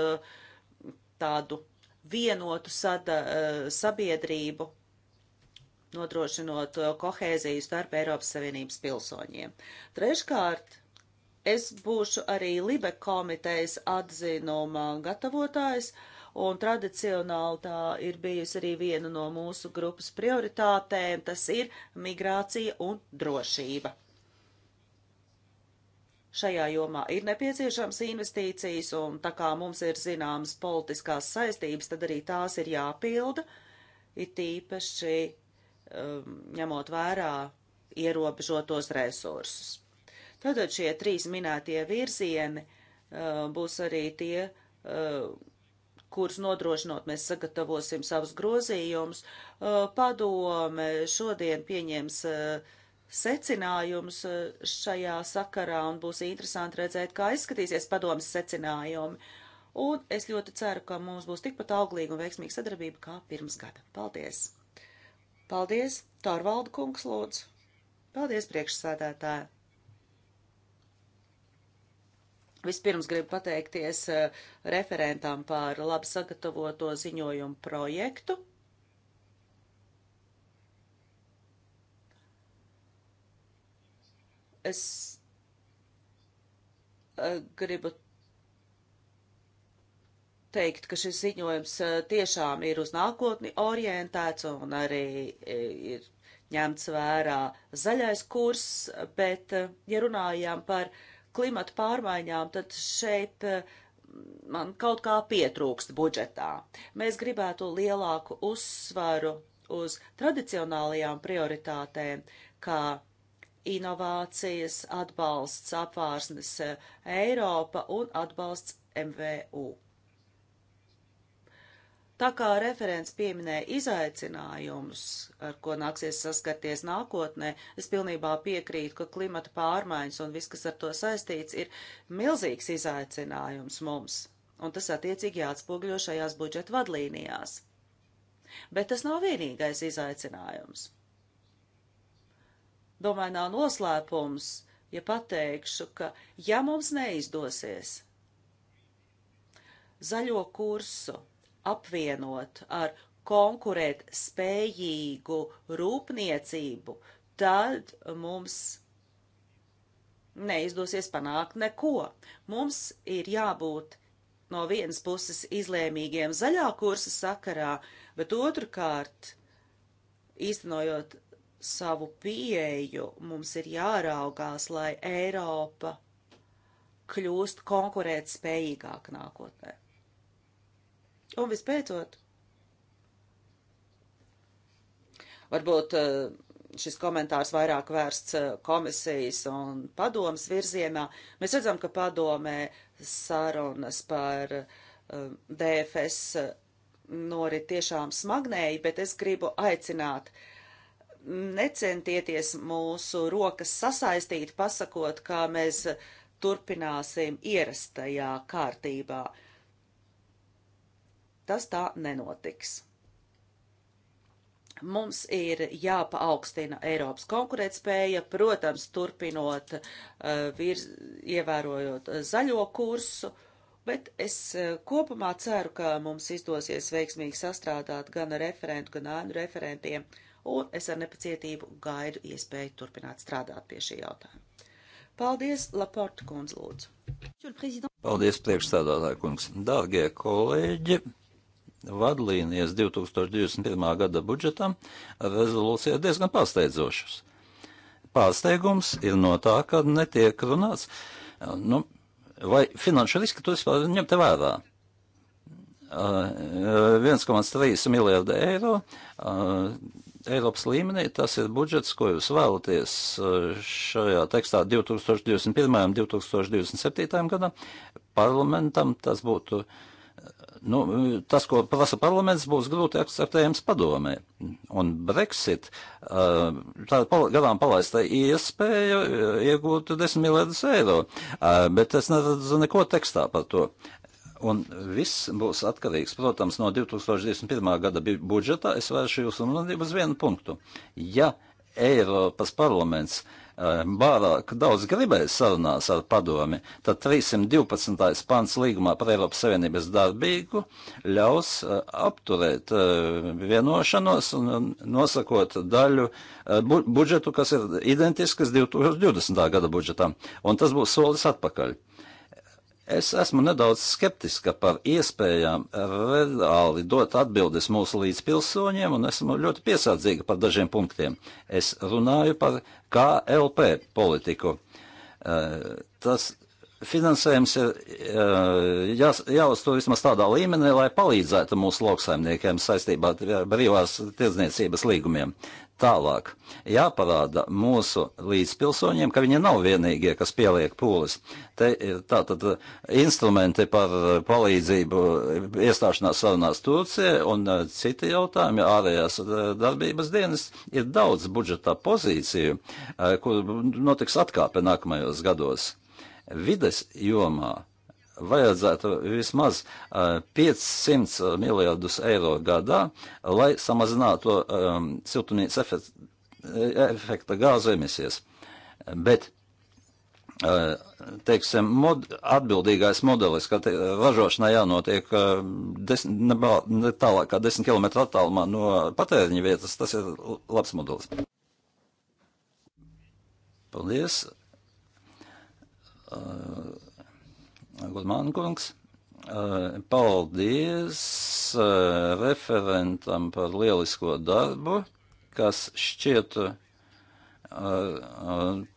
tādu vienotu sada, sabiedrību nodrošinot uh, kohēziju starp Eiropas Savienības pilsoņiem. Treškārt, es būšu arī Libe komitejas atzinuma gatavotājs, un tradicionāli tā ir bijusi arī viena no mūsu grupas prioritātēm - tas ir migrācija un drošība. Šajā jomā ir nepieciešams investīcijas, un tā kā mums ir zināmas politiskās saistības, tad arī tās ir jāpilda, it īpaši Um, ņemot vērā ierobežotos resursus. Tātad šie trīs minētie virzieni uh, būs arī tie, uh, kurus nodrošinot mēs sagatavosim savus grozījumus. Uh, padome šodien pieņems secinājumus šajā sakarā un būs interesanti redzēt, kā izskatīsies padomas secinājumi. Un es ļoti ceru, ka mums būs tikpat auglīga un veiksmīga sadarbība kā pirms gada. Paldies! Paldies, Tārvalda kungs lūdzu. Paldies, priekšsēdētāji. Vispirms gribu pateikties eh, referentam par labi sagatavoto ziņojumu projektu. Es eh, gribu teikt, ka šis ziņojums tiešām ir uz nākotni orientēts un arī ir ņemts vērā zaļais kurs, bet, ja runājām par klimatu pārmaiņām, tad šeit man kaut kā pietrūkst budžetā. Mēs gribētu lielāku uzsvaru uz tradicionālajām prioritātēm, kā inovācijas, atbalsts apvārsnes Eiropa un atbalsts MVU. Tā kā referents pieminēja izaicinājumus, ar ko nāksies saskarties nākotnē, es pilnībā piekrītu, ka klimata pārmaiņas un viss, kas ar to saistīts, ir milzīgs izaicinājums mums, un tas attiecīgi jāatspogļo šajās budžeta vadlīnijās. Bet tas nav vienīgais izaicinājums. Domāju, nav noslēpums, ja pateikšu, ka ja mums neizdosies zaļo kursu apvienot ar konkurēt spējīgu rūpniecību, tad mums neizdosies panākt neko. Mums ir jābūt no vienas puses izlēmīgiem zaļā kursa sakarā, bet otrkārt, īstenojot savu pieeju, mums ir jāraugās, lai Eiropa kļūst konkurēt spējīgāk nākotnē. Un vispēcot, varbūt eh, šis komentārs vairāk vērsts eh, komisijas un padomas virzienā. Mēs redzam, ka padomē sarunas par eh, DFS norit tiešām smagnēji, bet es gribu aicināt necentieties mūsu rokas sasaistīt, pasakot, kā mēs turpināsim ierastajā kārtībā tas tā nenotiks. Mums ir jāpaaugstina Eiropas konkurētspēja, protams, turpinot, eh, virz, ievērojot zaļo kursu, bet es eh, kopumā ceru, ka mums izdosies veiksmīgi sastrādāt gan ar referentu, gan ānu referentiem, un es ar nepacietību gaidu iespēju turpināt strādāt pie šī jautājuma. Paldies, Laporta kundze, lūdzu. Paldies, priekšstādātāja kungs. Dārgie kolēģi! vadlīnijas 2021. gada budžetam rezolūcijā diezgan pārsteidzošas. Pārsteigums ir no tā, ka netiek runāts, nu, vai finanšu riski tu vispār ņemt vērā. 1,3 miljārda eiro Eiropas līmenī. Tas ir budžets, ko jūs vēlaties šajā tekstā 2021. un 2027. gadam. Parlamentam tas būtu uh, Nu, tas, ko prasa parlaments, būs grūti akceptējams padomē. Un Brexit, tāda garām palaista iespēja iegūt 10 miljardus eiro, bet es neredzu neko tekstā par to. Un viss būs atkarīgs, protams, no 2021. gada budžeta. Es vēršu jūsu uzmanību uz vienu punktu. Ja Eiropas parlaments uh, Eh, Bārāk daudz gribēja sarunās ar padomi, tad 312. pants līgumā par Eiropas Savienības darbīgu ļaus eh, apturēt eh, vienošanos un nosakot daļu bu budžetu, kas ir identisks 2020. gada budžetam. Un tas būs solis atpakaļ. Es esmu nedaudz skeptiska par iespējām reāli dot atbildes mūsu līdzpilsoņiem, un esmu ļoti piesardzīga par dažiem punktiem. Es runāju par KLP politiku. Eh, tas finansējums ir eh, jā, jāuztur vismaz tādā līmenī, lai palīdzētu mūsu lauksaimniekiem saistībā ar brīvās tirdzniecības līgumiem. Tālāk jāparāda mūsu līdzpilsoņiem, ka viņi nav vienīgie, kas pieliek pūles. Te ir eh, tātad eh, instrumenti par palīdzību iestāšanās sarunās Turcija un citi jautājumi ārējās darbības dienas. Ir daudz budžetā pozīciju, kur notiks atkāpe nākamajos gados Vides jomā vajadzētu vismaz 500 miljardus eiro gadā, lai samazinātu um, siltumnīcas efekta, efekta gāzu emisijas. Bet teiksim, mod, atbildīgais modelis, ka te, ražošanai jānotiek des, ne, ne tālāk kā 10 km attālumā no patēriņa vietas, tas ir labs modelis. Paldies! Gurmānkungs. Paldies referentam par lielisko darbu, kas šķiet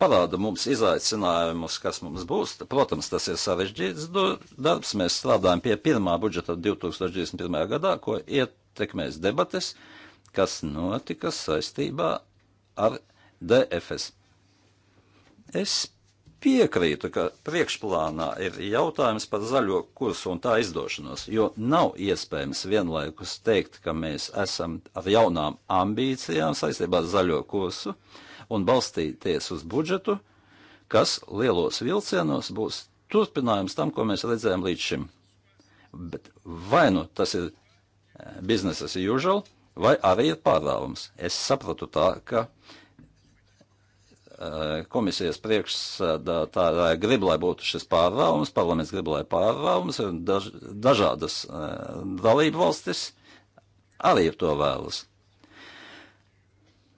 parāda mums izaicinājumus, kas mums būs. Protams, tas ir sarežģīts darbs. Mēs strādājam pie pirmā budžeta 2021. gadā, ko ietekmēs debates, kas notika saistībā ar DFS. Es piekrītu, ka priekšplānā ir jautājums par zaļo kursu un tā izdošanos, jo nav iespējams vienlaikus teikt, ka mēs esam ar jaunām ambīcijām saistībā ar zaļo kursu un balstīties uz budžetu, kas lielos vilcienos būs turpinājums tam, ko mēs redzējām līdz šim. Bet vai nu tas ir eh, business as usual, vai arī ir pārdāvums. Es sapratu tā, ka Eh, komisijas priekšsādātāja grib, lai būtu šis pārraums, parlaments grib, lai pārraums, ir daž, dažādas eh, dalību valstis arī to vēlas.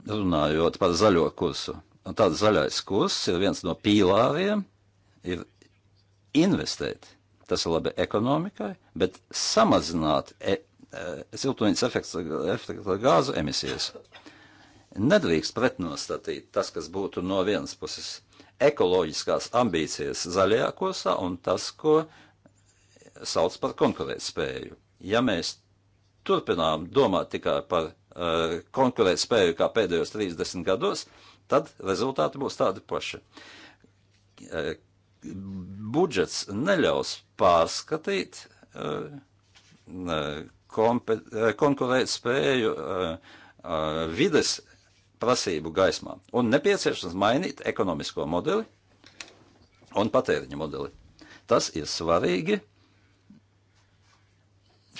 Runājot par zaļo kursu. Un tāds zaļais kurs ir viens no pīlāriem, ir investēt. Tas ir labi ekonomikai, bet samazināt e, e, siltumnīcas efekta, efekta gāzu emisijas. Uh, Nedrīkst pretnostatīt tas, kas būtu no vienas puses ekoloģiskās ambīcijas zaļajā kursā un tas, ko sauc par konkurētspēju. Ja mēs turpinām domāt tikai par uh, konkurētspēju kā pēdējos 30 gados, tad rezultāti būs tādi paši. Uh, budžets neļaus pārskatīt uh, konkurētspēju uh, vides prasību gaismā un nepieciešams mainīt ekonomisko modeli un patēriņa modeli. Tas ir svarīgi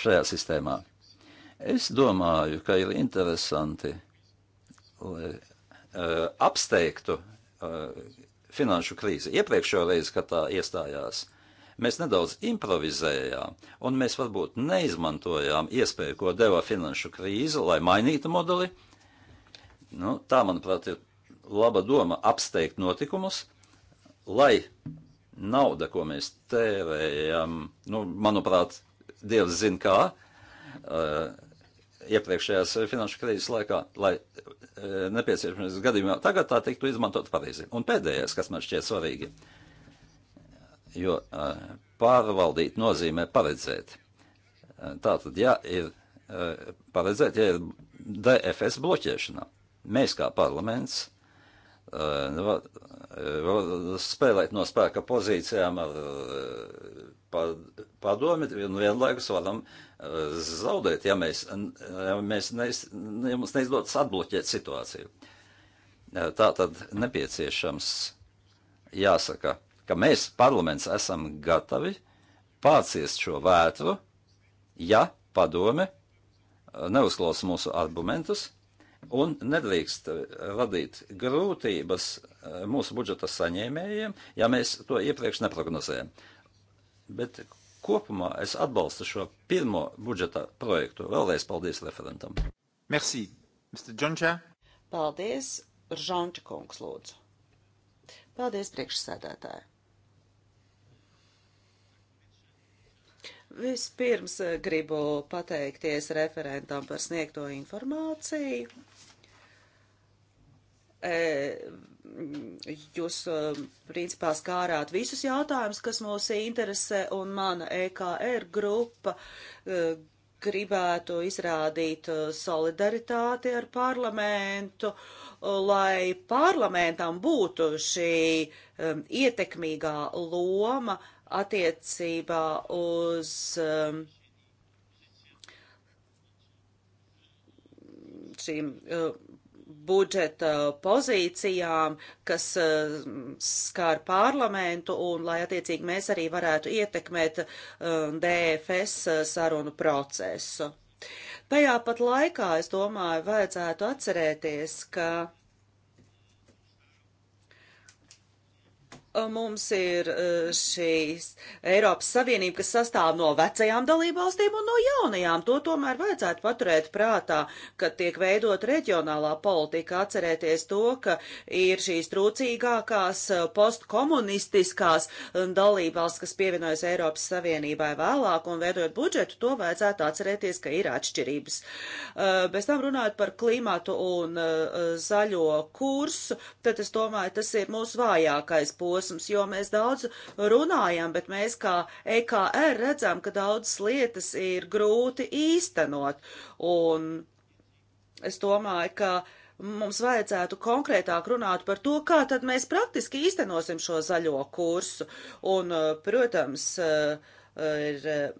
šajā sistēmā. Es domāju, ka ir interesanti, lai uh, apsteigtu uh, finanšu krīzi. Iepriekšējā reizē, kad tā iestājās, mēs nedaudz improvizējām, un mēs varbūt neizmantojām iespēju, ko deva finanšu krīze, lai mainītu modeli. Uh, Nu, tā, manuprāt, ir laba doma apsteigt notikumus, lai nauda, ko mēs tērējam, nu, manuprāt, Dievs zina kā, uh, iepriekšējās finanšu krīzes laikā, lai uh, nepieciešamības gadījumā tagad tā tiktu izmantot pareizi. Un pēdējais, kas man šķiet svarīgi, jo uh, pārvaldīt nozīmē paredzēt. Tātad, ja ir paredzēt, ja ir DFS bloķēšana, Mēs kā parlaments eh, eh, spēlēt no spēka pozīcijām ar eh, padomi un vienlaikus varam zaudēt, ja mēs, ja mēs neiz, ja mums neizdodas atbloķēt situāciju. Tā tad nepieciešams jāsaka, ka mēs parlaments esam gatavi pārciest šo vētru, ja padome neuzklausa mūsu argumentus un nedrīkst radīt eh, grūtības eh, mūsu budžeta saņēmējiem, ja mēs to iepriekš neprognozējam. Bet kopumā es atbalstu šo pirmo budžeta projektu. Vēlreiz paldies referentam. Merci, Mr. Džončā. Paldies, Žonča kungs, lūdzu. Paldies, priekšsēdētāji. Vispirms eh, gribu pateikties referentam par sniegto informāciju. Eh, jūs, eh, principā, skārāt visus jautājumus, kas mūs interesē, un mana EKR grupa gribētu izrādīt solidaritāti ar parlamentu, lai parlamentam būtu šī um, ietekmīgā loma uh, attiecībā uz um, šīm uh, budžeta pozīcijām, kas uh, skār parlamentu un lai attiecīgi mēs arī varētu ietekmēt uh, DFS uh, sarunu procesu. Tajā pat laikā, es domāju, vajadzētu atcerēties, ka mums ir e, šīs Eiropas Savienība, kas sastāv no vecajām dalībvalstīm un no jaunajām. To tomēr vajadzētu paturēt prātā, kad tiek veidot reģionālā politika, atcerēties to, ka ir šīs trūcīgākās e, postkomunistiskās e, dalībvalsts, kas pievienojas Eiropas Savienībai vēlāk un veidojot budžetu, to vajadzētu atcerēties, ka ir atšķirības. Bez tam runājot par klimatu un zaļo kursu, tad es domāju, tas ir mūsu vājākais posms posms, jo mēs daudz runājam, bet mēs kā EKR redzam, ka daudzas lietas ir grūti īstenot. Un es domāju, ka mums vajadzētu konkrētāk runāt par to, kā tad mēs praktiski īstenosim šo zaļo kursu. Un, eh, protams, eh, ir eh,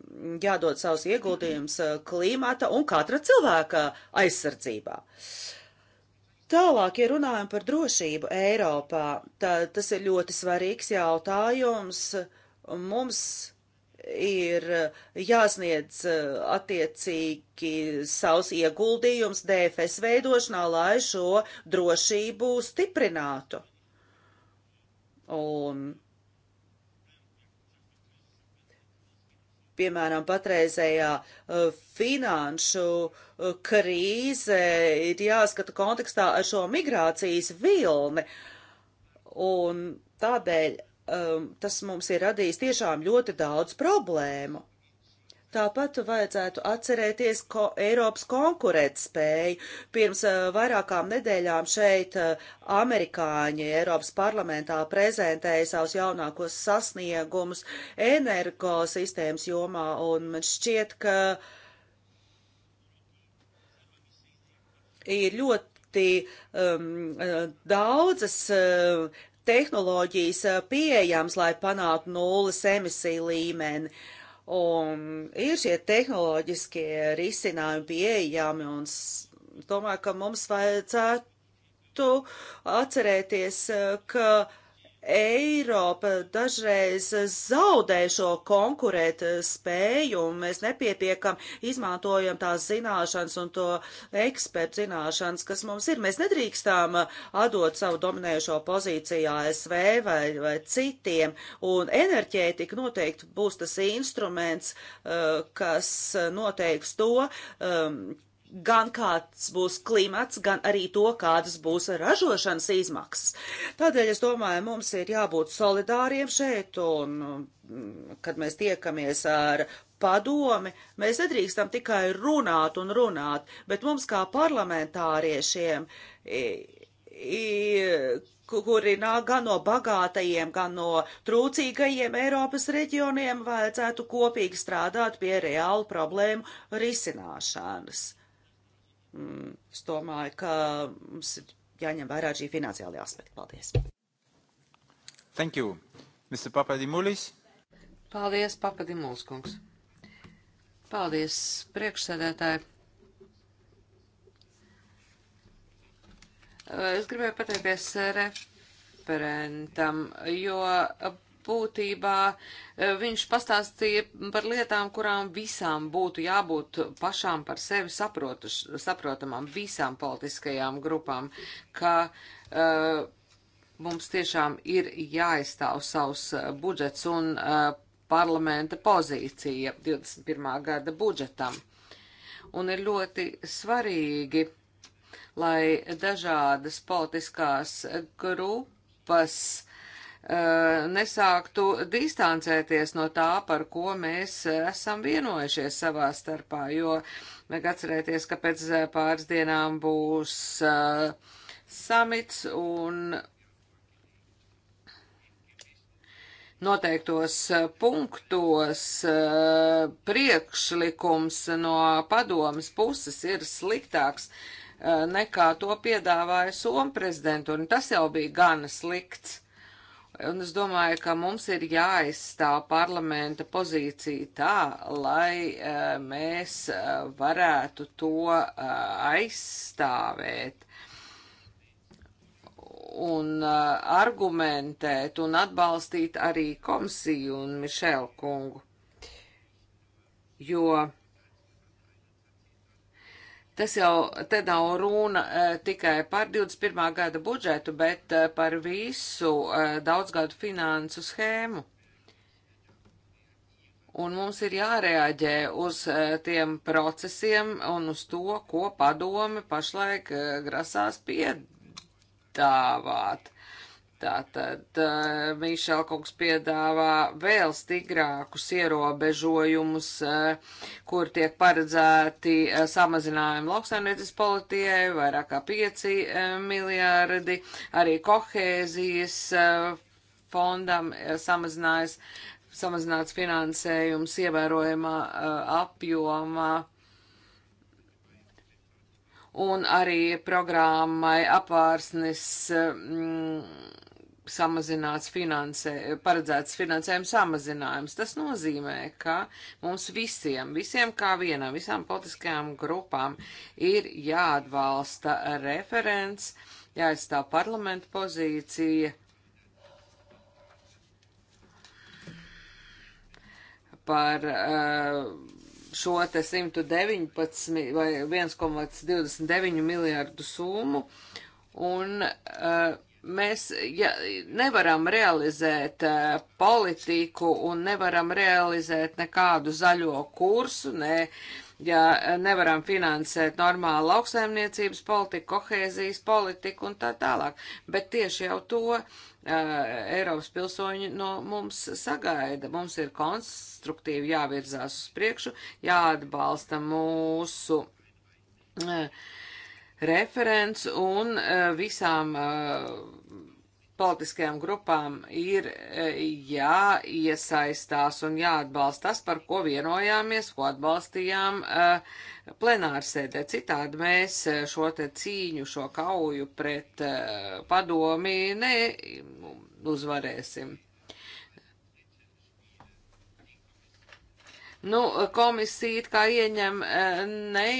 jādod savus ieguldījums klimata un katra cilvēka aizsardzībā. Uh, Tālāk, ja runājam par drošību Eiropā, tad tas ir ļoti svarīgs jautājums. Mums ir jāsniedz eh, attiecīgi savs ieguldījums DFS veidošanā, lai šo drošību stiprinātu. Un piemēram, patreizējā uh, finanšu uh, krīze ir jāskata kontekstā ar šo migrācijas vilni. Un tādēļ um, tas mums ir radījis tiešām ļoti daudz problēmu. Tāpat vajadzētu atcerēties ko Eiropas konkurētspēju. Pirms eh, vairākām nedēļām šeit eh, amerikāņi Eiropas parlamentā prezentēja savus jaunākos sasniegumus energosistēmas jomā, un man šķiet, ka ir ļoti um, eh, daudzas uh, tehnoloģijas pieejams, lai panātu nulles emisiju līmeni. Uh, Un ir šie tehnoloģiskie risinājumi pieejami, un domāju, ka mums vajadzētu atcerēties, ka Eiropa dažreiz zaudē šo konkurēt spēju, un mēs nepietiekam izmantojam tās zināšanas un to ekspertu zināšanas, kas mums ir. Mēs nedrīkstām atdot savu dominējošo pozīciju ASV vai, vai citiem, un enerģētika noteikti būs tas instruments, eh, kas noteiks to, eh, gan kāds būs klimats, gan arī to, kādas būs ražošanas izmaksas. Tādēļ es domāju, mums ir jābūt solidāriem šeit, un mm, kad mēs tiekamies ar padomi, mēs nedrīkstam tikai runāt un runāt, bet mums kā parlamentāriešiem, kuri nāk gan no bagātajiem, gan no trūcīgajiem Eiropas reģioniem, vajadzētu kopīgi strādāt pie reālu problēmu risināšanas. Mm, es domāju, ka mums ir jāņem vērā šī finansiālajā aspekta. Paldies! Thank you, Mr. Papadimulis. Paldies, Papadimulis kungs. Paldies, priekšsēdētāji. Es gribēju pateikties referentam, jo būtībā e, viņš pastāstīja par lietām, kurām visām būtu jābūt pašām par sevi saprotuš, saprotamām, visām politiskajām grupām, ka uh, mums tiešām ir jāizstāv savs e, budžets un uh, parlamenta pozīcija 21. gada budžetam. Un ir ļoti svarīgi, lai dažādas politiskās grupas Eh, nesāktu distancēties no tā, par ko mēs esam vienojušies savā starpā, jo vajag atcerēties, ka pēc eh, pāris dienām būs uh, samits un noteiktos punktos uh, priekšlikums no padomas puses ir sliktāks uh, nekā to piedāvāja Somu prezidentu, un tas jau bija gana slikts. Un es domāju, ka mums ir jāaizstāv parlamenta pozīcija tā, lai uh, mēs uh, varētu to uh, aizstāvēt un argumentēt un atbalstīt arī komisiju un Mišelu kungu. Jo Tas jau te nav runa e, tikai par 21. gada budžetu, bet e, par visu e, daudzgadu finansu schēmu. Un mums ir jārēģē uz tiem procesiem un uz to, ko padomi pašlaik grasās piedāvāt. Tātad uh, eh, Mīšēl kungs piedāvā vēl stiprākus ierobežojumus, uh, kur tiek paredzēti uh, samazinājumi lauksaimniecības politijai, vairāk kā 5 miljārdi, arī kohēzijas fondam samazinājas, samazināts finansējums ievērojamā apjomā un arī programmai apvārsnes mm, samazināts finansē, paredzēts finansējuma samazinājums. Tas nozīmē, ka mums visiem, visiem kā vienam, visām politiskajām grupām ir jāatbalsta referents, jāizstāv parlamenta pozīcija. Par uh, šo te 119 vai 1,29 miljārdu summu un uh, Mēs ja, nevaram realizēt uh, politiku un nevaram realizēt nekādu zaļo kursu, ne, ja nevaram finansēt normālu lauksaimniecības politiku, kohēzijas politiku un tā tālāk. Bet tieši jau to uh, Eiropas pilsoņi no mums sagaida. Mums ir konstruktīvi jāvirzās uz priekšu, jāatbalsta mūsu. Uh, referents un eh, visām eh, politiskajām grupām ir eh, jāiesaistās un jāatbalsta tas, par ko vienojāmies, ko atbalstījām plenārsēdē. Citādi mēs šo te cīņu, šo kauju pret padomi neuzvarēsim. Nu, komisija it kā ieņem eh, ne,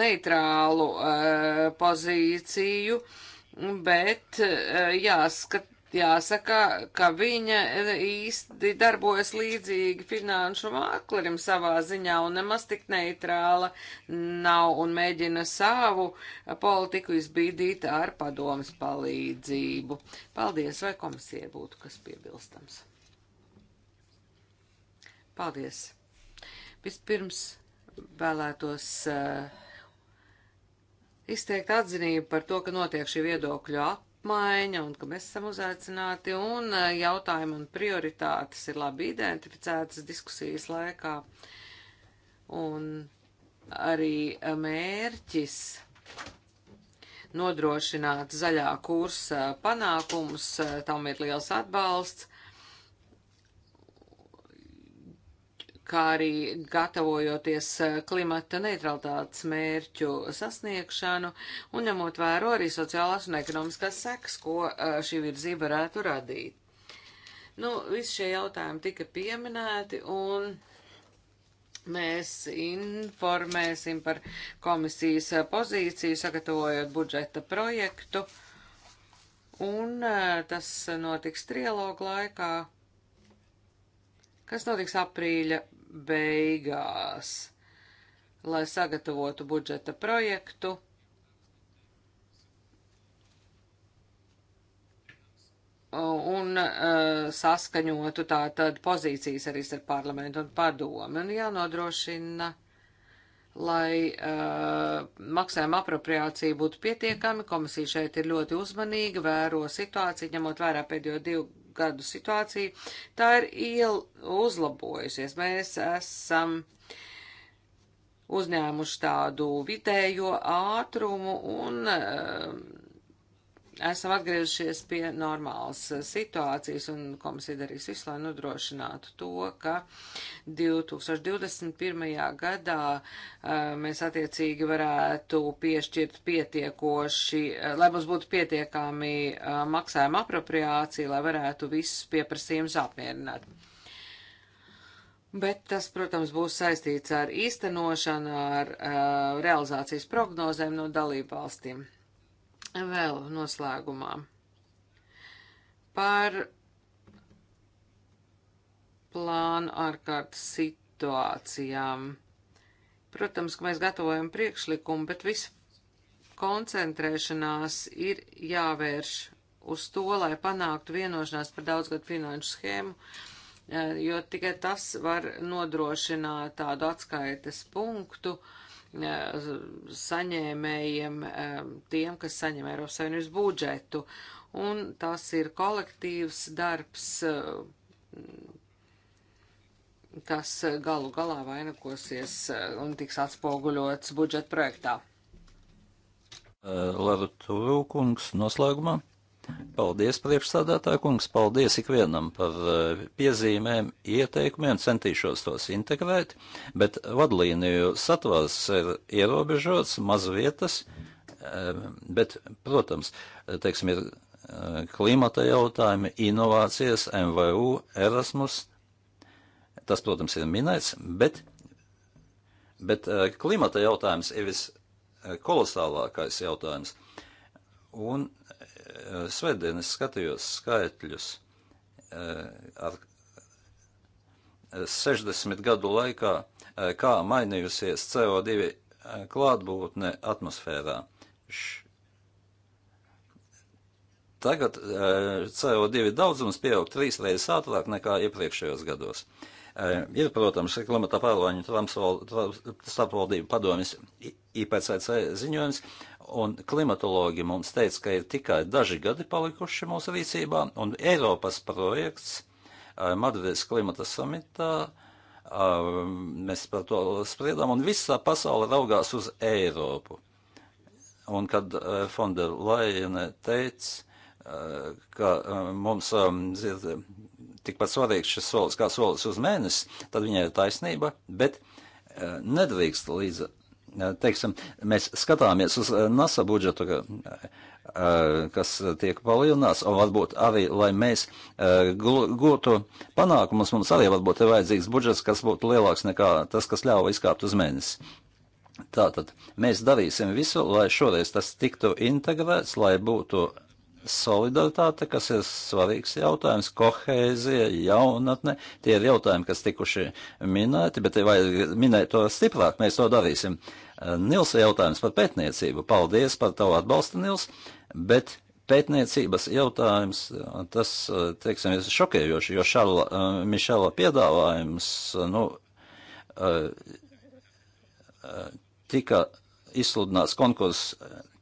neitrālu eh, pozīciju, bet eh, jāskat, jāsaka, ka viņa īsti darbojas līdzīgi finanšu māklerim savā ziņā un nemaz tik neitrāla nav un mēģina savu politiku izbīdīt ar padomas palīdzību. Paldies, vai komisija būtu kas piebilstams? Paldies! Vispirms vēlētos uh, izteikt atzinību par to, ka notiek šī viedokļu apmaiņa un ka mēs esam uzaicināti un uh, jautājumi un prioritātes ir labi identificētas diskusijas laikā. Un arī uh, mērķis nodrošināt zaļā kursa panākumus, tam ir liels atbalsts, kā arī gatavojoties eh, klimata neutralitātes mērķu sasniegšanu un ņemot vēro arī sociālās un ekonomiskās sekas, ko eh, šī virzība varētu radīt. Nu, visi šie jautājumi tika pieminēti un mēs informēsim par komisijas eh, pozīciju, sagatavojot budžeta projektu. Un tas notiks trialogu laikā, kas notiks aprīļa beigās, lai sagatavotu budžeta projektu. un uh, saskaņotu tā tad pozīcijas arī ar parlamentu un padomu. Un jānodrošina, lai uh, maksājuma apropriācija būtu pietiekami. Komisija šeit ir ļoti uzmanīga, vēro situāciju, ņemot vērā pēdējo divu gadu situācija, tā ir iel uzlabojusies. Mēs esam uzņēmuši tādu vidējo ātrumu un. Uh, esam atgriezušies pie normālas situācijas, un komisija darīs visu, lai nodrošinātu to, ka 2021. gadā eh, mēs attiecīgi varētu piešķirt pietiekoši, eh, lai mums būtu pietiekami eh, maksājuma apropriācija, lai varētu visus pieprasījumus apmierināt. Bet tas, protams, būs saistīts ar īstenošanu, ar uh, realizācijas prognozēm no dalību valstīm. Vēl noslēgumā par plānu ārkārtas situācijām. Protams, ka mēs gatavojam priekšlikumu, bet viss koncentrēšanās ir jāvērš uz to, lai panāktu vienošanās par daudzgadu finanšu schēmu, eh, jo tikai tas var nodrošināt tādu atskaites punktu uh, Eh, saņēmējiem, eh, tiem, kas saņem Eiropas Savienības budžetu. Un tas ir kolektīvs darbs, eh, kas galu galā vainakosies un tiks atspoguļots budžeta projektā. Lēlu Tūkungs noslēgumā. Paldies, priekšstādātāja kungs, paldies ikvienam par eh, piezīmēm, ieteikumiem, centīšos tos integrēt, bet vadlīniju satvars ir ierobežots, maz vietas, eh, bet, protams, teiksim, ir eh, klimata jautājumi, inovācijas, MVU, Erasmus, tas, protams, ir minēts, bet, bet klimata jautājums ir viskolosālākais jautājums. Un Eh, svētdienas skatījos skaitļus eh, ar 60 eh, gadu laikā, kā mainījusies CO2 klātbūtne atmosfērā. Tagad CO2 daudzums pieaug trīs reizes ātrāk nekā iepriekšējos gados. Ir, protams, klimata pārmaiņu starpvaldību padomjas IPCC ziņojums, un klimatologi mums teica, ka ir tikai daži gadi palikuši mūsu rīcībā, un Eiropas projekts eh, Madrides klimata samitā, eh, mēs par to spriedām, un visa pasaule raugās uz Eiropu. Un kad Fonda eh, Lajene teica, ka mums ir tikpat svarīgs šis solis kā solis uz mēnesi, tad viņai ir taisnība, bet nedrīkst līdz teiksim, mēs skatāmies uz eh, NASA budžetu, eh, kas tiek palielināts, un varbūt arī, lai mēs eh, gūtu panākumus, mums arī varbūt ir vajadzīgs budžets, kas būtu lielāks nekā tas, kas ļāva izkāpt uz mēnesi. Tātad mēs darīsim visu, lai šoreiz tas tiktu integrēts, lai būtu solidaritāte, kas ir svarīgs jautājums, kohēzija, jaunatne, tie ir jautājumi, kas tikuši minēti, bet vai minēt to stiprāk, mēs to darīsim. Eh, Nils jautājums par pētniecību. Paldies par tavu atbalstu, Nils, bet pētniecības jautājums, eh, tas, eh, teiksim, ir šokējoši, jo Šarla, uh, Mišela piedāvājums, nu, uh, uh, tika izsludināts konkurss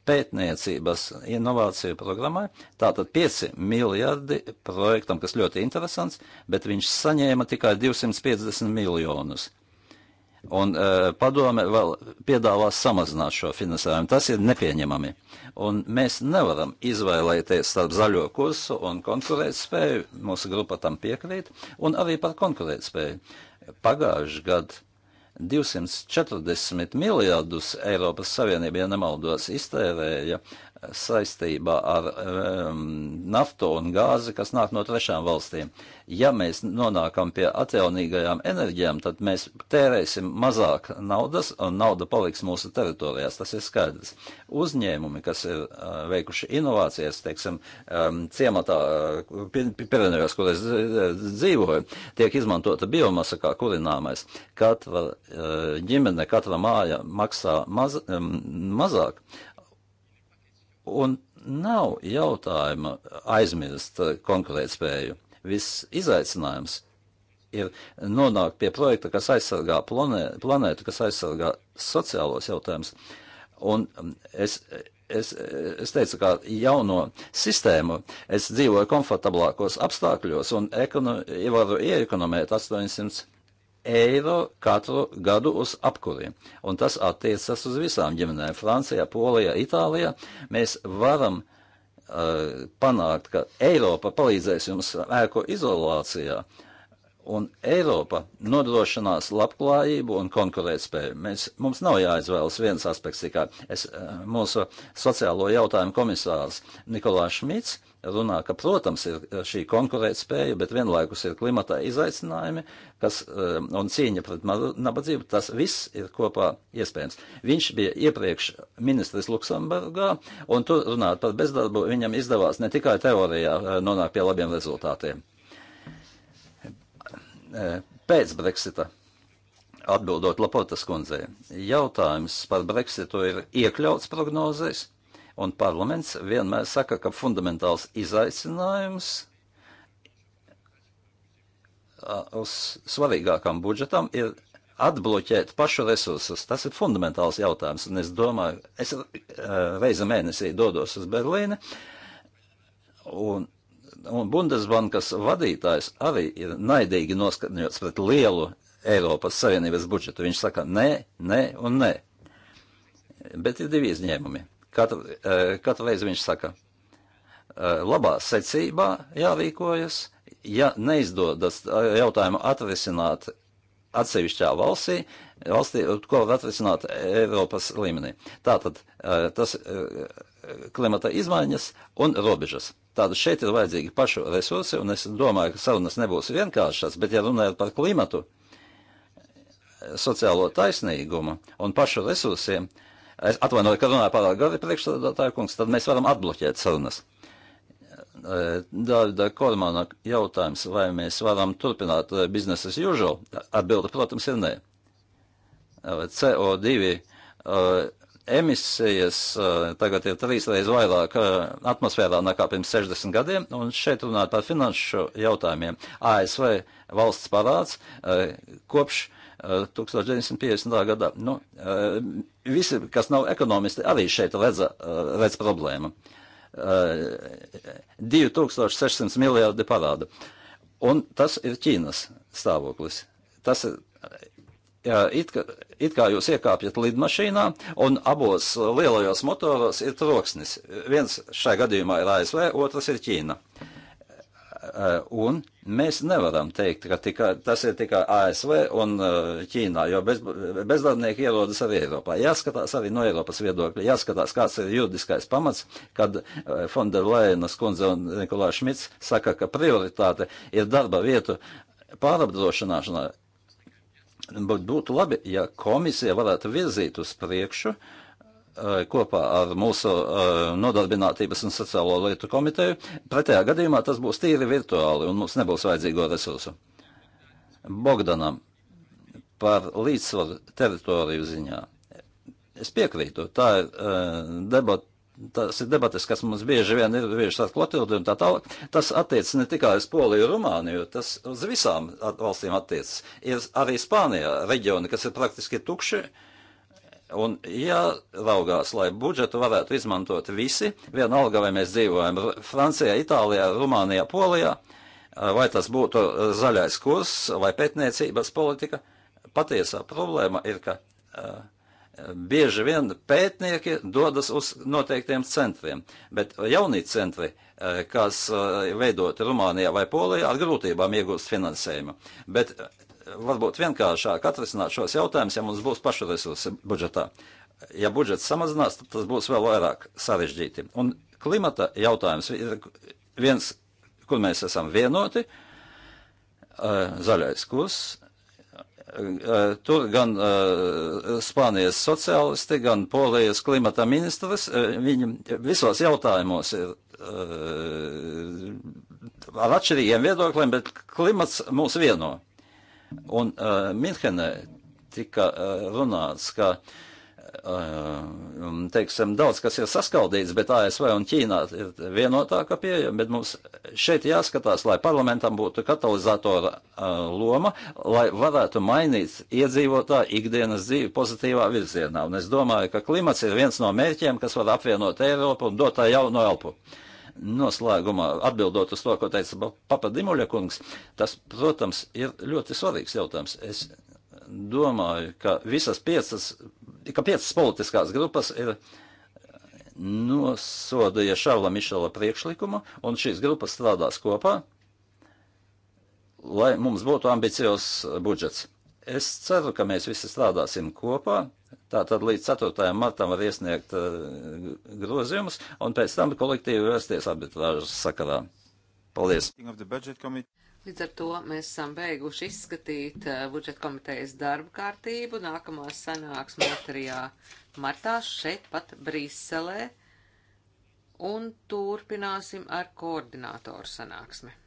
pētniecības inovāciju programmai. Tātad 5 miljardi projektam, kas ļoti interesants, bet viņš saņēma tikai 250 miljonus. Un uh, padome vēl piedāvās samazināt šo finansējumu. Tas ir nepieņemami. Un mēs nevaram izvēlēties starp zaļo kursu un konkurētspēju. Mūsu grupa tam piekrīt. Un arī par konkurētspēju. Pagājuši gadu 240 miljardus Eiropas Savienība, ja nemaldos, iztērēja saistībā ar um, naftu un gāzi, kas nāk no trešām valstīm. Ja mēs nonākam pie atjaunīgajām enerģijām, tad mēs tērēsim mazāk naudas un nauda paliks mūsu teritorijās. Tas ir skaidrs. Uzņēmumi, kas ir uh, veikuši inovācijas, teiksim, um, ciematā, uh, eh, Pirenejos, kur es dzīvoju, tiek izmantota biomasa kā kurināmais. Katra uh, eh, ģimene, katra māja maksā maz, um, mazāk. Uh, Un nav jautājuma aizmirst eh, konkurētspēju. Viss izaicinājums ir nonākt pie projekta, kas aizsargā planē, planētu, kas aizsargā sociālos jautājumus. Un mm, es, es, es teicu, kā jauno sistēmu, es dzīvoju komfortablākos apstākļos un ekono, varu ieekonomēt 800 eiro katru gadu uz apkuriem. Un tas attiecas uz visām ģimenēm - Francijā, Polijā, Itālijā. Mēs varam uh, panākt, ka Eiropa palīdzēs jums ēko izolācijā. Un Eiropa nodrošinās labklājību un konkurētspēju. Mēs, mums nav jāizvēlas viens aspekts tikai. Es, uh, mūsu sociālo jautājumu komisārs Nikolās Šmits runā, ka, protams, ir eh, šī konkurētspēja, bet vienlaikus ir klimata izaicinājumi kas, eh, un cīņa pret nabadzību. Tas viss ir kopā iespējams. Viņš bija iepriekš ministrs Luksemburgā, un tur runāt par bezdarbu viņam izdevās ne tikai teorijā eh, nonākt pie labiem rezultātiem. Pēc Brexita atbildot Laportas kundzei, jautājums par Brexitu ir iekļauts prognozēs Un parlaments vienmēr saka, ka fundamentāls izaicinājums uz svarīgākam budžetam ir atbloķēt pašu resursus. Tas ir fundamentāls jautājums. Un es domāju, es reizi mēnesī dodos uz Berlīni, un, un Bundesbankas vadītājs arī ir naidīgi noskaņots pret lielu Eiropas Savienības budžetu. Viņš saka, nē, nē un nē. Bet ir divi izņēmumi. Katru, eh, katru reizi viņš saka, eh, labā secībā jārīkojas, ja neizdodas eh, jautājumu atrisināt atsevišķā valstī, valstī, ko var atrisināt Eiropas līmenī. Tātad tas klimata izmaiņas un robežas. Tātad šeit ir vajadzīgi pašu resursi, un es domāju, ka sarunas nebūs vienkāršas, bet ja runājot par klimatu, sociālo taisnīgumu un pašu resursiem, uh, Es atvainoju, ka runāju pārāk gari priekšstādātāju kungs, tad mēs varam atbloķēt sarunas. E, Dārda Kormana jautājums, vai mēs varam turpināt e, biznesu as usual? Atbilde, protams, ir nē. E, CO2 emisijas tagad ir trīsreiz vairāk atmosfērā nekā pirms 60 gadiem, un šeit runāt par finanšu jautājumiem. ASV valsts parāds kopš 1950. gadā. Nu, eh, visi, kas nav ekonomisti, arī šeit redz, eh, redz problēmu. 2600 eh, miljardi parāda. Un tas ir Ķīnas stāvoklis. Tas ir Jā, it, kā, it kā jūs iekāpjat lidmašīnā, un abos lielajos motoros ir troksnis. Viens šajā gadījumā ir ASV, otrs ir Ķīna. Uh, Eh, un mēs nevaram teikt, ka tika, tas ir tikai ASV un eh, Ķīnā, jo bez, bezdarbnieki ierodas arī Eiropā. Jāskatās arī no Eiropas viedokļa, jāskatās, kāds ir juridiskais pamats, kad Fonda eh, Lēnas kundze un Nikolā Šmits saka, ka prioritāte ir darba vietu pārapdrošināšanā. Bet būtu labi, ja komisija varētu virzīt uz priekšu uh, Eh, kopā ar mūsu eh, nodarbinātības un sociālo lietu komiteju. Pretējā gadījumā tas būs tīri virtuāli un mums nebūs vajadzīgo resursu. Bogdanam par līdzsvaru teritoriju ziņā. Es piekrītu, tā ir eh, debata. Tas ir debatas, kas mums bieži vien ir bijušas ar Klotildu un tā tālāk. Tas attiec ne tikai uz Poliju, Rumāniju, tas uz visām valstīm attiec. Ir arī Spānijā reģioni, kas ir praktiski tukši, uh, Un jāraugās, lai budžetu varētu izmantot visi, vienalga vai mēs dzīvojam Francijā, Itālijā, Rumānijā, Polijā, eh, vai tas būtu zaļais kurs vai pētniecības politika. Patiesā problēma ir, ka uh, bieži vien pētnieki dodas uz noteiktiem centriem, bet jaunie centri, eh, kas veidoti Rumānijā vai Polijā, ar grūtībām iegūst finansējumu. Bet varbūt vienkāršāk atrisināt šos jautājumus, ja mums būs pašu resursi budžetā. Ja budžets samazinās, tad tas būs vēl vairāk sarežģīti. Un klimata jautājums ir viens, kur mēs esam vienoti, zaļais kurs. Tur gan Spānijas sociālisti, gan Polijas klimata ministrs, viņi visos jautājumos ir ar atšķirīgiem viedokļiem, bet klimats mūs vieno. Un uh, Minhenē tika uh, runāts, ka, uh, teiksim, daudz kas ir saskaldīts, bet ASV un Ķīnā ir vienotāka pieeja, bet mums šeit jāskatās, lai parlamentam būtu katalizatora uh, loma, lai varētu mainīt iedzīvotāju ikdienas dzīvi pozitīvā virzienā. Un es domāju, ka klimats ir viens no mērķiem, kas var apvienot Eiropu un dot tā jaunu elpu. Uh, noslēgumā atbildot uz to, ko teica Papadimuļa kungs, tas, protams, ir ļoti svarīgs jautājums. Es domāju, ka visas piecas, ka piecas politiskās grupas ir nosodīja Šāvla Mišela priekšlikumu, un šīs grupas strādās kopā, lai mums būtu ambiciozs budžets. Es ceru, ka mēs visi strādāsim kopā Tātad līdz 4. martam var iesniegt uh, grozījumus, un pēc tam kolektīvi vērsties arbitrāžas sakarā. Paldies! Līdz ar to mēs esam beiguši izskatīt uh, eh, budžeta komitejas darba kārtību. Nākamā sanāksme 2. martā šeit pat Briselē, un turpināsim ar koordinātoru sanāksmi.